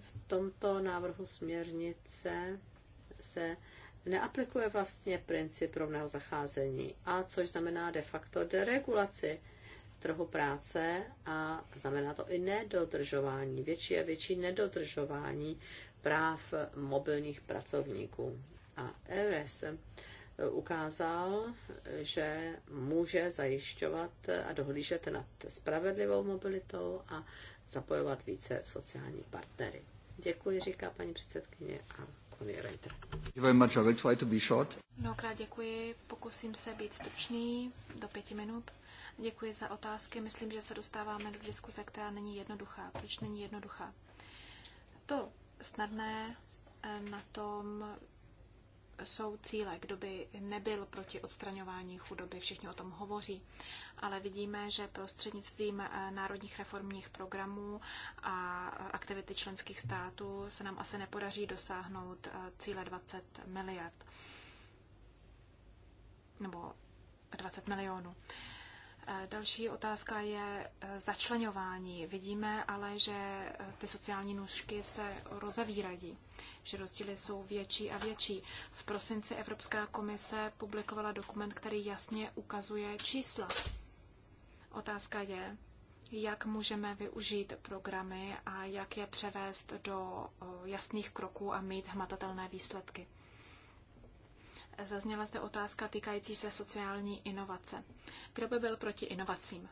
v tomto návrhu směrnice se neaplikuje vlastně princip rovného zacházení, a což znamená de facto deregulaci trhu práce a znamená to i nedodržování, větší a větší nedodržování práv mobilních pracovníků. A ERES ukázal, že může zajišťovat a dohlížet nad spravedlivou mobilitou a zapojovat více sociální partnery. Děkuji, říká paní předsedkyně a Connie Reiter. Mnohokrát děkuji, pokusím se být stručný do pěti minut. Děkuji za otázky. Myslím, že se dostáváme do diskuze, která není jednoduchá. Proč není jednoduchá? To snadné eh, na tom jsou cíle, kdo by nebyl proti odstraňování chudoby, všichni o tom hovoří, ale vidíme, že prostřednictvím eh, národních reformních programů a aktivity členských států se nám asi nepodaří dosáhnout eh, cíle 20 miliard nebo 20 milionů. Eh, další otázka je eh, začlenování. Vidíme ale, že eh, ty sociální nůžky se rozavírají, že rozdíly jsou větší a větší. V prosinci Evropská komise publikovala dokument, který jasně ukazuje čísla. Otázka je, jak můžeme využít programy a jak je převést do jasných kroků a mít hmatatelné výsledky. Zazněla zde otázka týkající se sociální inovace. Kdo by byl proti inovacím?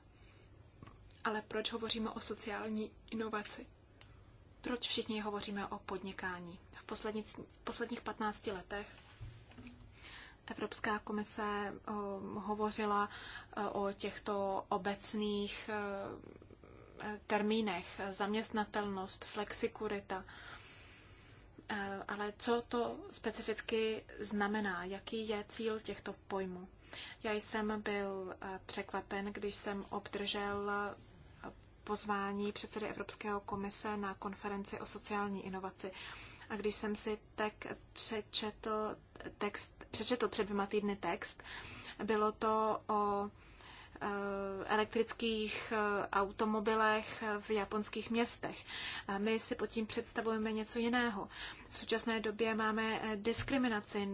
Ale proč hovoříme o sociální inovaci? Proč všichni hovoříme o podnikání? V posledních, posledních 15 letech Evropská komise eh, hovořila eh, o těchto obecných eh, termínech zaměstnatelnost, flexikurita, Eh, ale co to specificky znamená? Jaký je cíl těchto pojmů? Já jsem byl eh, překvapen, když jsem obdržel eh, pozvání předsedy Evropského komise na konferenci o sociální inovaci. A když jsem si tak přečetl, text, přečetl před dvěma týdny text, bylo to o Eh, elektrických eh, automobilech v japonských městech. My si pod tím představujeme něco jiného. V současné době máme eh, diskriminaci,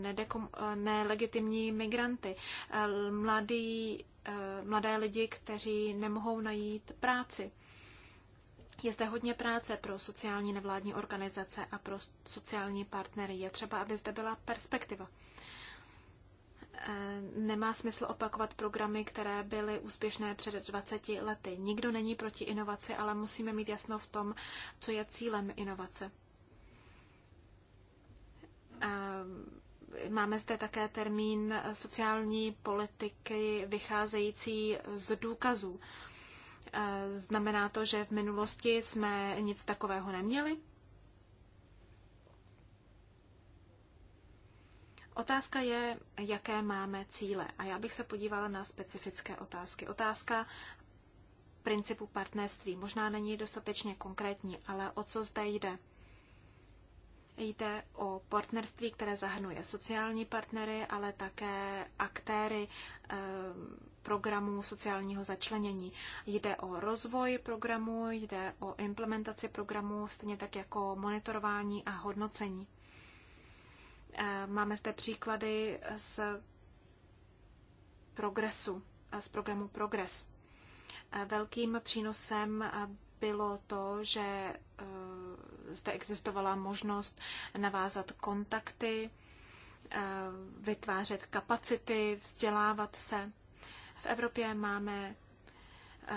nelegitimní migranty, mladý, mladé lidi, kteří nemohou najít práci. Je zde hodně práce pro sociální nevládní organizace a pro sociální partnery. Je třeba, aby zde byla perspektiva. Eh, nemá smysl opakovat programy, které byly úspěšné před 20 lety. Nikdo není proti inovaci, ale musíme mít jasno v tom, co je cílem inovace. Eh, máme zde také termín sociální politiky vycházející z důkazů. Eh, znamená to, že v minulosti jsme nic takového neměli? Otázka je, jaké máme cíle. A já bych se podívala na specifické otázky. Otázka principu partnerství možná není dostatečně konkrétní, ale o co zde jde? Jde o partnerství, které zahrnuje sociální partnery, ale také aktéry eh, programů sociálního začlenění. Jde o rozvoj programů, jde o implementaci programů, stejně tak jako monitorování a hodnocení. Eh, máme zde příklady z progresu, eh, z programu Progress. Eh, velkým přínosem bylo to, že zde existovala možnost navázat kontakty, vytvářet kapacity, vzdělávat se. V Evropě máme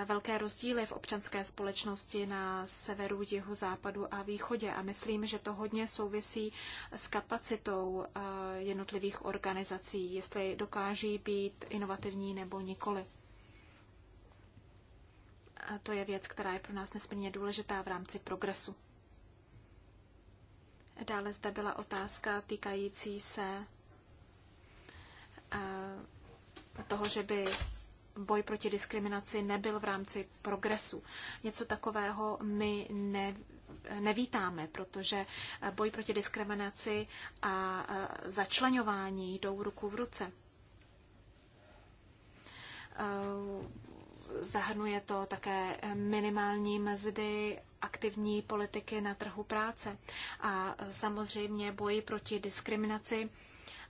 velké rozdíly v občanské společnosti na severu, jihu, západu a východě a myslím, že to hodně souvisí s kapacitou eh, jednotlivých organizací, jestli dokáží být inovativní nebo nikoli. A to je věc, která je pro nás nesmírně důležitá v rámci progresu. Dále zde byla otázka týkající se eh, toho, že by boj proti diskriminaci nebyl v rámci progresu. Něco takového my ne, nevítáme, protože boj proti diskriminaci a začlenování jdou ruku v ruce. Ehm, zahrnuje to také minimální mzdy, aktivní politiky na trhu práce a samozřejmě boji proti diskriminaci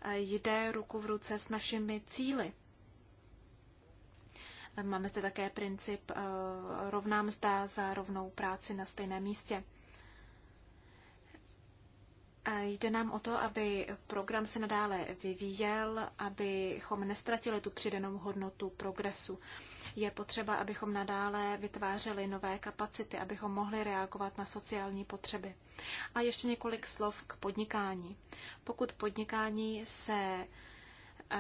e, jde ruku v ruce s našimi cíly. Máme zde také princip eh, rovná mzda za rovnou práci na stejném místě. A jde nám o to, aby program se nadále vyvíjel, abychom nestratili tu přidanou hodnotu progresu. Je potřeba, abychom nadále vytvářeli nové kapacity, abychom mohli reagovat na sociální potřeby. A ještě několik slov k podnikání. Pokud podnikání se Eh,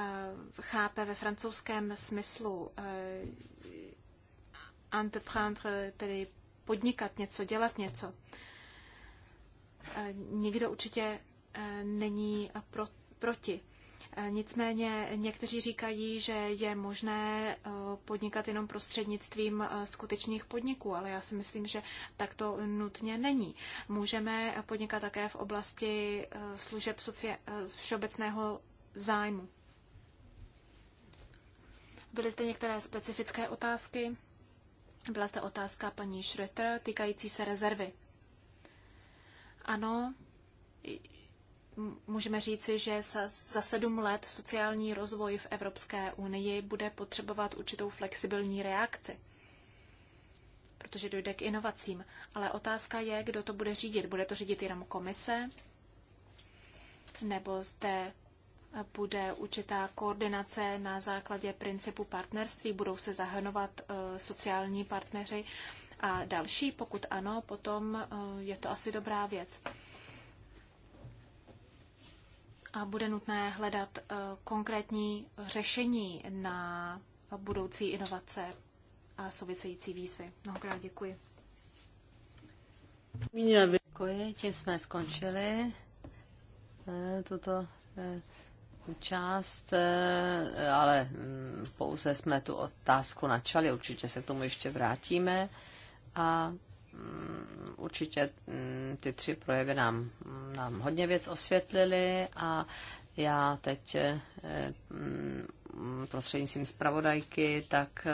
chápe ve francouzském smyslu eh, entreprendre, tedy podnikat něco, dělat něco. Eh, nikdo určitě není pro, proti. Nicméně někteří říkají, že je možné podnikat jenom prostřednictvím skutečných podniků, ale já si myslím, že tak to nutně není. Můžeme podnikat také v oblasti služeb socia- všeobecného zájmu. Byly zde některé specifické otázky. Byla zde otázka paní Schröter týkající se rezervy. Ano, můžeme říci, že za sedm let sociální rozvoj v Evropské unii bude potřebovat určitou flexibilní reakci, protože dojde k inovacím. Ale otázka je, kdo to bude řídit. Bude to řídit jenom komise, nebo zde bude určitá koordinace na základě principu partnerství, budou se zahrnovat eh, sociální partneři a další. Pokud ano, potom eh, je to asi dobrá věc. A bude nutné hledat eh, konkrétní řešení na budoucí inovace a související výzvy. Mnohokrát děkuji. Děkuji, tím jsme skončili tuto část, eh, ale mm, pouze jsme tu otázku načali, určitě se k tomu ještě vrátíme a mm, určitě mm, ty tři projevy nám, nám hodně věc osvětlili a já teď eh, Mm, prostřednictvím zpravodajky, tak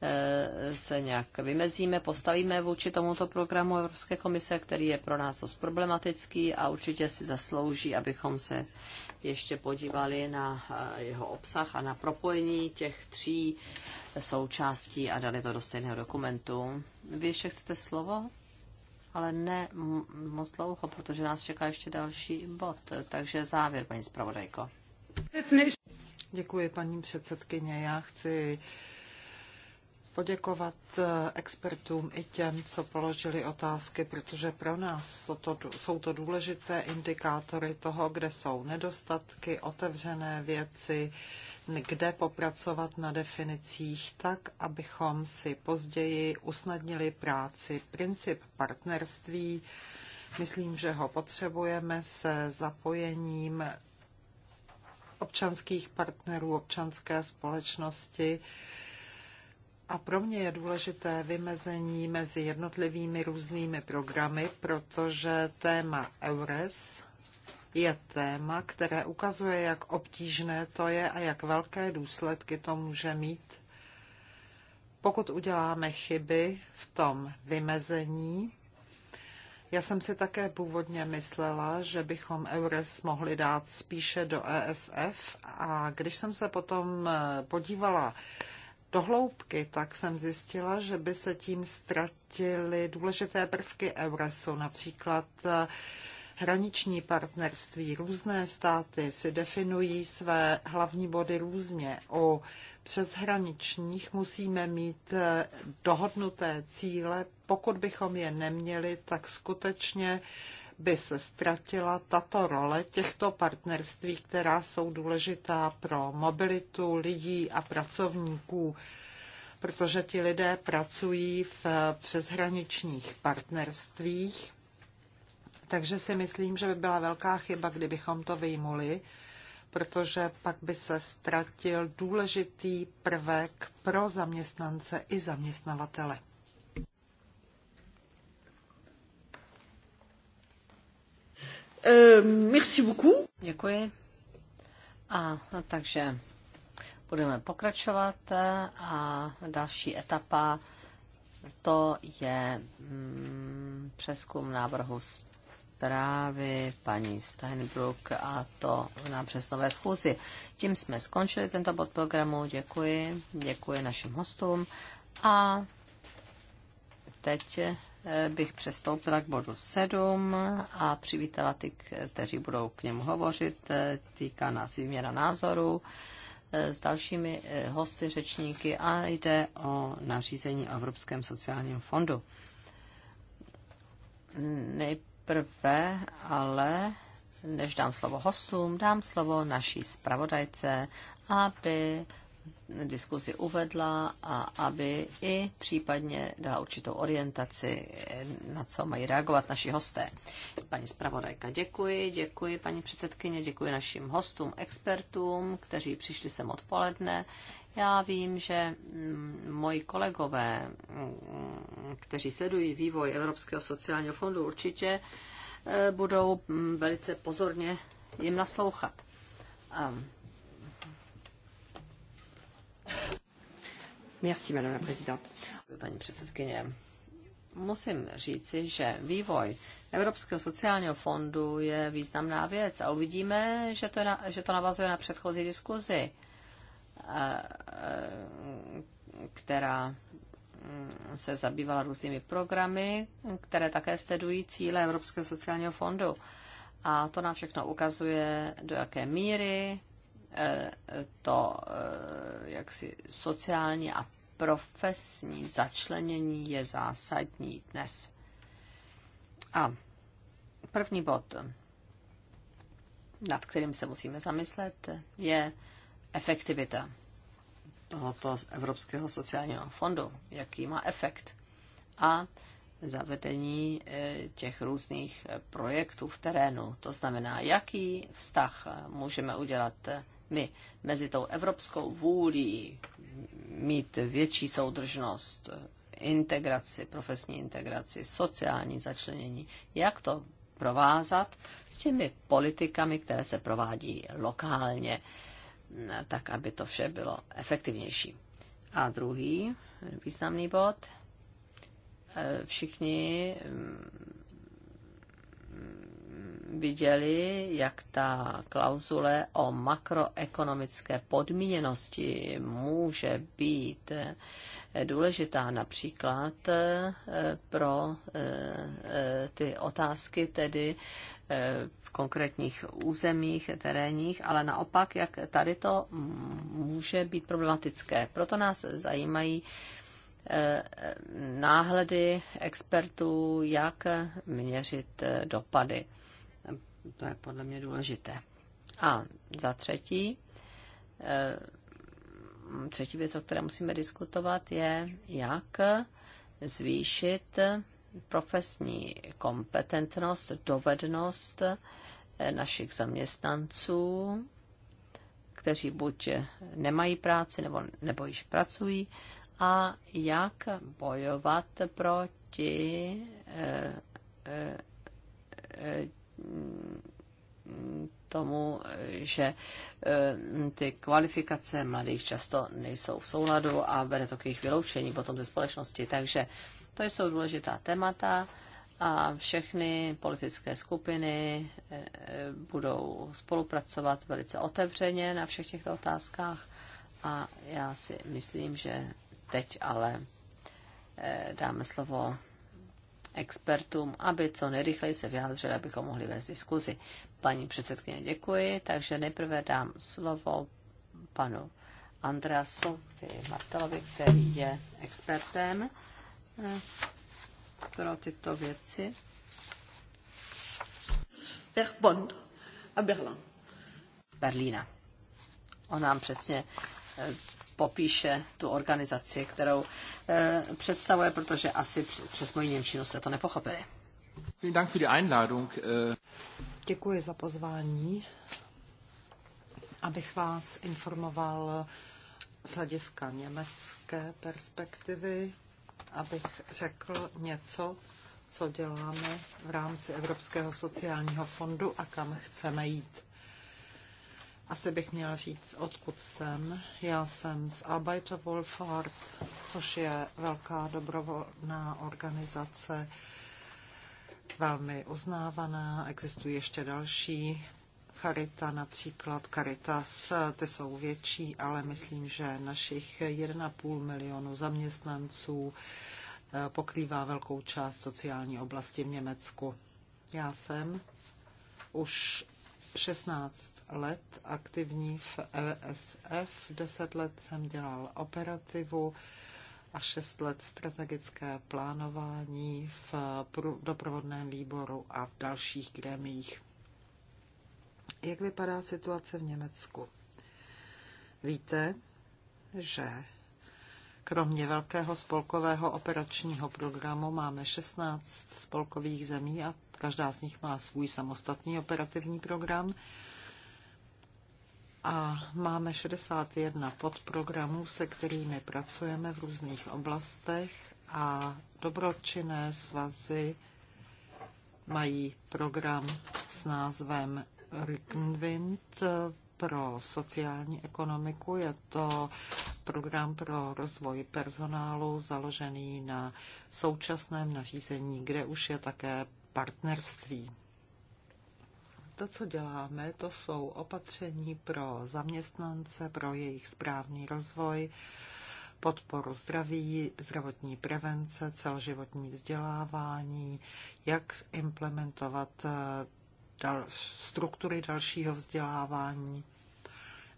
eh, se nějak vymezíme, postavíme vůči tomuto programu Evropské komise, který je pro nás dost problematický a určitě si zaslouží, abychom se ještě podívali na eh, jeho obsah a na propojení těch tří součástí a dali to do stejného dokumentu. Vy ještě chcete slovo? Ale ne moc dlouho, protože nás čeká ještě další bod. Takže závěr, paní zpravodajko. Děkuji, paní předsedkyně. Já chci poděkovat eh, expertům i těm, co položili otázky, protože pro nás jsou to, jsou to důležité indikátory toho, kde jsou nedostatky, otevřené věci, kde popracovat na definicích tak, abychom si později usnadnili práci. Princip partnerství, myslím, že ho potřebujeme se zapojením občanských partnerů, občanské společnosti. A pro mě je důležité vymezení mezi jednotlivými různými programy, protože téma EURES je téma, které ukazuje, jak obtížné to je a jak velké důsledky to může mít. Pokud uděláme chyby v tom vymezení, já jsem si také původně myslela, že bychom EURES mohli dát spíše do ESF a když jsem se potom eh, podívala do hloubky, tak jsem zjistila, že by se tím ztratily důležité prvky EURESu, například eh, hraniční partnerství. Různé státy si definují své hlavní body různě. O přeshraničních musíme mít eh, dohodnuté cíle. Pokud bychom je neměli, tak skutečně by se ztratila tato role těchto partnerství, která jsou důležitá pro mobilitu lidí a pracovníků, protože ti lidé pracují v eh, přeshraničních partnerstvích takže si myslím, že by byla velká chyba, kdybychom to vyjmuli, protože pak by se ztratil důležitý prvek pro zaměstnance i zaměstnavatele. Euh, merci beaucoup. Děkuji. A no, takže budeme pokračovat a další etapa to je mm, přeskum návrhu zprávy paní Steinbruck a to na přesnové schůzi. Tím jsme skončili tento bod programu. Děkuji. Děkuji našim hostům. A teď eh, bych přestoupila k bodu 7 a přivítala ty, kteří budou k němu hovořit. Eh, Týká nás výměna názorů eh, s dalšími hosty, řečníky a jde o nařízení o Evropském sociálním fondu. Nejprve Nejprve ale, než dám slovo hostům, dám slovo naší zpravodajce, aby diskuzi uvedla a aby i případně dala určitou orientaci, na co mají reagovat naši hosté. Paní zpravodajka, děkuji, děkuji paní předsedkyně, děkuji našim hostům, expertům, kteří přišli sem odpoledne. Já vím, že mm, moji kolegové, mm, kteří sledují vývoj Evropského sociálního fondu, určitě e, budou mm, velice pozorně jim naslouchat. Merci, madame la présidente. Paní předsedkyně, musím říci, že vývoj Evropského sociálního fondu je významná věc a uvidíme, že to, na, že to navazuje na předchozí diskuzi která se zabývala různými programy, které také sledují cíle Evropského sociálního fondu. A to nám všechno ukazuje, do jaké míry eh, to eh, jaksi sociální a profesní začlenění je zásadní dnes. A první bod, nad kterým se musíme zamyslet, je efektivita tohoto Evropského sociálního fondu, jaký má efekt a zavedení e, těch různých e, projektů v terénu. To znamená, jaký vztah e, můžeme udělat my mezi tou evropskou vůlí mít větší soudržnost, integraci, profesní integraci, sociální začlenění, jak to provázat s těmi politikami, které se provádí lokálně tak aby to vše bylo efektivnější. A druhý významný bod. E, všichni mm, viděli, jak ta klauzule o makroekonomické podmíněnosti může být eh, důležitá například eh, pro eh, ty otázky tedy v konkrétních územích, terénních, ale naopak, jak tady to může být problematické. Proto nás zajímají náhledy expertů, jak měřit dopady. To je podle mě důležité. A za třetí, eh, třetí věc, o které musíme diskutovat, je, jak zvýšit profesní kompetentnost, dovednost eh, našich zaměstnanců, kteří buď nemají práci nebo, nebo již pracují, a jak bojovat proti eh, tomu, že eh, ty kvalifikace mladých často nejsou v souladu a vede to k jejich vyloučení potom ze společnosti. Takže to jsou důležitá témata a všechny politické skupiny eh, budou spolupracovat velice otevřeně na všech těchto otázkách a já si myslím, že teď ale eh, dáme slovo expertům, aby co nejrychleji se vyjádřili, abychom mohli vést diskuzi. Paní předsedkyně, děkuji, takže nejprve dám slovo panu Andreasu Martelovi, který je expertem eh, pro tyto věci. Berlína. On nám přesně eh, popíše tu organizaci, kterou eh, představuje, protože asi přes moji Němčinu jste to nepochopili. Äh. Děkuji za pozvání, abych vás informoval z hlediska německé perspektivy, abych řekl něco, co děláme v rámci Evropského sociálního fondu a kam chceme jít. Asi bych měl říct, odkud jsem. Já jsem z Arbeiterwohlfahrt, což je velká dobrovolná organizace, velmi uznávaná. Existují ještě další. Charita například, Caritas, ty jsou větší, ale myslím, že našich 1,5 milionu zaměstnanců eh, pokrývá velkou část sociální oblasti v Německu. Já jsem už 16 let aktivní v e ESF, 10 let jsem dělal operativu a 6 let strategické plánování v doprovodném výboru a v dalších gremích. Jak vypadá situace v Německu? Víte, že Kromě velkého spolkového operačního programu máme 16 spolkových zemí a každá z nich má svůj samostatný operativní program a máme 61 podprogramů, se kterými pracujeme v různých oblastech a dobročinné svazy mají program s názvem Rückenwind pro sociální ekonomiku. Je to program pro rozvoj personálu založený na současném nařízení, kde už je také partnerství. To, co děláme, to jsou opatření pro zaměstnance, pro jejich správný rozvoj, podporu zdraví, zdravotní prevence, celoživotní vzdělávání, jak implementovat eh, dal, struktury dalšího vzdělávání.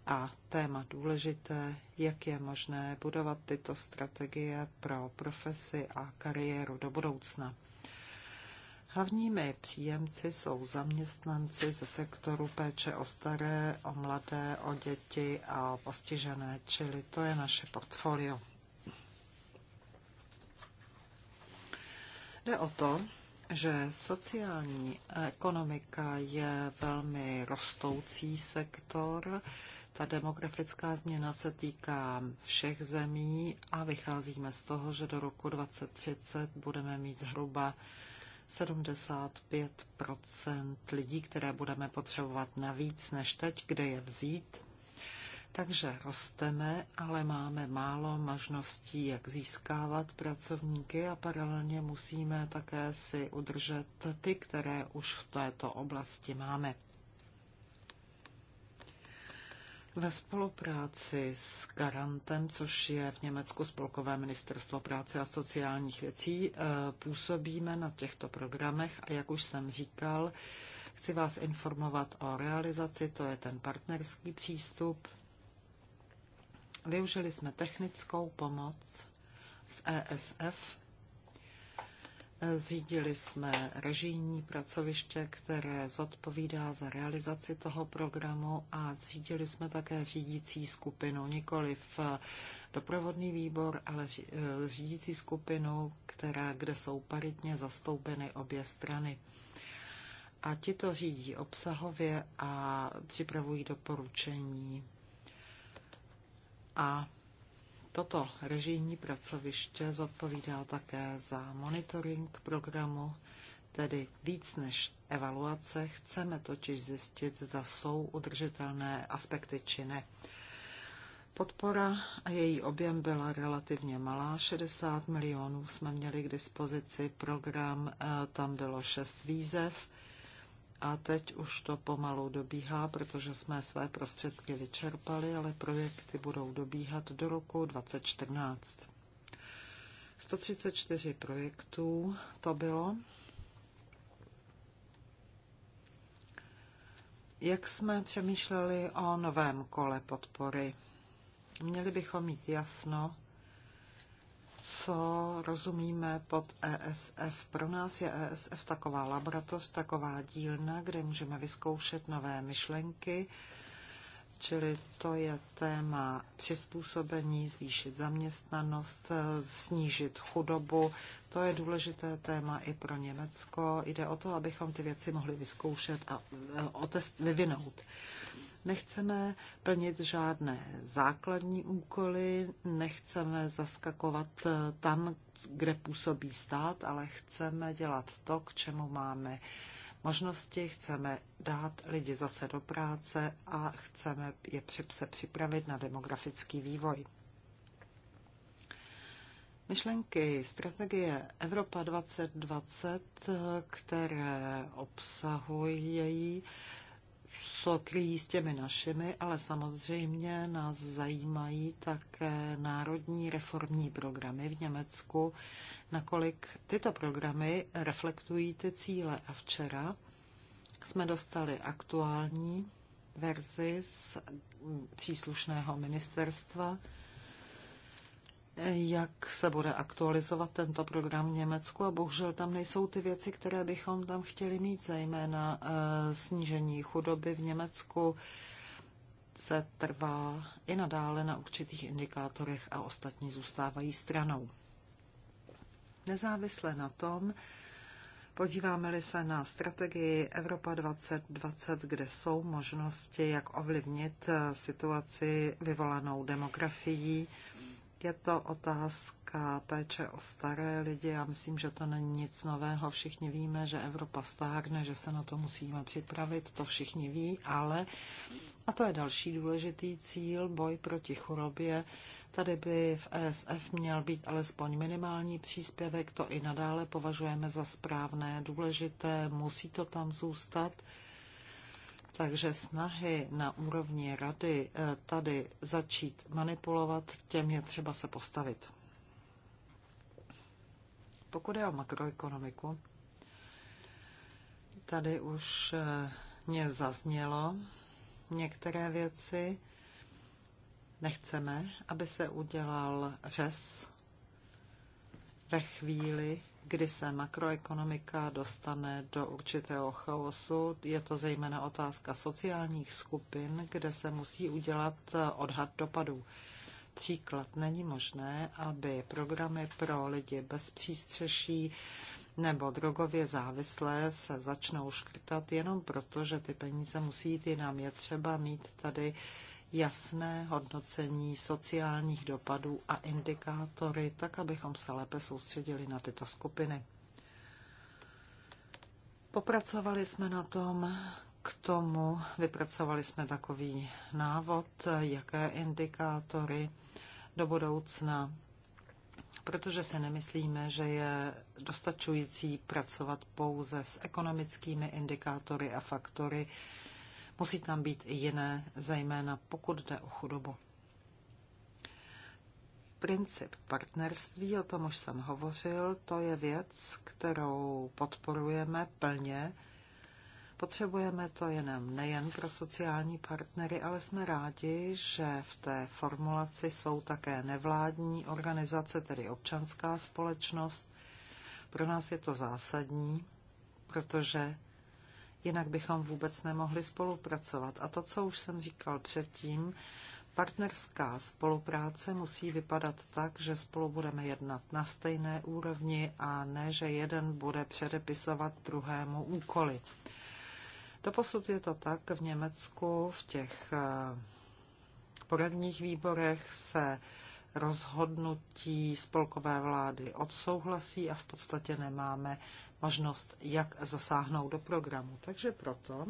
A téma důležité, jak je možné budovat tyto strategie pro profesi a kariéru do budoucna. Hlavními příjemci jsou zaměstnanci ze sektoru péče o staré, o mladé, o děti a postižené, čili to je naše portfolio. Jde o to, že sociální ekonomika je velmi rostoucí sektor. Ta demografická změna se týká všech zemí a vycházíme z toho, že do roku 2030 budeme mít zhruba 75 lidí, které budeme potřebovat navíc než teď, kde je vzít. Takže rosteme, ale máme málo možností, jak získávat pracovníky a paralelně musíme také si udržet ty, které už v této oblasti máme. ve spolupráci s Garantem, což je v Německu Spolkové ministerstvo práce a sociálních věcí, eh, působíme na těchto programech a jak už jsem říkal, chci vás informovat o realizaci, to je ten partnerský přístup. Využili jsme technickou pomoc z ESF Zřídili jsme režijní pracoviště, které zodpovídá za realizaci toho programu a zřídili jsme také řídící skupinu, nikoli v eh, doprovodný výbor, ale eh, řídící skupinu, která, kde jsou paritně zastoupeny obě strany. A ti to řídí obsahově a připravují doporučení. A Toto režijní pracoviště zodpovídá také za monitoring programu, tedy víc než evaluace. Chceme totiž zjistit, zda jsou udržitelné aspekty či ne. Podpora a její objem byla relativně malá, 60 milionů jsme měli k dispozici, program eh, tam bylo 6 výzev a teď už to pomalu dobíhá, protože jsme své prostředky vyčerpali, ale projekty budou dobíhat do roku 2014. 134 projektů to bylo. Jak jsme přemýšleli o novém kole podpory? Měli bychom mít jasno, co rozumíme pod ESF. Pro nás je ESF taková laboratoř, taková dílna, kde můžeme vyzkoušet nové myšlenky, čili to je téma přizpůsobení, zvýšit zaměstnanost, snížit chudobu. To je důležité téma i pro Německo. Jde o to, abychom ty věci mohli vyzkoušet a e, otest, vyvinout. Nechceme plnit žádné základní úkoly, nechceme zaskakovat eh, tam, kde působí stát, ale chceme dělat to, k čemu máme možnosti, chceme dát lidi zase do práce a chceme je se připravit na demografický vývoj. Myšlenky strategie Evropa 2020, eh, které obsahují co kryjí s těmi našimi, ale samozřejmě nás zajímají také národní reformní programy v Německu, nakolik tyto programy reflektují ty cíle. A včera jsme dostali aktuální verzi z příslušného ministerstva, jak se bude aktualizovat tento program v Německu a bohužel tam nejsou ty věci, které bychom tam chtěli mít, zejména eh, snížení chudoby v Německu se trvá i nadále na určitých indikátorech a ostatní zůstávají stranou. Nezávisle na tom, podíváme-li se na strategii Evropa 2020, kde jsou možnosti, jak ovlivnit eh, situaci vyvolanou demografií, je to otázka péče o staré lidi. Já myslím, že to není nic nového. Všichni víme, že Evropa stárne, že se na to musíme připravit, to všichni ví, ale a to je další důležitý cíl, boj proti chorobě. Tady by v ESF měl být alespoň minimální příspěvek, to i nadále považujeme za správné, důležité, musí to tam zůstat. Takže snahy na úrovni rady eh, tady začít manipulovat, těm je třeba se postavit. Pokud je o makroekonomiku, tady už eh, mě zaznělo některé věci. Nechceme, aby se udělal řez ve chvíli, kdy se makroekonomika dostane do určitého chaosu. Je to zejména otázka sociálních skupin, kde se musí udělat eh, odhad dopadů. Příklad není možné, aby programy pro lidi bez přístřeší nebo drogově závislé se začnou škrtat jenom proto, že ty peníze musí jít jinam. Je třeba mít tady jasné hodnocení sociálních dopadů a indikátory, tak abychom se lépe soustředili na tyto skupiny. Popracovali jsme na tom, k tomu vypracovali jsme takový návod, jaké indikátory do budoucna, protože se nemyslíme, že je dostačující pracovat pouze s ekonomickými indikátory a faktory, musí tam být i jiné, zejména pokud jde o chudobu. Princip partnerství, o tom už jsem hovořil, to je věc, kterou podporujeme plně. Potřebujeme to jenom nejen pro sociální partnery, ale jsme rádi, že v té formulaci jsou také nevládní organizace, tedy občanská společnost. Pro nás je to zásadní, protože jinak bychom vůbec nemohli spolupracovat. A to, co už jsem říkal předtím, partnerská spolupráce musí vypadat tak, že spolu budeme jednat na stejné úrovni a ne, že jeden bude předepisovat druhému úkoly. Doposud je to tak v Německu, v těch eh, poradních výborech se rozhodnutí spolkové vlády odsouhlasí a v podstatě nemáme možnost, jak zasáhnout do programu. Takže proto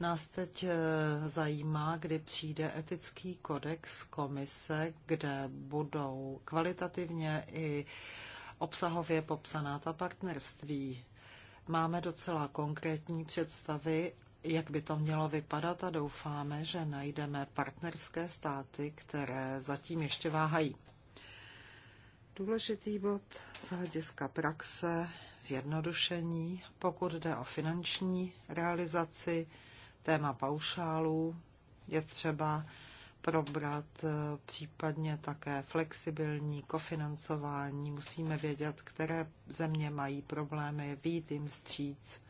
Nás teď e, zajímá, kdy přijde etický kodex komise, kde budou kvalitativně i obsahově popsaná ta partnerství. Máme docela konkrétní představy, jak by to mělo vypadat a doufáme, že najdeme partnerské státy, které zatím ještě váhají. Důležitý bod z hlediska praxe, zjednodušení, pokud jde o finanční realizaci, téma paušálů je třeba probrat, eh, případně také flexibilní kofinancování. Musíme vědět, které země mají problémy, výjít jim stříc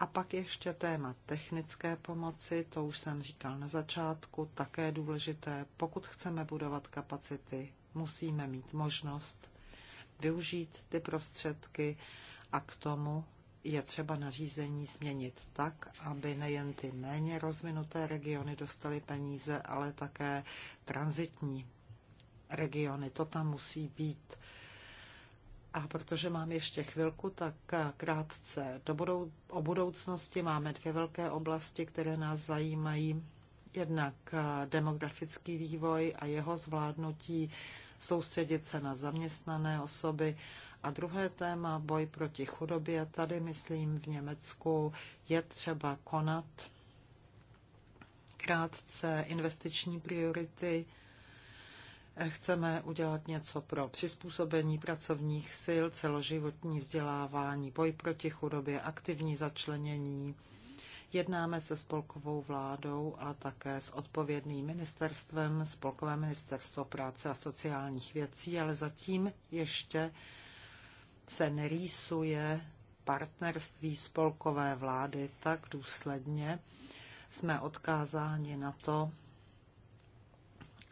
a pak ještě téma technické pomoci, to už jsem říkal na začátku, také důležité. Pokud chceme budovat kapacity, musíme mít možnost využít ty prostředky a k tomu je třeba nařízení změnit tak, aby nejen ty méně rozvinuté regiony dostaly peníze, ale také transitní regiony. To tam musí být. A protože mám ještě chvilku, tak krátce do budou, o budoucnosti máme dvě velké oblasti, které nás zajímají. Jednak eh, demografický vývoj a jeho zvládnutí, soustředit se na zaměstnané osoby. A druhé téma, boj proti chudobě. Tady, myslím, v Německu je třeba konat krátce investiční priority, Chceme udělat něco pro přizpůsobení pracovních sil, celoživotní vzdělávání, boj proti chudobě, aktivní začlenění. Jednáme se spolkovou vládou a také s odpovědným ministerstvem, Spolkové ministerstvo práce a sociálních věcí, ale zatím ještě se nerýsuje partnerství spolkové vlády tak důsledně, jsme odkázáni na to,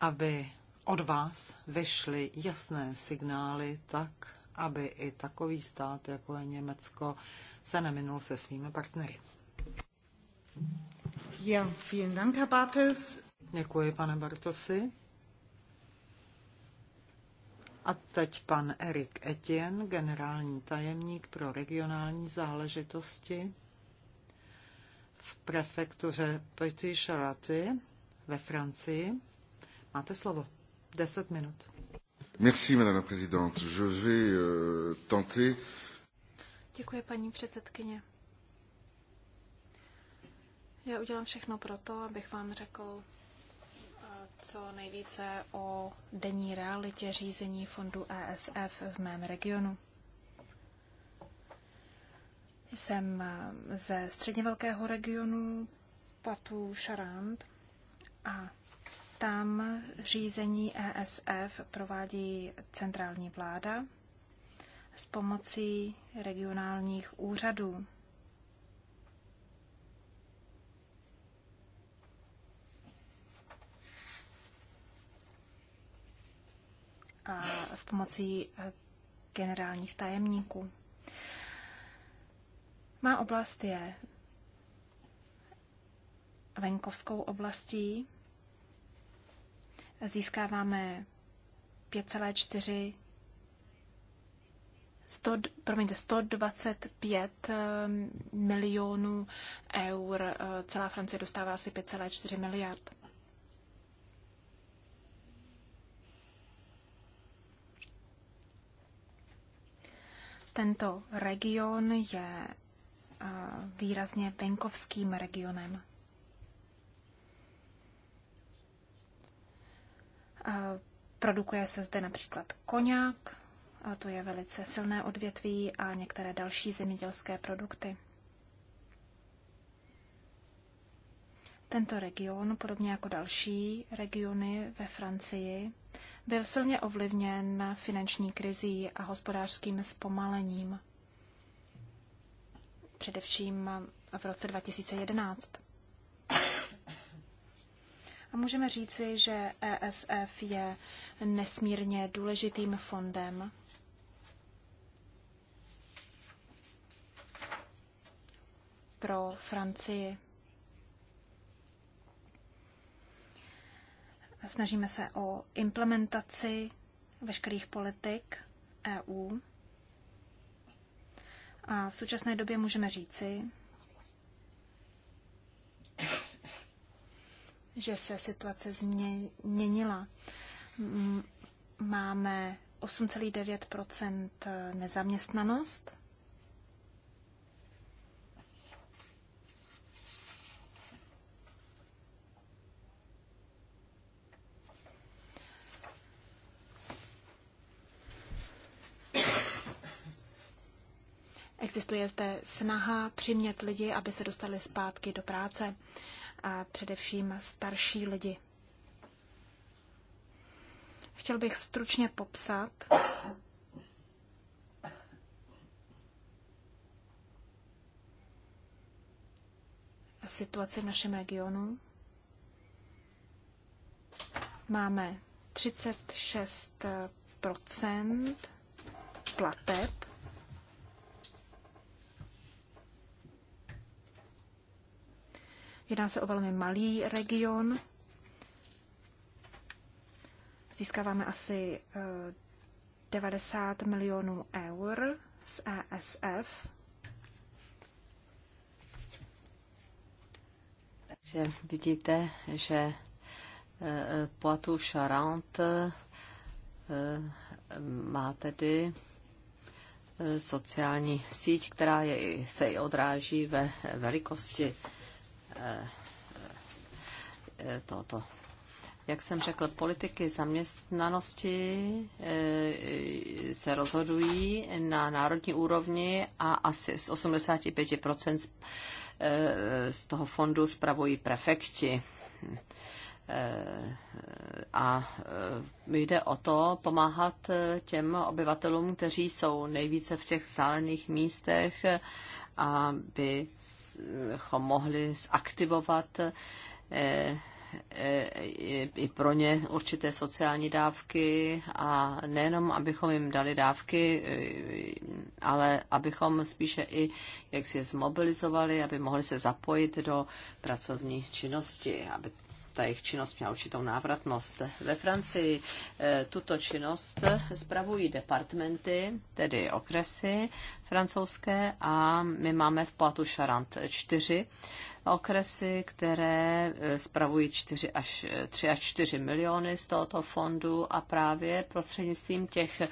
aby od vás vyšly jasné signály tak, aby i takový stát, jako je Německo, se neminul se svými partnery. Ja, vielen Dank, Herr Bartels. Děkuji, pane Bartosi. A teď pan Erik Etienne, generální tajemník pro regionální záležitosti v prefektuře Petit Charaty ve Francii. Máte slovo. 10 minut. Merci, madame présidente. Je vais euh, tenter... Děkuji, paní předsedkyně. Já udělám všechno pro to, abych vám řekl eh, co nejvíce o denní realitě řízení fondu ESF v mém regionu. Jsem eh, ze středně velkého regionu Patu Šarant a tam řízení ESF provádí centrální vláda s pomocí regionálních úřadů. A s pomocí eh, generálních tajemníků. Má oblast je venkovskou oblastí, získáváme 5,4 100, promiňte, 125 eh, milionů eur. Eh, celá Francie dostává asi 5,4 miliard. Tento region je eh, výrazně venkovským regionem. Produkuje se zde například koňák, a to je velice silné odvětví a některé další zemědělské produkty. Tento region, podobně jako další regiony ve Francii, byl silně ovlivněn finanční krizí a hospodářským zpomalením, především v roce 2011. A můžeme říci, že ESF je nesmírně důležitým fondem pro Francii. Snažíme se o implementaci veškerých politik EU. A v současné době můžeme říci, že se situace změnila. Máme 8,9 eh, nezaměstnanost. Existuje zde snaha přimět lidi, aby se dostali zpátky do práce a především starší lidi. Chtěl bych stručně popsat, situaci v našem regionu. Máme 36 plateb Jedná se o velmi malý region. Získáváme asi 90 eh, milionů eur z ESF. Takže vidíte, že eh, Poitou Charente eh, má tedy sociální síť, která je, se i odráží ve velikosti Eh, eh, tohoto jak jsem řekl, politiky zaměstnanosti eh, se rozhodují na národní úrovni a asi z 85% z toho fondu spravují prefekti. A jde o to pomáhat těm obyvatelům, kteří jsou nejvíce v těch vzdálených místech abychom mohli zaktivovat eh, eh, i pro ně určité sociální dávky a nejenom, abychom jim dali dávky, eh, ale abychom spíše i, jak si je zmobilizovali, aby mohli se zapojit do pracovní činnosti, aby ta jejich činnost měla určitou návratnost. Ve Francii eh, tuto činnost spravují departmenty, tedy okresy francouzské a my máme v platu Charant čtyři okresy, které eh, spravují 4 až, 3 až 4 miliony z tohoto fondu a právě prostřednictvím těch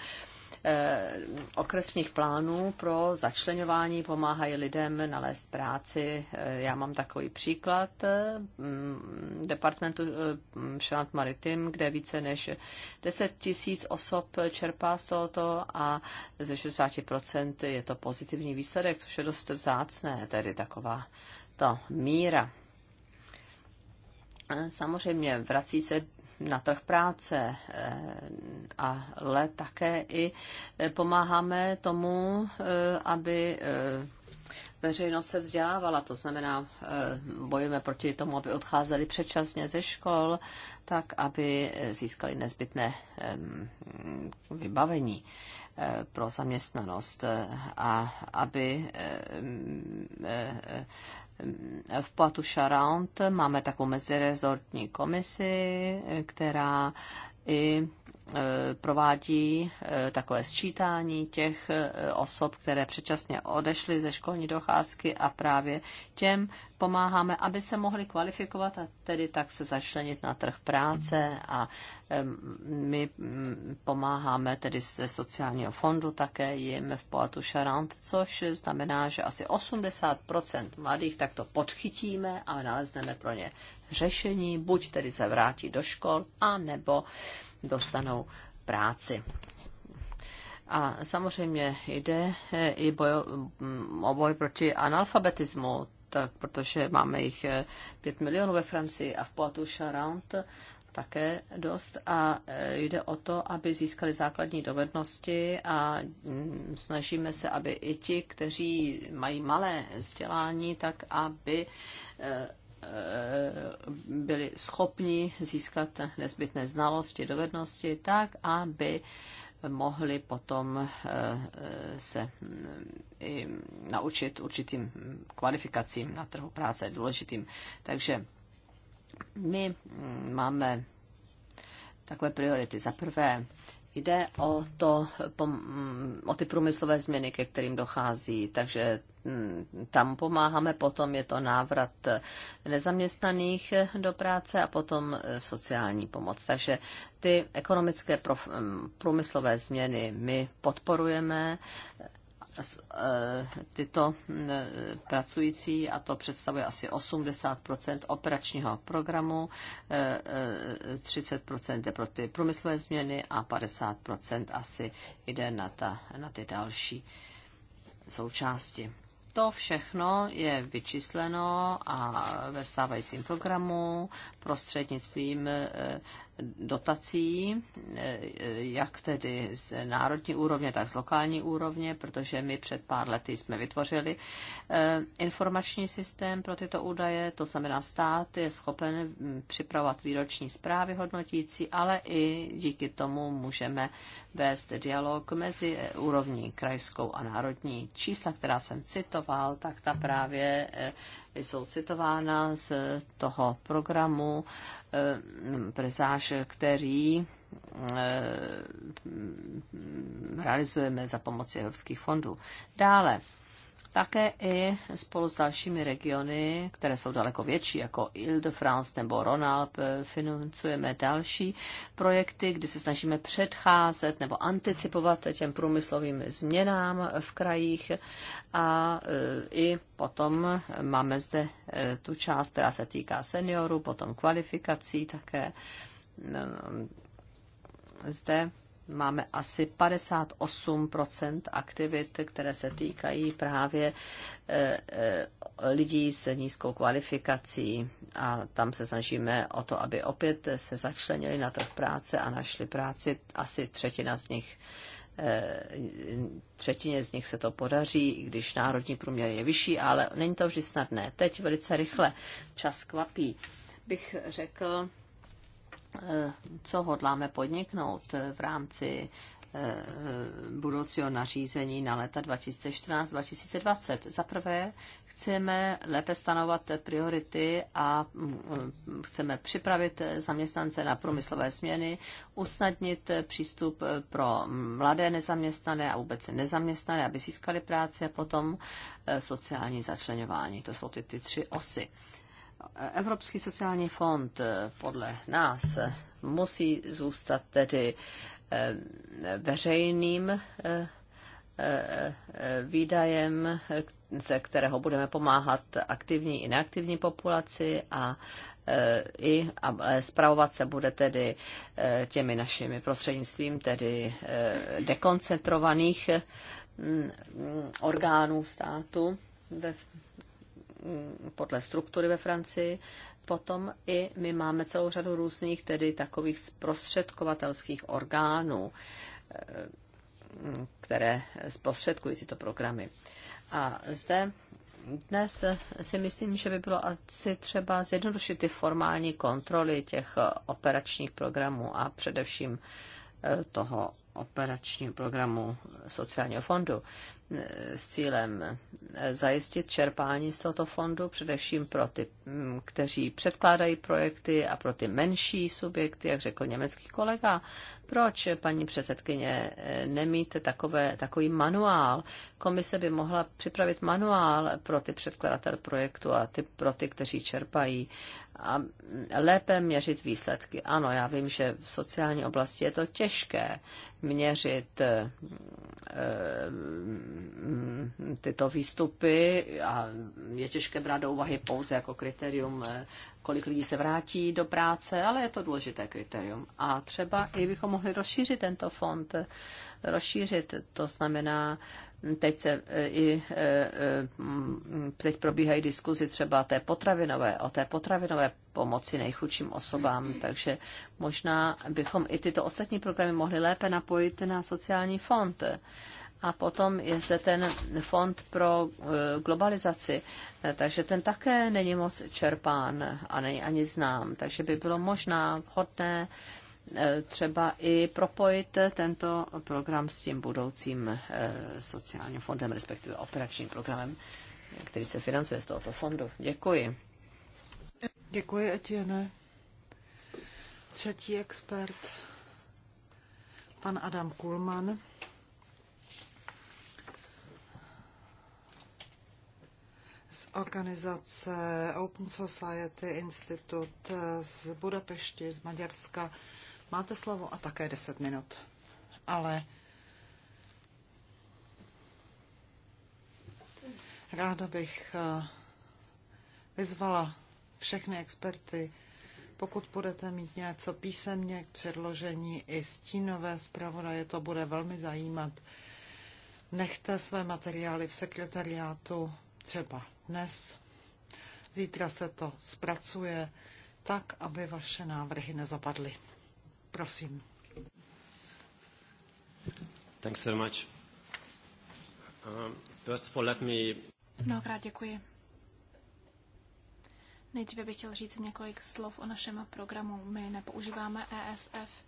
Eh, okresních plánů pro začlenování pomáhají lidem nalézt práci. Eh, já mám takový příklad eh, mm, departmentu mm, Šrant Maritim, kde více než 10 tisíc osob čerpá z tohoto a ze 60% je to pozitivní výsledek, což je dost vzácné, tedy taková to míra. Samozřejmě vrací se na trh práce, eh, ale také i eh, pomáháme tomu, eh, aby veřejnost se vzdělávala, to znamená, bojujeme proti tomu, aby odcházeli předčasně ze škol, tak aby získali nezbytné vybavení pro zaměstnanost a aby eh, eh, eh, v Poitou Charente máme takovou mezirezortní komisi, která i provádí takové sčítání těch osob, které předčasně odešly ze školní docházky a právě těm pomáháme, aby se mohli kvalifikovat a tedy tak se začlenit na trh práce a my mm, pomáháme tedy ze sociálního fondu také jim v Poatu Charant, což znamená, že asi 80% mladých takto podchytíme a nalezneme pro ně řešení, buď tedy se vrátí do škol, a nebo dostanou práci. A samozřejmě jde e, i boj, o boj proti analfabetismu. Tak protože máme jich 5 eh, milionů ve Francii a v poitou Charant také dost a eh, jde o to, aby získali základní dovednosti a mm, snažíme se, aby i ti, kteří mají malé vzdělání, tak aby eh, byli schopni získat nezbytné znalosti, dovednosti, tak aby mohli potom eh, se eh, i naučit určitým kvalifikacím na trhu práce důležitým. Takže my mm, máme takové priority. Za prvé jde o, to, o ty průmyslové změny, ke kterým dochází. Takže mm, tam pomáháme, potom je to návrat nezaměstnaných do práce a potom sociální pomoc. Takže ty ekonomické mm, průmyslové změny my podporujeme E, tyto e, pracující, a to představuje asi 80 operačního programu, 30 e, jde pro ty průmyslové změny a 50 asi jde na, ta, na ty další součásti. To všechno je vyčísleno a ve stávajícím programu prostřednictvím dotací, eh, jak tedy z národní úrovně, tak z lokální úrovně, protože my před pár lety jsme vytvořili eh, informační systém pro tyto údaje, to znamená stát je schopen hm, připravovat výroční zprávy hodnotící, ale i díky tomu můžeme vést dialog mezi eh, úrovní krajskou a národní. Čísla, která jsem citoval, tak ta právě jsou citována z toho programu presáž, který eh, realizujeme za pomoci evropských fondů. Dále také i spolu s dalšími regiony, které jsou daleko větší, jako Ile-de-France nebo Ronalp, eh, financujeme další projekty, kdy se snažíme předcházet nebo anticipovat těm průmyslovým změnám v krajích a eh, i potom máme zde eh, tu část, která se týká seniorů, potom kvalifikací také no, no, zde máme asi 58 aktivit, které se týkají právě e, e, lidí s nízkou kvalifikací a tam se snažíme o to, aby opět se začlenili na trh práce a našli práci. Asi třetina z nich e, třetině z nich se to podaří, i když národní průměr je vyšší, ale není to vždy snadné. Teď velice rychle čas kvapí. Bych řekl, Eh, co hodláme podniknout v rámci eh, budoucího nařízení na leta 2014-2020. Za prvé, chceme lépe stanovat priority a mm, chceme připravit zaměstnance na průmyslové směny, usnadnit přístup pro mladé nezaměstnané a vůbec nezaměstnané, aby získali práci a potom eh, sociální začlenování. To jsou ty, ty tři osy. Evropský sociální fond eh, podle nás musí zůstat tedy eh, veřejným eh, výdajem, ze kterého budeme pomáhat aktivní i neaktivní populaci a i a zpravovat se bude tedy těmi našimi prostřednictvím tedy dekoncentrovaných mm, mm, orgánů státu Mm, podle struktury ve Francii. Potom i my máme celou řadu různých tedy takových zprostředkovatelských orgánů, eh, které zprostředkují tyto programy. A zde dnes si myslím, že by bylo asi třeba zjednodušit ty formální kontroly těch operačních programů a především eh, toho operačního programu sociálního fondu e, s cílem e, zajistit čerpání z tohoto fondu především pro ty, kteří předkládají projekty a pro ty menší subjekty, jak řekl německý kolega. Proč, paní předsedkyně, e, nemít takové, takový manuál? Komise by mohla připravit manuál pro ty předkladatel projektu a ty, pro ty, kteří čerpají a lépe měřit výsledky. Ano, já vím, že v sociální oblasti je to těžké měřit eh, mm, tyto výstupy a je těžké brát do úvahy pouze jako kritérium, eh, kolik lidí se vrátí do práce, ale je to důležité kritérium. A třeba i bychom mohli rozšířit tento fond, rozšířit, to znamená, Teď, se e, i, e, e, teď probíhají diskuzi třeba té potravinové, o té potravinové pomoci nejchudším osobám, takže možná bychom i tyto ostatní programy mohli lépe napojit na sociální fond. A potom je zde ten fond pro globalizaci, takže ten také není moc čerpán a není ani znám, takže by bylo možná vhodné E, třeba i propojit tento program s tím budoucím e, sociálním fondem, respektive operačním programem, který se financuje z tohoto fondu. Děkuji. Děkuji, Etienne. Třetí expert, pan Adam Kulman. z organizace Open Society Institute z Budapešti, z Maďarska. Máte slovo a také 10 minut. Ale ráda bych eh, vyzvala všechny experty, pokud budete mít něco písemně k předložení i stínové zpravodaje, to bude velmi zajímat. Nechte své materiály v sekretariátu třeba dnes. Zítra se to zpracuje tak, aby vaše návrhy nezapadly. Prosím. Thanks very much. Um, first of all, let me... Mnohokrát děkuji. Nejdříve bych chtěl říct několik slov o našem programu. My nepoužíváme ESF,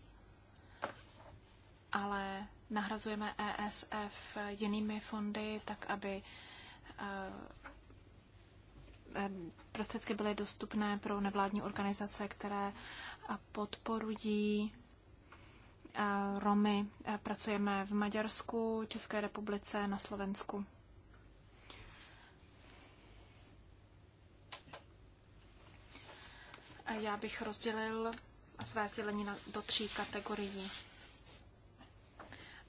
ale nahrazujeme ESF jinými fondy, tak aby eh, eh, prostředky byly dostupné pro nevládní organizace, které podporují eh, Romy. Eh, pracujeme v Maďarsku, České republice, na Slovensku. Já bych rozdělil své sdělení do tří kategorií.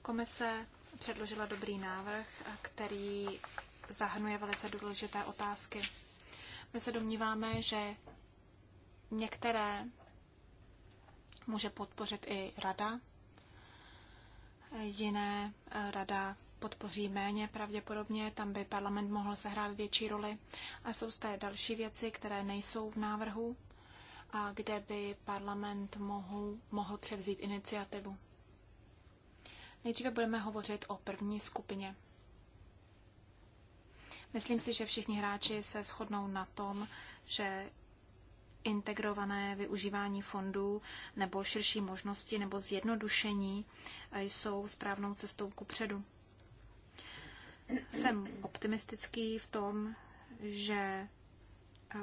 Komise předložila dobrý návrh, eh, který zahrnuje velice důležité otázky. My se domníváme, že některé může podpořit i rada. Jiné eh, rada podpoří méně pravděpodobně, tam by parlament mohl sehrát větší roli. A jsou zde další věci, které nejsou v návrhu, a kde by parlament mohl, mohl převzít iniciativu. Nejdříve budeme hovořit o první skupině. Myslím si, že všichni hráči se shodnou na tom, že integrované využívání fondů nebo širší možnosti nebo zjednodušení jsou správnou cestou ku předu. Jsem optimistický v tom, že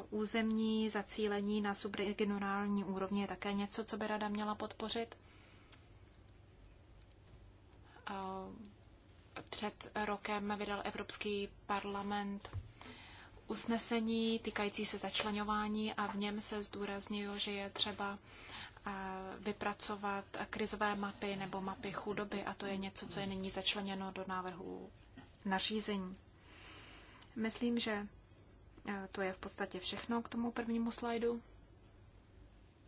územní zacílení na subregionální úrovni je také něco, co by rada měla podpořit. Před rokem vydal Evropský parlament usnesení týkající se začlenování a v něm se zdůrazňuje, že je třeba eh, vypracovat krizové mapy nebo mapy chudoby a to je něco, co je nyní začleněno do návrhu nařízení. Myslím, že eh, to je v podstatě všechno k tomu prvnímu slajdu.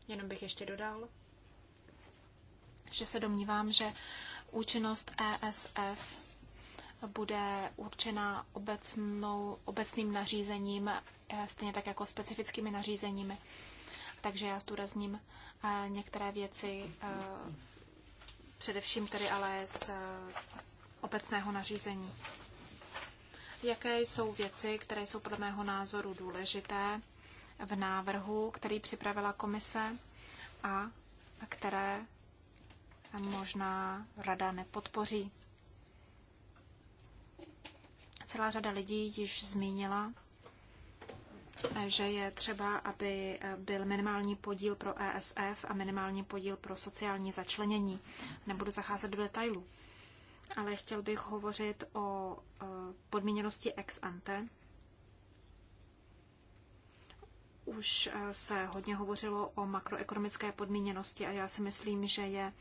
Jenom bych ještě dodal, že se domnívám, že účinnost ESF bude určena obecnou, obecným nařízením, eh, stejně tak jako specifickými nařízeními. Takže já zdůrazním eh, některé věci, eh, především tedy ale z obecného nařízení. Jaké jsou věci, které jsou podle mého názoru důležité v návrhu, který připravila komise a které možná rada nepodpoří? Celá řada lidí již zmínila, že je třeba, aby byl minimální podíl pro ESF a minimální podíl pro sociální začlenění. Nebudu zacházet do detailů, ale chtěl bych hovořit o e, podmíněnosti ex ante. Už e, se hodně hovořilo o makroekonomické podmíněnosti a já si myslím, že je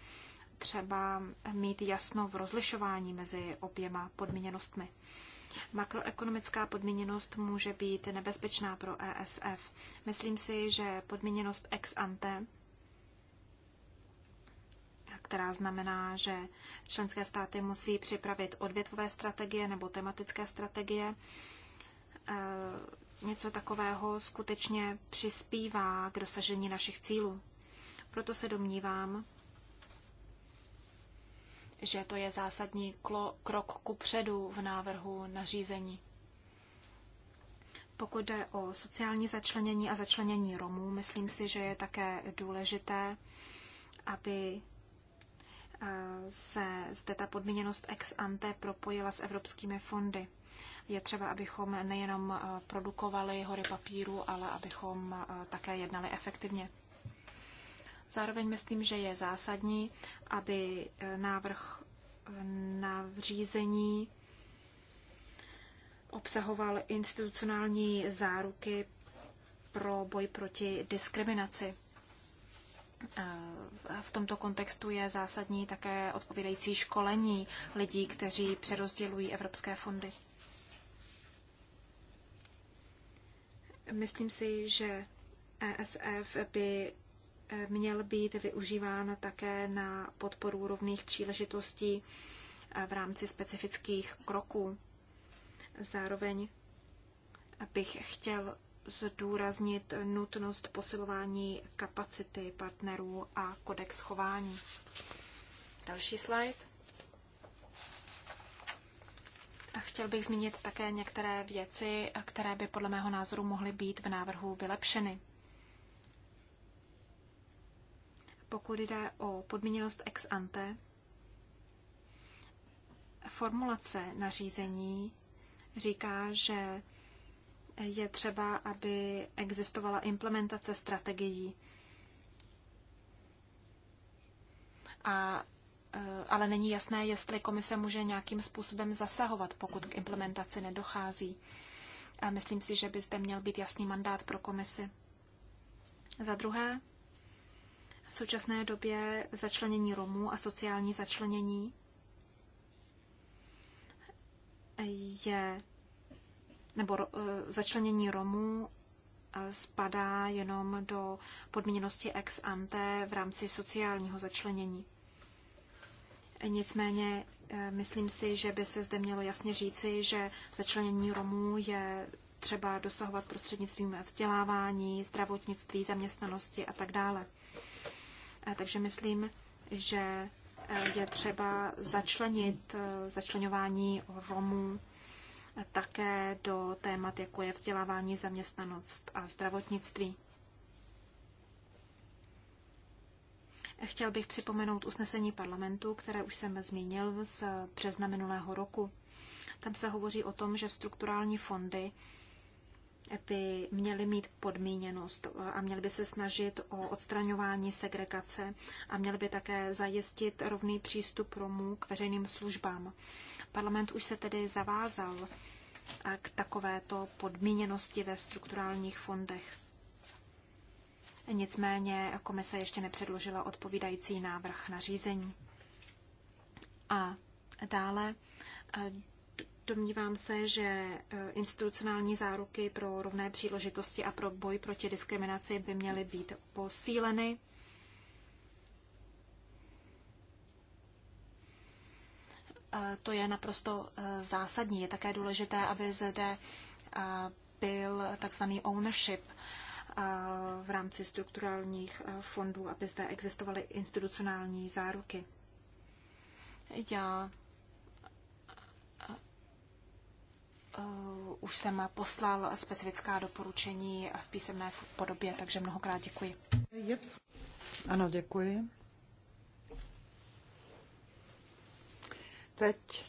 třeba mít jasno v rozlišování mezi oběma podmíněnostmi. Makroekonomická podmíněnost může být nebezpečná pro ESF. Myslím si, že podmíněnost ex ante, která znamená, že členské státy musí připravit odvětvové strategie nebo tematické strategie, e, něco takového skutečně přispívá k dosažení našich cílů. Proto se domnívám, že to je zásadní krok ku předu v návrhu nařízení. Pokud jde o sociální začlenění a začlenění Romů, myslím si, že je také důležité, aby eh, se zde ta podmíněnost ex ante propojila s evropskými fondy. Je třeba, abychom nejenom eh, produkovali hory papíru, ale abychom eh, také jednali efektivně. Zároveň myslím, že je zásadní, aby eh, návrh eh, na řízení obsahoval institucionální záruky pro boj proti diskriminaci. Eh, v tomto kontextu je zásadní také odpovídající školení lidí, kteří přerozdělují evropské fondy. Myslím si, že ESF by měl být využíván také na podporu rovných příležitostí v rámci specifických kroků. Zároveň bych chtěl zdůraznit nutnost posilování kapacity partnerů a kodex chování. Další slide. A chtěl bych zmínit také některé věci, které by podle mého názoru mohly být v návrhu vylepšeny. pokud jde o podmíněnost ex ante, formulace nařízení říká, že je třeba, aby existovala implementace strategií. A, e, ale není jasné, jestli komise může nějakým způsobem zasahovat, pokud k implementaci nedochází. A myslím si, že by zde měl být jasný mandát pro komisi. Za druhé, v současné době začlenění Romů a sociální začlenění je, nebo e, začlenění Romů e, spadá jenom do podmíněnosti ex ante v rámci sociálního začlenění. Nicméně e, myslím si, že by se zde mělo jasně říci, že začlenění Romů je třeba dosahovat prostřednictvím vzdělávání, zdravotnictví, zaměstnanosti a tak dále. Takže myslím, že eh, je třeba začlenit eh, začlenování Romů také do témat, jako je vzdělávání, zaměstnanost a zdravotnictví. Chtěl bych připomenout usnesení parlamentu, které už jsem zmínil z března minulého roku. Tam se hovoří o tom, že strukturální fondy by měly mít podmíněnost a měly by se snažit o odstraňování segregace a měly by také zajistit rovný přístup Romů k veřejným službám. Parlament už se tedy zavázal k takovéto podmíněnosti ve strukturálních fondech. Nicméně komise ještě nepředložila odpovídající návrh na řízení. A dále Domnívám se, že eh, institucionální záruky pro rovné příležitosti a pro boj proti diskriminaci by měly být posíleny. Eh, to je naprosto eh, zásadní. Je také důležité, aby zde byl takzvaný ownership v rámci strukturálních fondů, aby zde existovaly institucionální záruky. Já Eh, už jsem poslal specifická doporučení v písemné podobě, takže mnohokrát děkuji. Ano, děkuji. Teď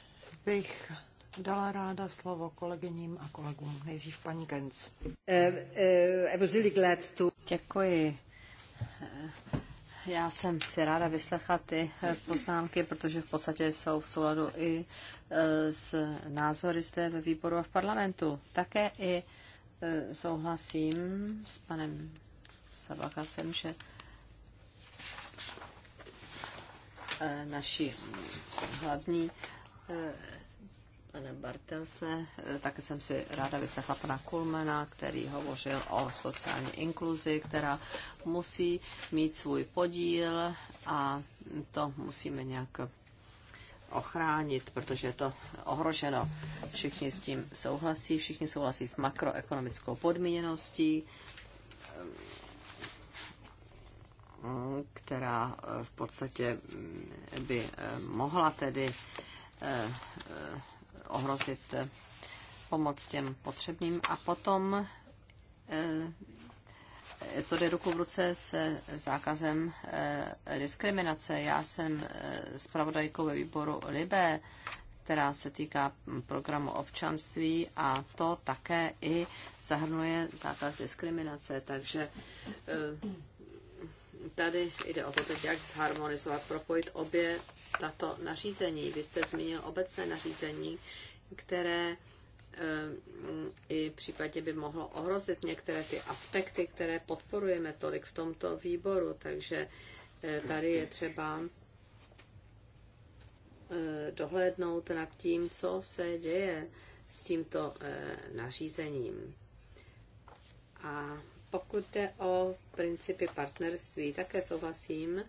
bych dala ráda slovo kolegyním a kolegům. Nejdřív paní Genc. Eh, eh, děkuji. Já jsem si ráda vyslechla ty eh, poznámky, protože v podstatě jsou v souladu i eh, s názory zde ve výboru a v parlamentu. Také i eh, souhlasím s panem Sabakasem, že naši hlavní pana Bartelse, eh, také jsem si ráda vyslechla pana Kulmena, který hovořil o sociální inkluzi, která musí mít svůj podíl a to musíme nějak ochránit, protože je to ohroženo. Všichni s tím souhlasí, všichni souhlasí s makroekonomickou podmíněností, eh, která eh, v podstatě mm, by mohla tedy ohrozit eh, pomoc těm potřebným. A potom eh, to jde ruku v ruce se zákazem eh, diskriminace. Já jsem spravodajkou ve výboru Libé, která se týká programu občanství a to také i zahrnuje zákaz diskriminace. Takže tady jde o to teď, jak zharmonizovat, propojit obě tato nařízení. Vy jste zmínil obecné nařízení, které eh, i případně by mohlo ohrozit některé ty aspekty, které podporujeme tolik v tomto výboru. Takže eh, tady je třeba eh, dohlédnout nad tím, co se děje s tímto nařízením. A pokud jde o principy partnerství, také souhlasím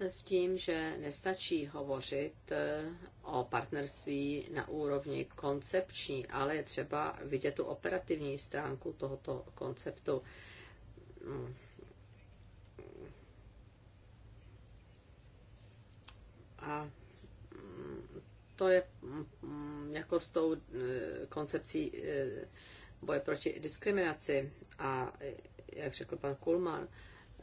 s tím, že nestačí hovořit eh, o partnerství na úrovni koncepční, ale je třeba vidět tu operativní stránku tohoto konceptu. Hmm. A hmm, to je hmm, jako s tou eh, koncepcí eh, boje proti diskriminaci a, jak řekl pan Kulman,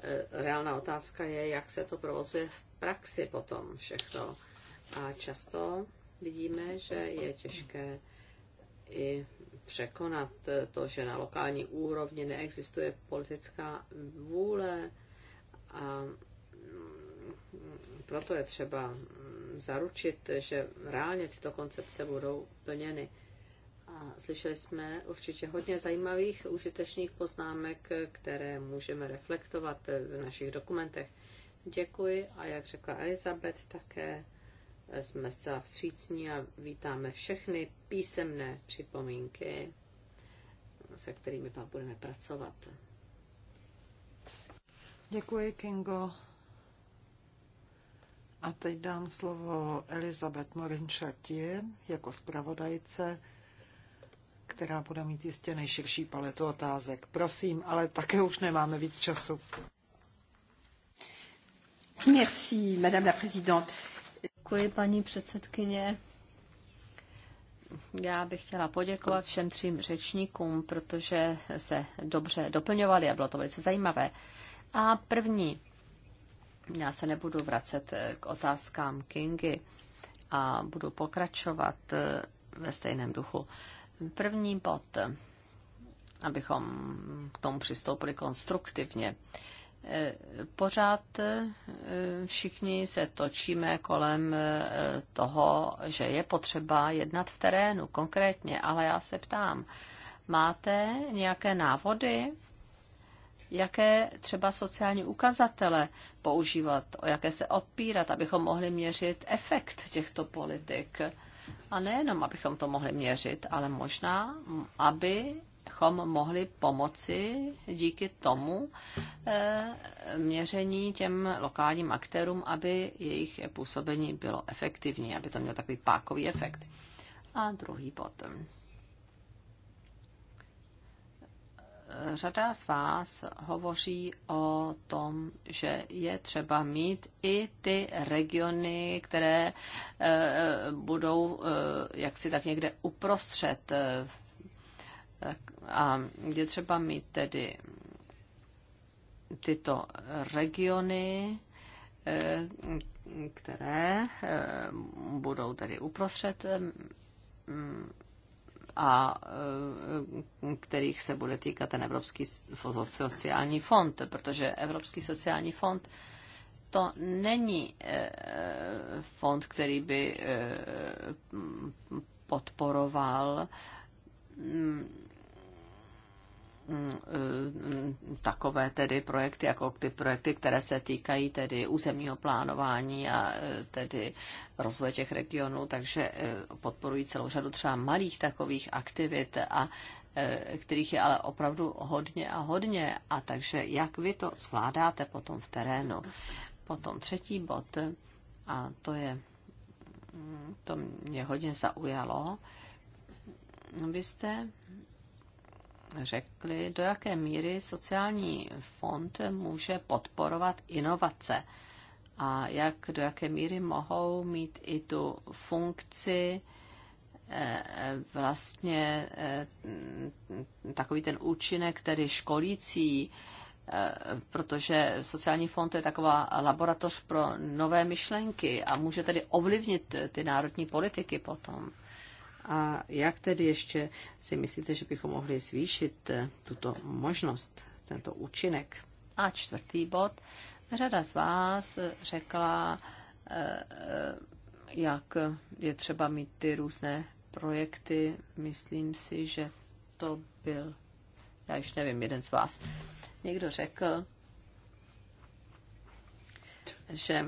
e, reálná otázka je, jak se to provozuje v praxi potom všechno. A často vidíme, že je těžké i překonat to, že na lokální úrovni neexistuje politická vůle a proto je třeba zaručit, že reálně tyto koncepce budou plněny slyšeli jsme určitě hodně zajímavých užitečných poznámek, které můžeme reflektovat v našich dokumentech. Děkuji a jak řekla Elizabeth, také jsme zcela vstřícní a vítáme všechny písemné připomínky, se kterými pak budeme pracovat. Děkuji, Kingo. A teď dám slovo Elizabeth Morinčatě jako zpravodajce která bude mít jistě nejširší paletu otázek. Prosím, ale také už nemáme víc času. Merci, madame la Děkuji, paní předsedkyně. Já bych chtěla poděkovat všem třím řečníkům, protože se dobře doplňovali a bylo to velice zajímavé. A první, já se nebudu vracet k otázkám Kingy a budu pokračovat ve stejném duchu. První bod, abychom k tomu přistoupili konstruktivně. E, pořád e, všichni se točíme kolem e, toho, že je potřeba jednat v terénu konkrétně, ale já se ptám, máte nějaké návody, jaké třeba sociální ukazatele používat, o jaké se opírat, abychom mohli měřit efekt těchto politik? A nejenom, abychom to mohli měřit, ale možná, abychom mohli pomoci díky tomu eh, měření těm lokálním aktérům, aby jejich působení bylo efektivní, aby to mělo takový pákový efekt. A druhý bod. řada z vás hovoří o tom, že je třeba mít i ty regiony, které eh, budou eh, jaksi tak někde uprostřed eh, a je třeba mít tedy tyto regiony, které budou tedy uprostřed mm, a e, kterých se bude týkat ten Evropský sociální fond, protože Evropský sociální fond to není e, fond, který by e, podporoval Mm, mm, takové tedy projekty, jako ty projekty, které se týkají tedy územního plánování a e, tedy rozvoje těch regionů, takže e, podporují celou řadu třeba malých takových aktivit a e, kterých je ale opravdu hodně a hodně. A takže jak vy to zvládáte potom v terénu? Potom třetí bod, a to je, mm, to mě hodně zaujalo, vy jste řekli, do jaké míry sociální fond může podporovat inovace a jak do jaké míry mohou mít i tu funkci eh, eh, vlastně eh, takový ten účinek, který školící, protože sociální fond je taková laboratoř pro nové myšlenky a může tedy ovlivnit ty národní politiky potom. A jak tedy ještě si myslíte, že bychom mohli zvýšit eh, tuto možnost, tento účinek? A čtvrtý bod. Řada z vás řekla, eh, eh, jak je třeba mít ty různé projekty. Myslím si, že to byl, já již nevím, jeden z vás. Někdo řekl, že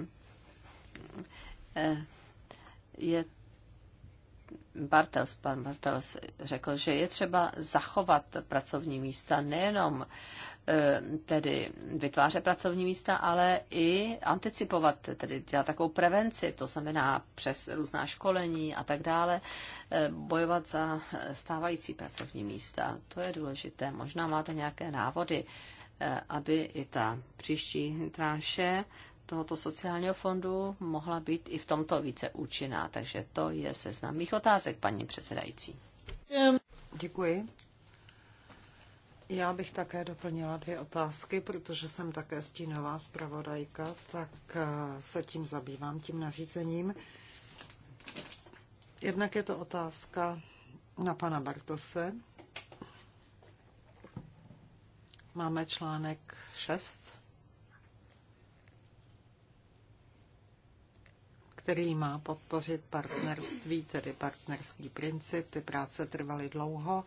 je Bartels, pan Bartels řekl, že je třeba zachovat pracovní místa nejenom e, tedy vytvářet pracovní místa, ale i anticipovat, tedy dělat takovou prevenci, to znamená přes různá školení a tak dále, e, bojovat za stávající pracovní místa. To je důležité. Možná máte nějaké návody, e, aby i ta příští tráše tohoto sociálního fondu mohla být i v tomto více účinná. Takže to je seznam mých otázek, paní předsedající. Děkuji. Já bych také doplnila dvě otázky, protože jsem také stínová zpravodajka, tak eh, se tím zabývám, tím nařízením. Jednak je to otázka na pana Bartose. Máme článek 6 který má podpořit partnerství, tedy partnerský princip. Ty práce trvaly dlouho,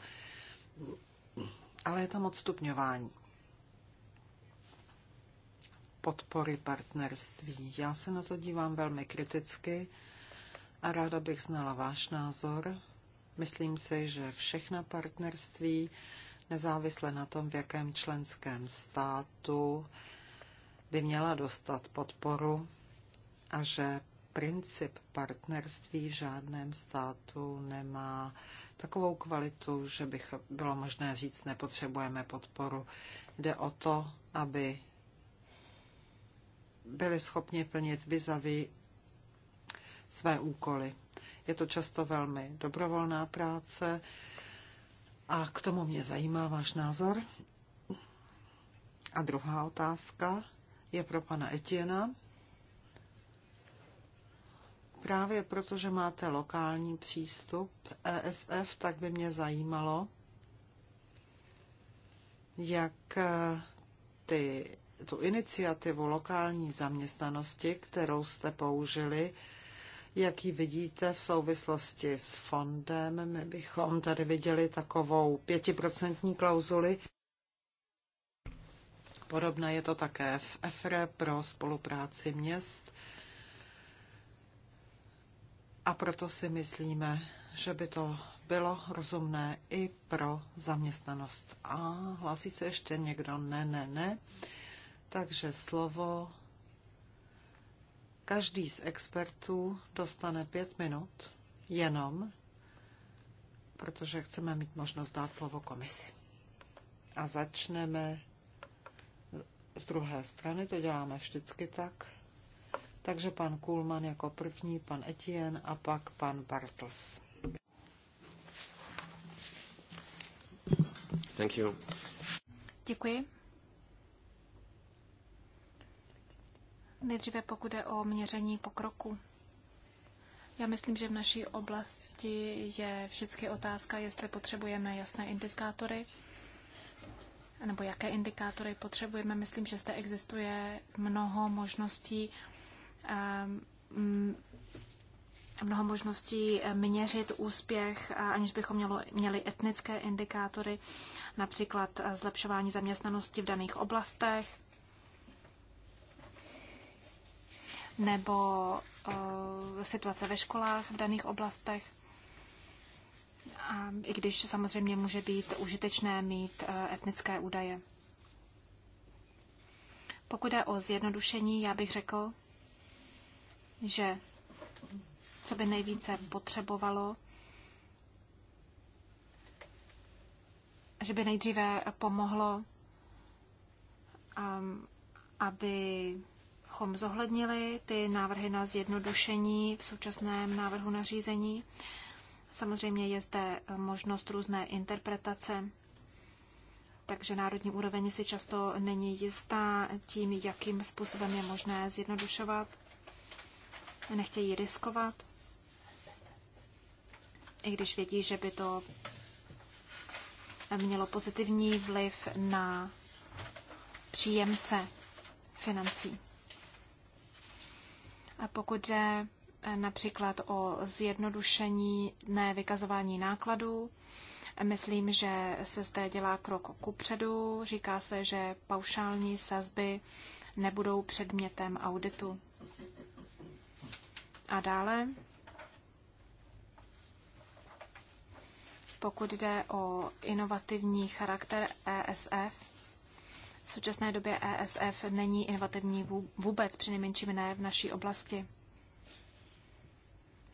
ale je tam odstupňování podpory partnerství. Já se na to dívám velmi kriticky a ráda bych znala váš názor. Myslím si, že všechna partnerství, nezávisle na tom, v jakém členském státu, by měla dostat podporu a že princip partnerství v žádném státu nemá takovou kvalitu, že bych bylo možné říct, nepotřebujeme podporu. Jde o to, aby byli schopni plnit vizavy své úkoly. Je to často velmi dobrovolná práce a k tomu mě zajímá váš názor. A druhá otázka je pro pana Etiena. Právě proto, že máte lokální přístup ESF, tak by mě zajímalo, jak eh, ty, tu iniciativu lokální zaměstnanosti, kterou jste použili, jaký vidíte v souvislosti s fondem. My bychom tady viděli takovou pětiprocentní klauzuli. Podobné je to také v EFRE pro spolupráci měst. A proto si myslíme, že by to bylo rozumné i pro zaměstnanost. A hlásí se ještě někdo? Ne, ne, ne. Takže slovo. Každý z expertů dostane pět minut jenom, protože chceme mít možnost dát slovo komisi. A začneme z druhé strany, to děláme vždycky tak. Takže pan Kulman jako první, pan Etienne a pak pan Bartels. Thank you. Děkuji. Nejdříve pokud je o měření pokroku. Já myslím, že v naší oblasti je vždycky otázka, jestli potřebujeme jasné indikátory, nebo jaké indikátory potřebujeme. Myslím, že zde existuje mnoho možností, Ehm, mm, mnoho možností eh, měřit úspěch, aniž bychom mělo, měli etnické indikátory, například eh, zlepšování zaměstnanosti v daných oblastech nebo eh, situace ve školách v daných oblastech. A I když samozřejmě může být užitečné mít etnické údaje. Pokud je o zjednodušení, já bych řekl, že co by nejvíce potřebovalo, že by nejdříve pomohlo, um, abychom zohlednili ty návrhy na zjednodušení v současném návrhu nařízení. Samozřejmě je zde možnost různé interpretace, takže národní úroveň si často není jistá tím, jakým způsobem je možné zjednodušovat nechtějí riskovat, i když vědí, že by to mělo pozitivní vliv na příjemce financí. A pokud jde eh, například o zjednodušení ne vykazování nákladů, myslím, že se zde dělá krok kupředu. Říká se, že paušální sazby nebudou předmětem auditu. A dále, pokud jde o inovativní charakter ESF, v současné době ESF není inovativní vůbec, přinejmenším ne v naší oblasti.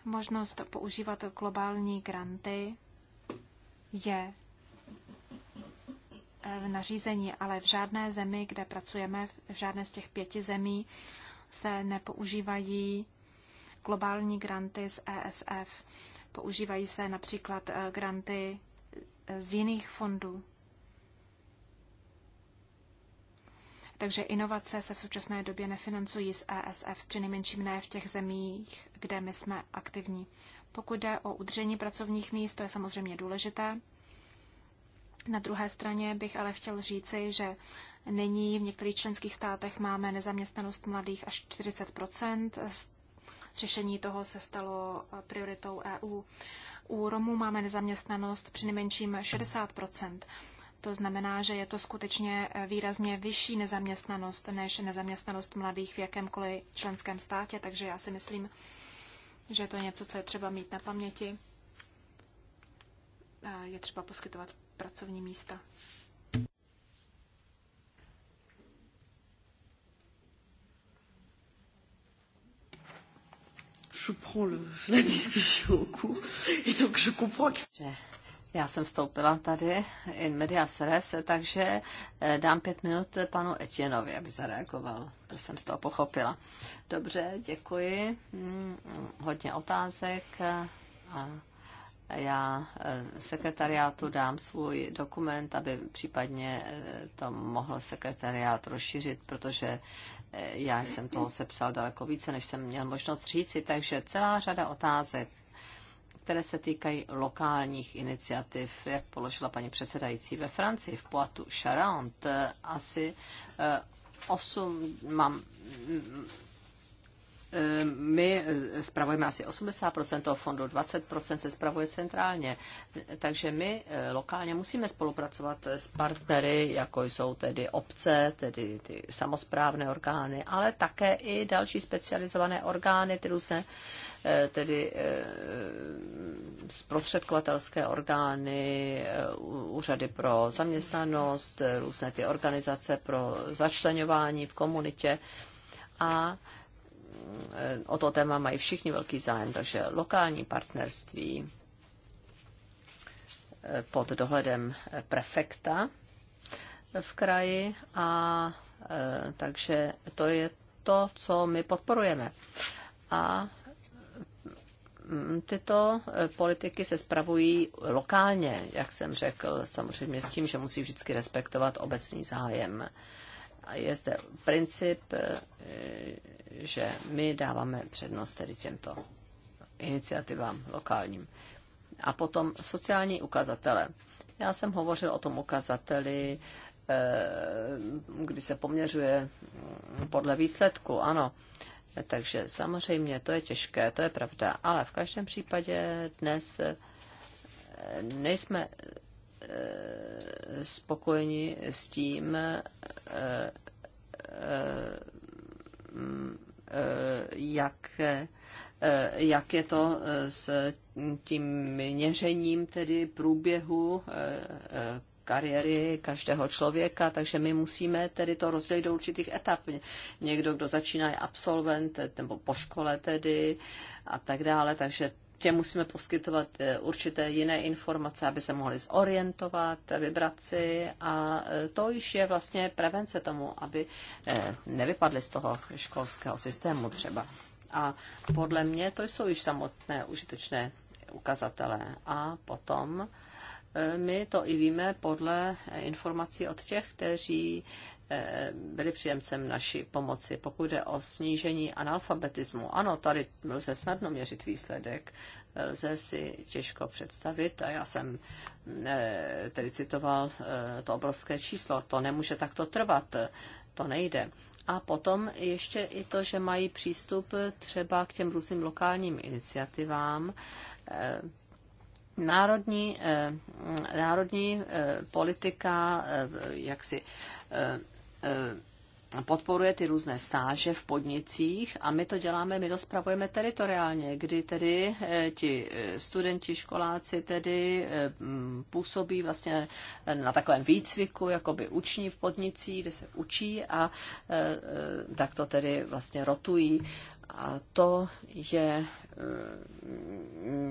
Možnost používat globální granty je eh, v nařízení, ale v žádné zemi, kde pracujeme, v žádné z těch pěti zemí, se nepoužívají globální granty z ESF. Používají se například eh, granty eh, z jiných fondů. Takže inovace se v současné době nefinancují z ESF, při nejmenším ne v těch zemích, kde my jsme aktivní. Pokud jde o udržení pracovních míst, to je samozřejmě důležité. Na druhé straně bych ale chtěl říci, že nyní v některých členských státech máme nezaměstnanost mladých až 40 Řešení toho se stalo eh, prioritou EU. U Romů máme nezaměstnanost při nejmenším 60 to znamená, že je to skutečně eh, výrazně vyšší nezaměstnanost než nezaměstnanost mladých v jakémkoliv členském státě, takže já si myslím, že to je něco, co je třeba mít na paměti. Je třeba poskytovat pracovní místa. je prends le, la discussion au cours. Et donc je comprends que... Já jsem vstoupila tady in media res, takže eh, dám pět minut panu Etienovi, aby zareagoval. To jsem z toho pochopila. Dobře, děkuji. Mm, hodně otázek. Eh, a já eh, sekretariátu dám svůj dokument, aby případně to mohl sekretariát rozšířit, protože já jsem toho sepsal daleko více, než jsem měl možnost říci, takže celá řada otázek, které se týkají lokálních iniciativ, jak položila paní předsedající ve Francii, v Poitou Charente, asi 8, eh, mám Eh, my eh, spravujeme asi 80% toho fondu, 20% se spravuje centrálně. Takže my eh, lokálně musíme spolupracovat s partnery, jako jsou tedy obce, tedy ty samozprávné orgány, ale také i další specializované orgány, ty různé tedy zprostředkovatelské orgány, úřady pro zaměstnanost, různé ty organizace pro začlenování v komunitě. A o to téma mají všichni velký zájem, takže lokální partnerství eh, pod dohledem prefekta v kraji a eh, takže to je to, co my podporujeme. A mm, tyto eh, politiky se spravují lokálně, jak jsem řekl, samozřejmě s tím, že musí vždycky respektovat obecný zájem je zde princip, eh, že my dáváme přednost tedy těmto iniciativám lokálním. A potom sociální ukazatele. Já jsem hovořil o tom ukazateli, eh, kdy se poměřuje mm, podle výsledku, ano. Takže samozřejmě to je těžké, to je pravda, ale v každém případě dnes eh, nejsme Eh, spokojeni s tím, eh, eh, mm, jak, jak je to s tím měřením tedy průběhu kariéry každého člověka, takže my musíme tedy to rozdělit do určitých etap. Někdo, kdo začíná, je absolvent, nebo po škole tedy a tak dále, takže těm musíme poskytovat eh, určité jiné informace, aby se mohli zorientovat, vybrat si a eh, to již je vlastně prevence tomu, aby eh, nevypadli z toho školského systému třeba. A podle mě to jsou již samotné užitečné ukazatele. A potom my to i víme podle informací od těch, kteří Eh, byli příjemcem naší pomoci. Pokud jde o snížení analfabetismu, ano, tady lze snadno měřit výsledek, lze si těžko představit a já jsem eh, tedy citoval eh, to obrovské číslo. To nemůže takto trvat, to nejde. A potom ještě i to, že mají přístup třeba k těm různým lokálním iniciativám, Národní, národní politika, jak si Eh, podporuje ty různé stáže v podnicích a my to děláme, my to spravujeme teritoriálně, kdy tedy eh, ti eh, studenti, školáci tedy působí vlastně na takovém výcviku, jakoby uční v podnicích, kde se učí a tak to tedy vlastně rotují. A to je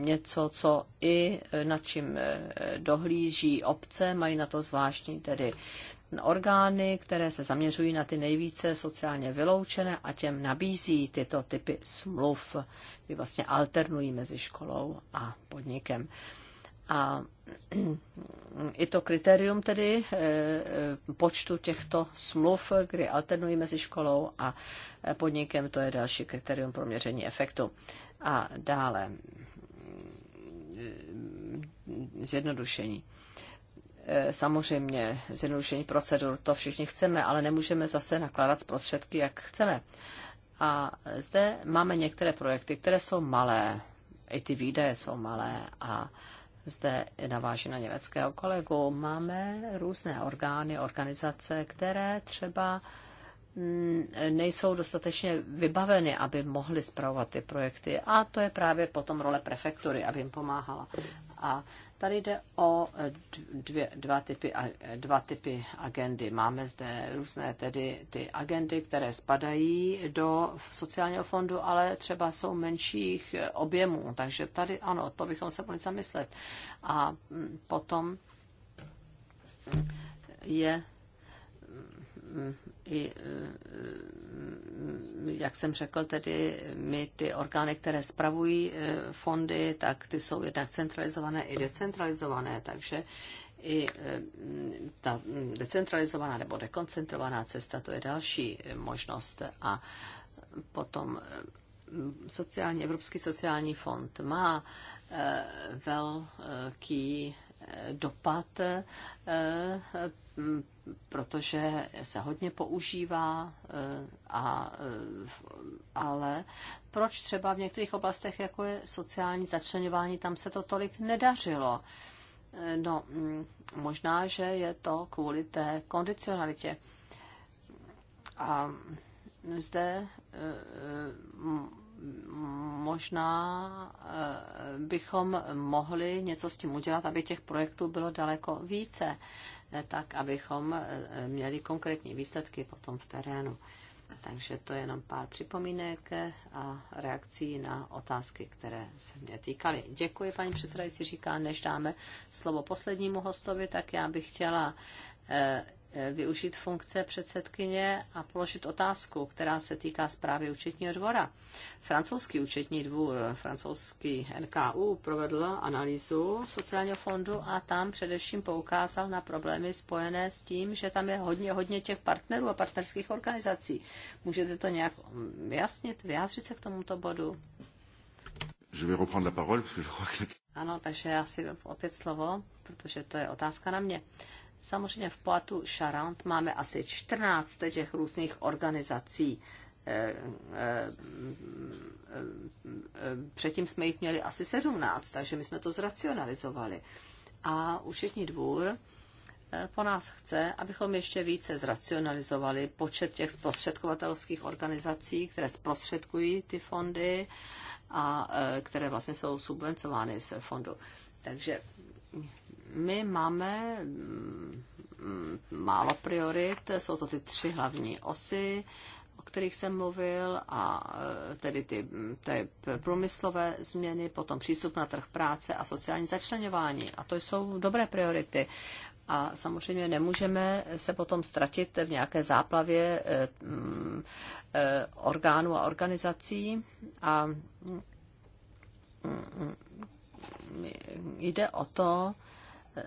něco, co i nad čím dohlíží obce, mají na to zvláštní tedy orgány, které se zaměřují na ty nejvíce sociálně vyloučené a těm nabízí tyto typy smluv, kdy vlastně alternují mezi školou a podnikem. A i to kritérium tedy eh, eh, počtu těchto smluv, kdy alternují mezi školou a podnikem, to je další kritérium pro měření efektu. A dále eh, zjednodušení. E, samozřejmě zjednodušení procedur, to všichni chceme, ale nemůžeme zase nakládat z prostředky, jak chceme. A zde máme některé projekty, které jsou malé, i ty výdaje jsou malé a zde naváží na německého kolegu. Máme různé orgány, organizace, které třeba mm, nejsou dostatečně vybaveny, aby mohly zpravovat ty projekty. A to je právě potom role prefektury, aby jim pomáhala. A tady jde o dvě, dva, typy, dva typy agendy. Máme zde různé tedy ty agendy, které spadají do sociálního fondu, ale třeba jsou menších objemů. Takže tady ano, to bychom se mohli zamyslet. A potom je i, eh, jak jsem řekl, tedy my ty orgány, které spravují eh, fondy, tak ty jsou jednak centralizované i decentralizované, takže i eh, ta decentralizovaná nebo dekoncentrovaná cesta, to je další možnost. A potom sociální, Evropský sociální fond má velký dopad, eh, protože se hodně používá, eh, a, eh, ale proč třeba v některých oblastech, jako je sociální začlenování, tam se to tolik nedařilo? No, mm, možná, že je to kvůli té kondicionalitě. A zde možná eh, bychom mohli něco s tím udělat, aby těch projektů bylo daleko více, eh, tak abychom eh, měli konkrétní výsledky potom v terénu. Takže to je jenom pár připomínek a reakcí na otázky, které se mě týkaly. Děkuji, paní předsedající říká, než dáme slovo poslednímu hostovi, tak já bych chtěla Eh, využít funkce předsedkyně a položit otázku, která se týká zprávy účetního dvora. Francouzský účetní dvůr, eh, francouzský NKU, provedl analýzu sociálního fondu a tam především poukázal na problémy spojené s tím, že tam je hodně, hodně těch partnerů a partnerských organizací. Můžete to nějak mm, jasnit, vyjádřit se k tomuto bodu? Je vais reprendre la parole, parce que je crois que... Ano, takže já si opět slovo, protože to je otázka na mě. Uh, Samozřejmě v Poatu Charant máme asi 14 těch různých organizací. Eh, eh, eh, předtím jsme jich měli asi 17, takže my jsme to zracionalizovali. A účetní dvůr po nás chce, abychom ještě více zracionalizovali počet těch zprostředkovatelských organizací, které zprostředkují ty fondy a které vlastně jsou subvencovány z fondu. Takže my máme mm, málo priorit, jsou to ty tři hlavní osy, o kterých jsem mluvil, a e, tedy ty, ty průmyslové změny, potom přístup na trh práce a sociální začlenování. A to jsou dobré priority. A samozřejmě nemůžeme se potom ztratit v nějaké záplavě e, mm, e, orgánů a organizací. A mm, jde o to eh,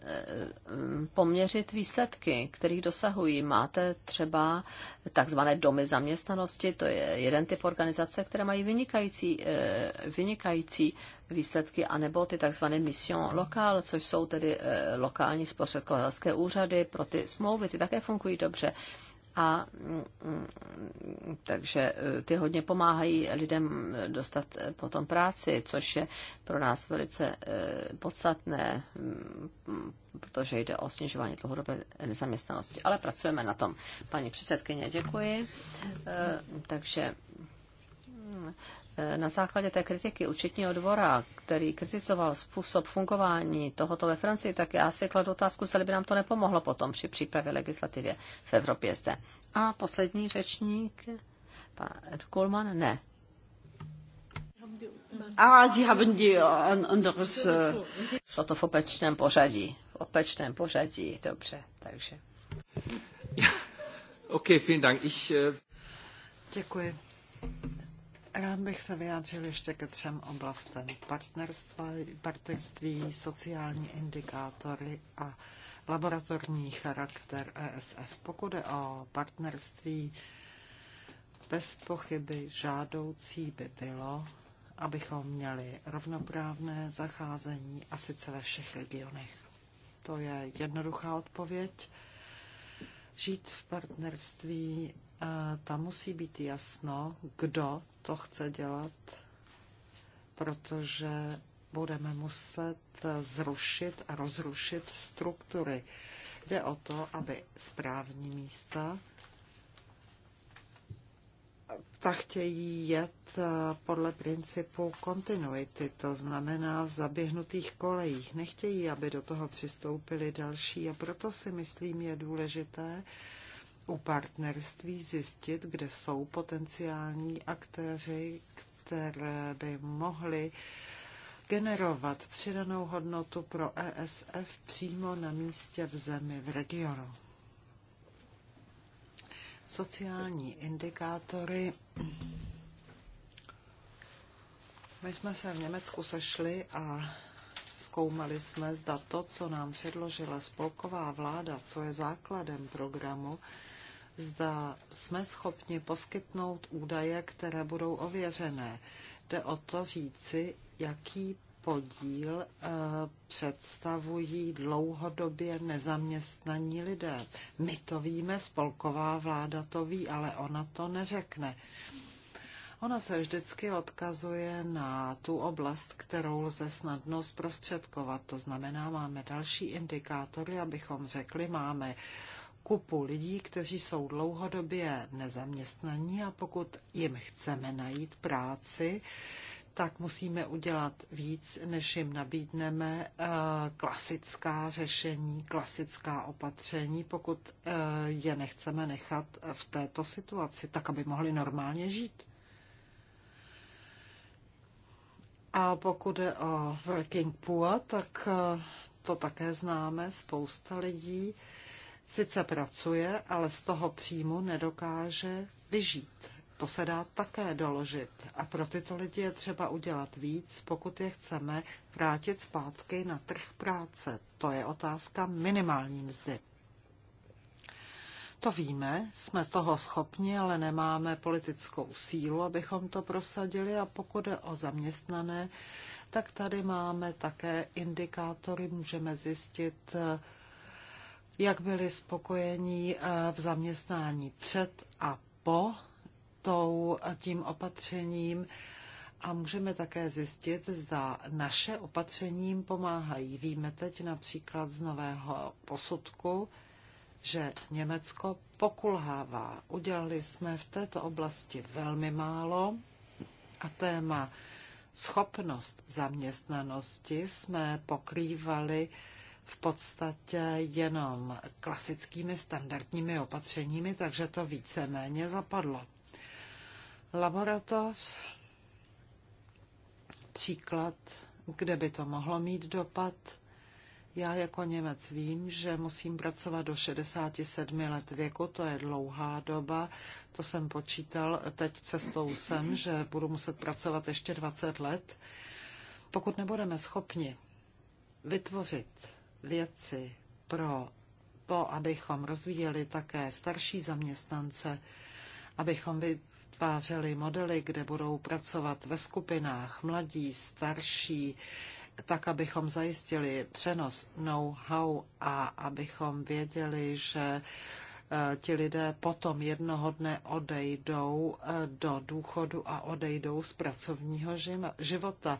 poměřit výsledky, kterých dosahují. Máte třeba takzvané domy zaměstnanosti, to je jeden typ organizace, které mají vynikající, eh, vynikající výsledky, anebo ty takzvané mission lokál, což jsou tedy eh, lokální zprostředkovatelské úřady pro ty smlouvy, ty také fungují dobře a mm, takže eh, ty hodně pomáhají lidem eh, dostat eh, potom práci, což je pro nás velice podstatné, mm, protože jde o snižování dlouhodobé nezaměstnanosti. Ale pracujeme na tom. Paní předsedkyně, děkuji. Takže mm, Eh, na základě té kritiky účetního dvora, který kritizoval způsob fungování tohoto ve Francii, tak já si kladu otázku, zda by nám to nepomohlo potom při přípravě legislativě v Evropě zde. A poslední řečník, pan Kulman, ne. A ah, äh, äh, Šlo to v opečném pořadí. V opečném pořadí, dobře, takže. Okay, vielen Dank. Ich, äh, Děkuji. Rád bych se vyjádřil ještě ke třem oblastem. Partnerství, partnerství sociální indikátory a laboratorní charakter ESF. Pokud je o partnerství, bez pochyby žádoucí by bylo, abychom měli rovnoprávné zacházení a sice ve všech regionech. To je jednoduchá odpověď. Žít v partnerství tam musí být jasno, kdo to chce dělat, protože budeme muset zrušit a rozrušit struktury. Jde o to, aby správní místa ta chtějí jet eh, podle principu kontinuity, to znamená v zaběhnutých kolejích. Nechtějí, aby do toho přistoupili další a proto si myslím je důležité, u partnerství zjistit, kde jsou potenciální aktéři, které by mohly generovat přidanou hodnotu pro ESF přímo na místě v zemi, v regionu. Sociální indikátory. My jsme se v Německu sešli a zkoumali jsme, zda to, co nám předložila spolková vláda, co je základem programu, zda jsme schopni poskytnout údaje, které budou ověřené. Jde o to říci, jaký podíl eh, představují dlouhodobě nezaměstnaní lidé. My to víme, spolková vláda to ví, ale ona to neřekne. Ona se vždycky odkazuje na tu oblast, kterou lze snadno zprostředkovat. To znamená, máme další indikátory, abychom řekli, máme kupu lidí, kteří jsou dlouhodobě nezaměstnaní a pokud jim chceme najít práci, tak musíme udělat víc, než jim nabídneme eh, klasická řešení, klasická opatření, pokud eh, je nechceme nechat v této situaci, tak aby mohli normálně žít. A pokud je o working poor, tak eh, to také známe, spousta lidí Sice pracuje, ale z toho příjmu nedokáže vyžít. To se dá také doložit. A pro tyto lidi je třeba udělat víc, pokud je chceme vrátit zpátky na trh práce. To je otázka minimální mzdy. To víme, jsme toho schopni, ale nemáme politickou sílu, abychom to prosadili. A pokud je o zaměstnané, tak tady máme také indikátory, můžeme zjistit, jak byli spokojení eh, v zaměstnání před a po tou, eh, tím opatřením a můžeme také zjistit, zda naše opatřením pomáhají. Víme teď například z nového posudku, že Německo pokulhává. Udělali jsme v této oblasti velmi málo a téma schopnost zaměstnanosti jsme pokrývali v podstatě jenom klasickými standardními opatřeními, takže to víceméně zapadlo. Laboratoř, příklad, kde by to mohlo mít dopad. Já jako Němec vím, že musím pracovat do 67 let věku, to je dlouhá doba, to jsem počítal teď cestou sem, že budu muset pracovat ještě 20 let. Pokud nebudeme schopni vytvořit věci pro to, abychom rozvíjeli také starší zaměstnance, abychom vytvářeli modely, kde budou pracovat ve skupinách mladí, starší, tak abychom zajistili přenos know-how a abychom věděli, že eh, ti lidé potom jednoho dne odejdou eh, do důchodu a odejdou z pracovního života.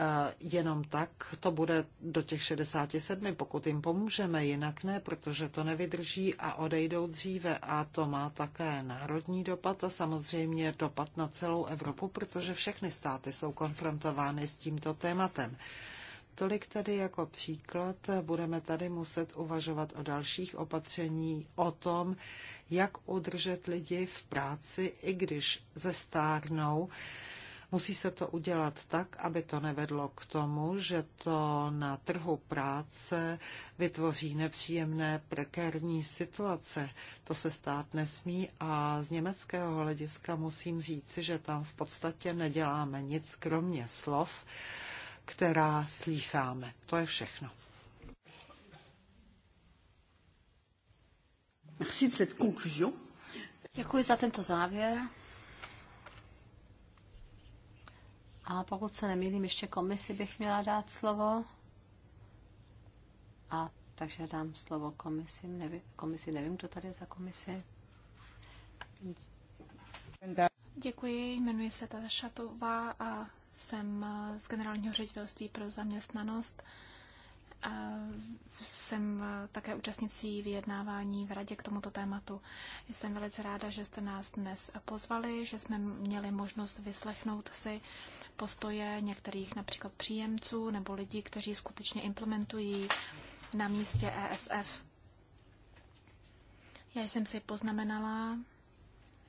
Eh, jenom tak to bude do těch 67, pokud jim pomůžeme, jinak ne, protože to nevydrží a odejdou dříve. A to má také národní dopad a samozřejmě dopad na celou Evropu, protože všechny státy jsou konfrontovány s tímto tématem. Tolik tedy jako příklad. Budeme tady muset uvažovat o dalších opatření, o tom, jak udržet lidi v práci, i když zestárnou. stárnou Musí se to udělat tak, aby to nevedlo k tomu, že to na trhu práce vytvoří nepříjemné prekérní situace. To se stát nesmí a z německého hlediska musím říci, že tam v podstatě neděláme nic kromě slov, která slýcháme. To je všechno. Merci de cette conclusion. Děkuji za tento závěr. A pokud se nemýlím, ještě komisi bych měla dát slovo. A takže dám slovo komisi. Nevím, komisi, nevím, kdo tady je za komisi. Děkuji, jmenuji se Tata Šatová a jsem eh, z Generálního ředitelství pro zaměstnanost. A eh, jsem eh, také účastnicí vyjednávání v radě k tomuto tématu. Jsem velice ráda, že jste nás dnes pozvali, že jsme měli možnost vyslechnout si uh, postoje některých například příjemců nebo lidí, kteří skutečně implementují na místě ESF. Já jsem si poznamenala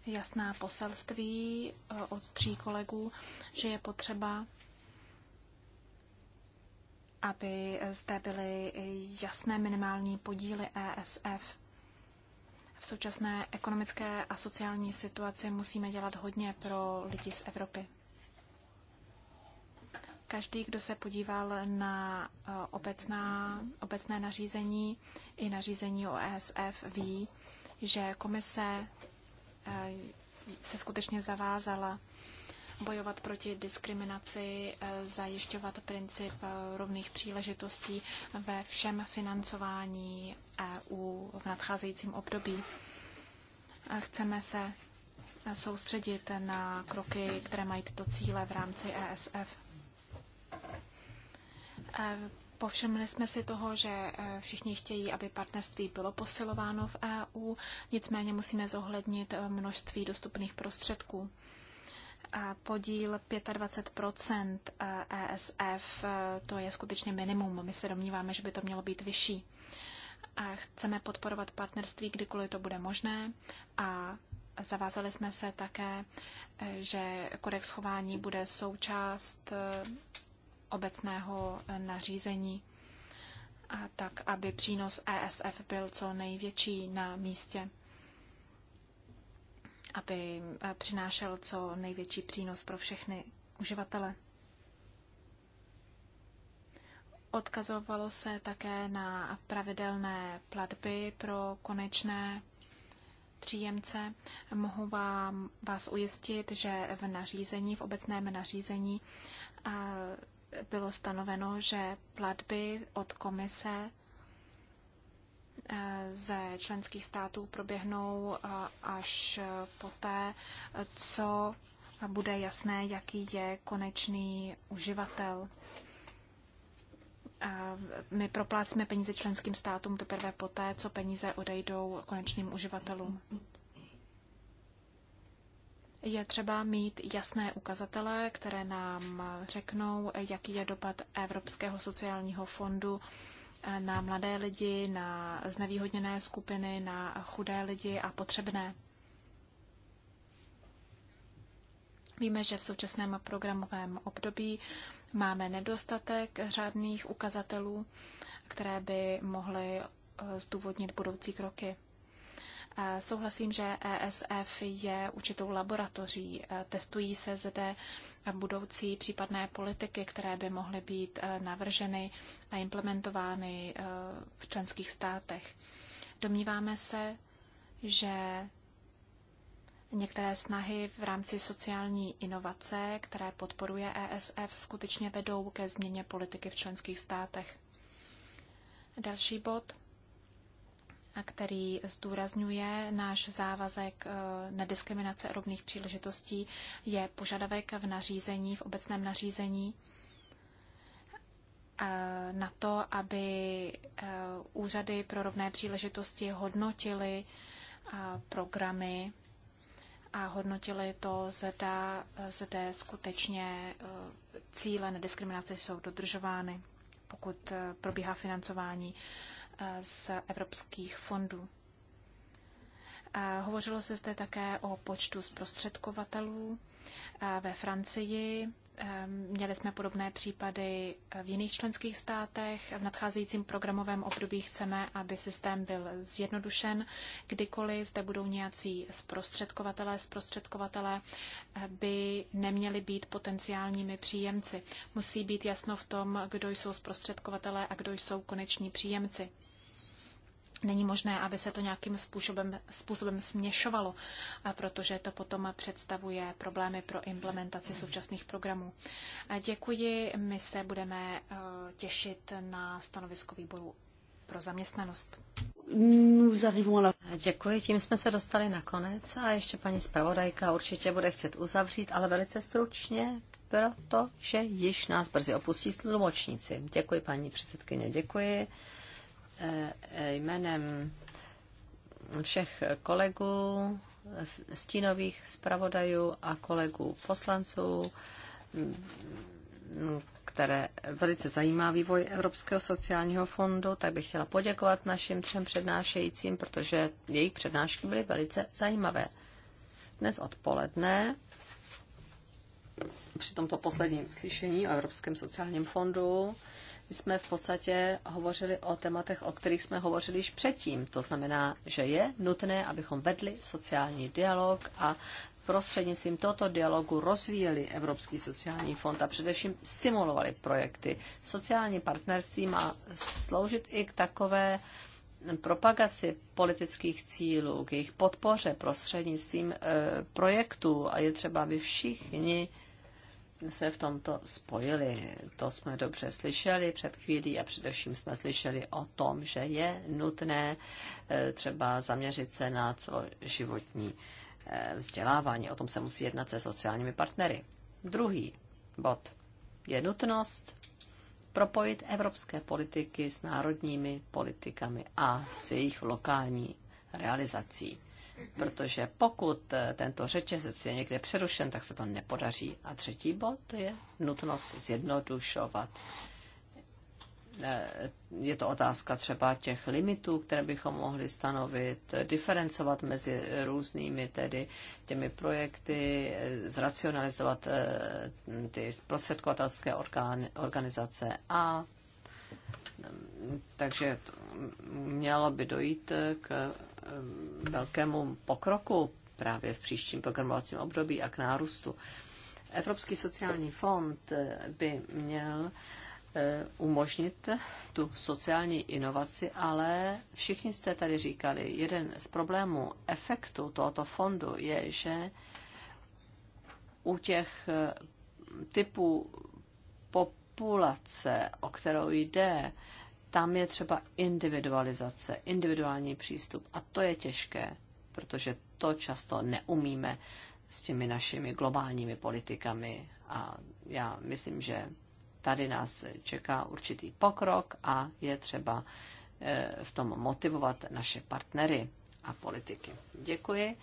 jasná poselství e, od tří kolegů, že je potřeba, aby zde byly jasné minimální podíly ESF. V současné ekonomické a sociální situaci musíme dělat hodně pro lidi z Evropy. Každý, kdo se podíval na eh, obecná, obecné nařízení i nařízení o ESF, ví, že komise eh, se skutečně zavázala bojovat proti diskriminaci, eh, zajišťovat princip rovných příležitostí ve všem financování EU v nadcházejícím období. Chceme se soustředit na kroky, které mají tyto cíle v rámci ESF. Povšimli jsme si toho, že e, všichni chtějí, aby partnerství bylo posilováno v EU, nicméně musíme zohlednit e, množství dostupných prostředků. Podíl 25 ESF, e to je skutečně minimum. My se domníváme, že by to mělo být vyšší. A chceme podporovat partnerství, kdykoliv to bude možné a zavázali jsme se také, že kodex chování bude součást obecného eh, nařízení, a tak aby přínos ESF byl co největší na místě, aby eh, přinášel co největší přínos pro všechny uživatele. Odkazovalo se také na pravidelné platby pro konečné příjemce. Mohu vám, vás ujistit, že v nařízení, v obecném nařízení bylo stanoveno, že platby od komise eh, ze členských států proběhnou eh, až eh, poté, co bude jasné, jaký je konečný uživatel. My proplácíme peníze členským státům teprve poté, co peníze odejdou konečným uživatelům je třeba mít jasné ukazatele, které nám řeknou, jaký je dopad Evropského sociálního fondu na mladé lidi, na znevýhodněné skupiny, na chudé lidi a potřebné. Víme, že v současném programovém období máme nedostatek řádných ukazatelů, které by mohly eh, zdůvodnit budoucí kroky. Souhlasím, že ESF je určitou laboratoří. E, testují se zde budoucí případné politiky, které by mohly být e, navrženy a implementovány e, v členských státech. Domníváme se, že Některé snahy v rámci sociální inovace, které podporuje ESF, skutečně vedou ke změně politiky v členských státech. Další bod který zdůrazňuje náš závazek eh, nediskriminace a rovných příležitostí, je požadavek v nařízení, v obecném nařízení eh, na to, aby eh, úřady pro rovné příležitosti hodnotily programy a hodnotili to, zda zda skutečně cíle nediskriminace jsou dodržovány, pokud probíhá financování z evropských fondů. A hovořilo se zde také o počtu zprostředkovatelů ve Francii. Měli jsme podobné případy v jiných členských státech. V nadcházejícím programovém období chceme, aby systém byl zjednodušen. Kdykoliv zde budou nějací zprostředkovatelé, zprostředkovatelé eh, by neměli být potenciálními příjemci. Musí být jasno v tom, kdo jsou zprostředkovatelé a kdo jsou koneční příjemci. Není možné, aby se to nějakým způsobem, způsobem směšovalo, protože to potom představuje problémy pro implementaci současných programů. Děkuji, my se budeme eh, těšit na stanovisko výboru pro zaměstnanost. Děkuji, tím jsme se dostali na konec a ještě paní zpravodajka určitě bude chtět uzavřít, ale velice stručně, protože již nás brzy opustí sludomočníci. Děkuji, paní předsedkyně, děkuji jménem všech kolegů, stínových zpravodajů a kolegů poslanců, které velice zajímá vývoj Evropského sociálního fondu, tak bych chtěla poděkovat našim třem přednášejícím, protože jejich přednášky byly velice zajímavé. Dnes odpoledne při tomto posledním slyšení o Evropském sociálním fondu jsme v podstatě hovořili o tématech, o kterých jsme hovořili již předtím. To znamená, že je nutné, abychom vedli sociální dialog a prostřednictvím tohoto dialogu rozvíjeli Evropský sociální fond a především stimulovali projekty. Sociální partnerství má sloužit i k takové propagaci politických cílů, k jejich podpoře prostřednictvím e, projektů a je třeba, aby všichni se v tomto spojili. To jsme dobře slyšeli před chvílí a především jsme slyšeli o tom, že je nutné eh, třeba zaměřit se na celoživotní eh, vzdělávání. O tom se musí jednat se sociálními partnery. Druhý bod je nutnost propojit evropské politiky s národními politikami a s jejich lokální realizací protože pokud eh, tento řetězec je někde přerušen, tak se to nepodaří. A třetí bod je nutnost zjednodušovat. Eh, je to otázka třeba těch limitů, které bychom mohli stanovit, diferencovat mezi různými tedy těmi projekty, eh, zracionalizovat ty zprostředkovatelské organizace a mm, takže mělo by dojít k Eh, velkému pokroku právě v příštím programovacím období a k nárůstu. Evropský sociální fond eh, by měl eh, umožnit tu sociální inovaci, ale všichni jste tady říkali, jeden z problémů efektu tohoto fondu je, že u těch typů populace, o kterou jde, tam je třeba individualizace, individuální přístup. A to je těžké, protože to často neumíme s těmi našimi globálními politikami. A já myslím, že tady nás čeká určitý pokrok a je třeba eh, v tom motivovat naše partnery a politiky. Děkuji.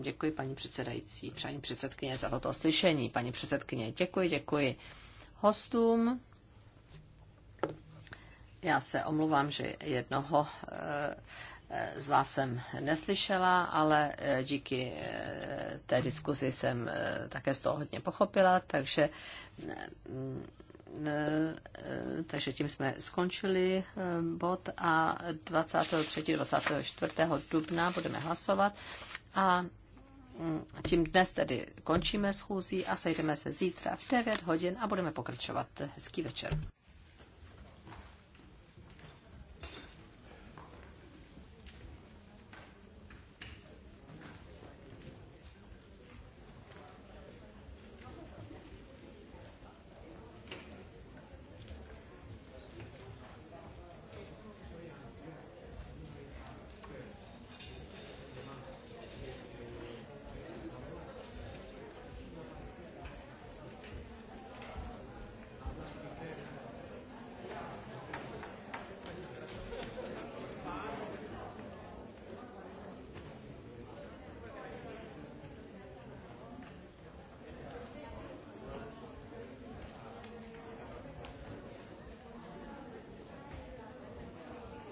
Děkuji paní předsedající, paní předsedkyně za toto slyšení. Paní předsedkyně, děkuji, děkuji hostům. Já se omluvám, že jednoho eh, eh, z vás jsem neslyšela, ale eh, díky té diskuzi jsem také z toho hodně pochopila, takže, takže tím jsme skončili bod a 23. 24. dubna budeme hlasovat a mm, tím dnes tedy končíme schůzí a sejdeme se zítra v 9 hodin a budeme pokračovat. Hezký večer.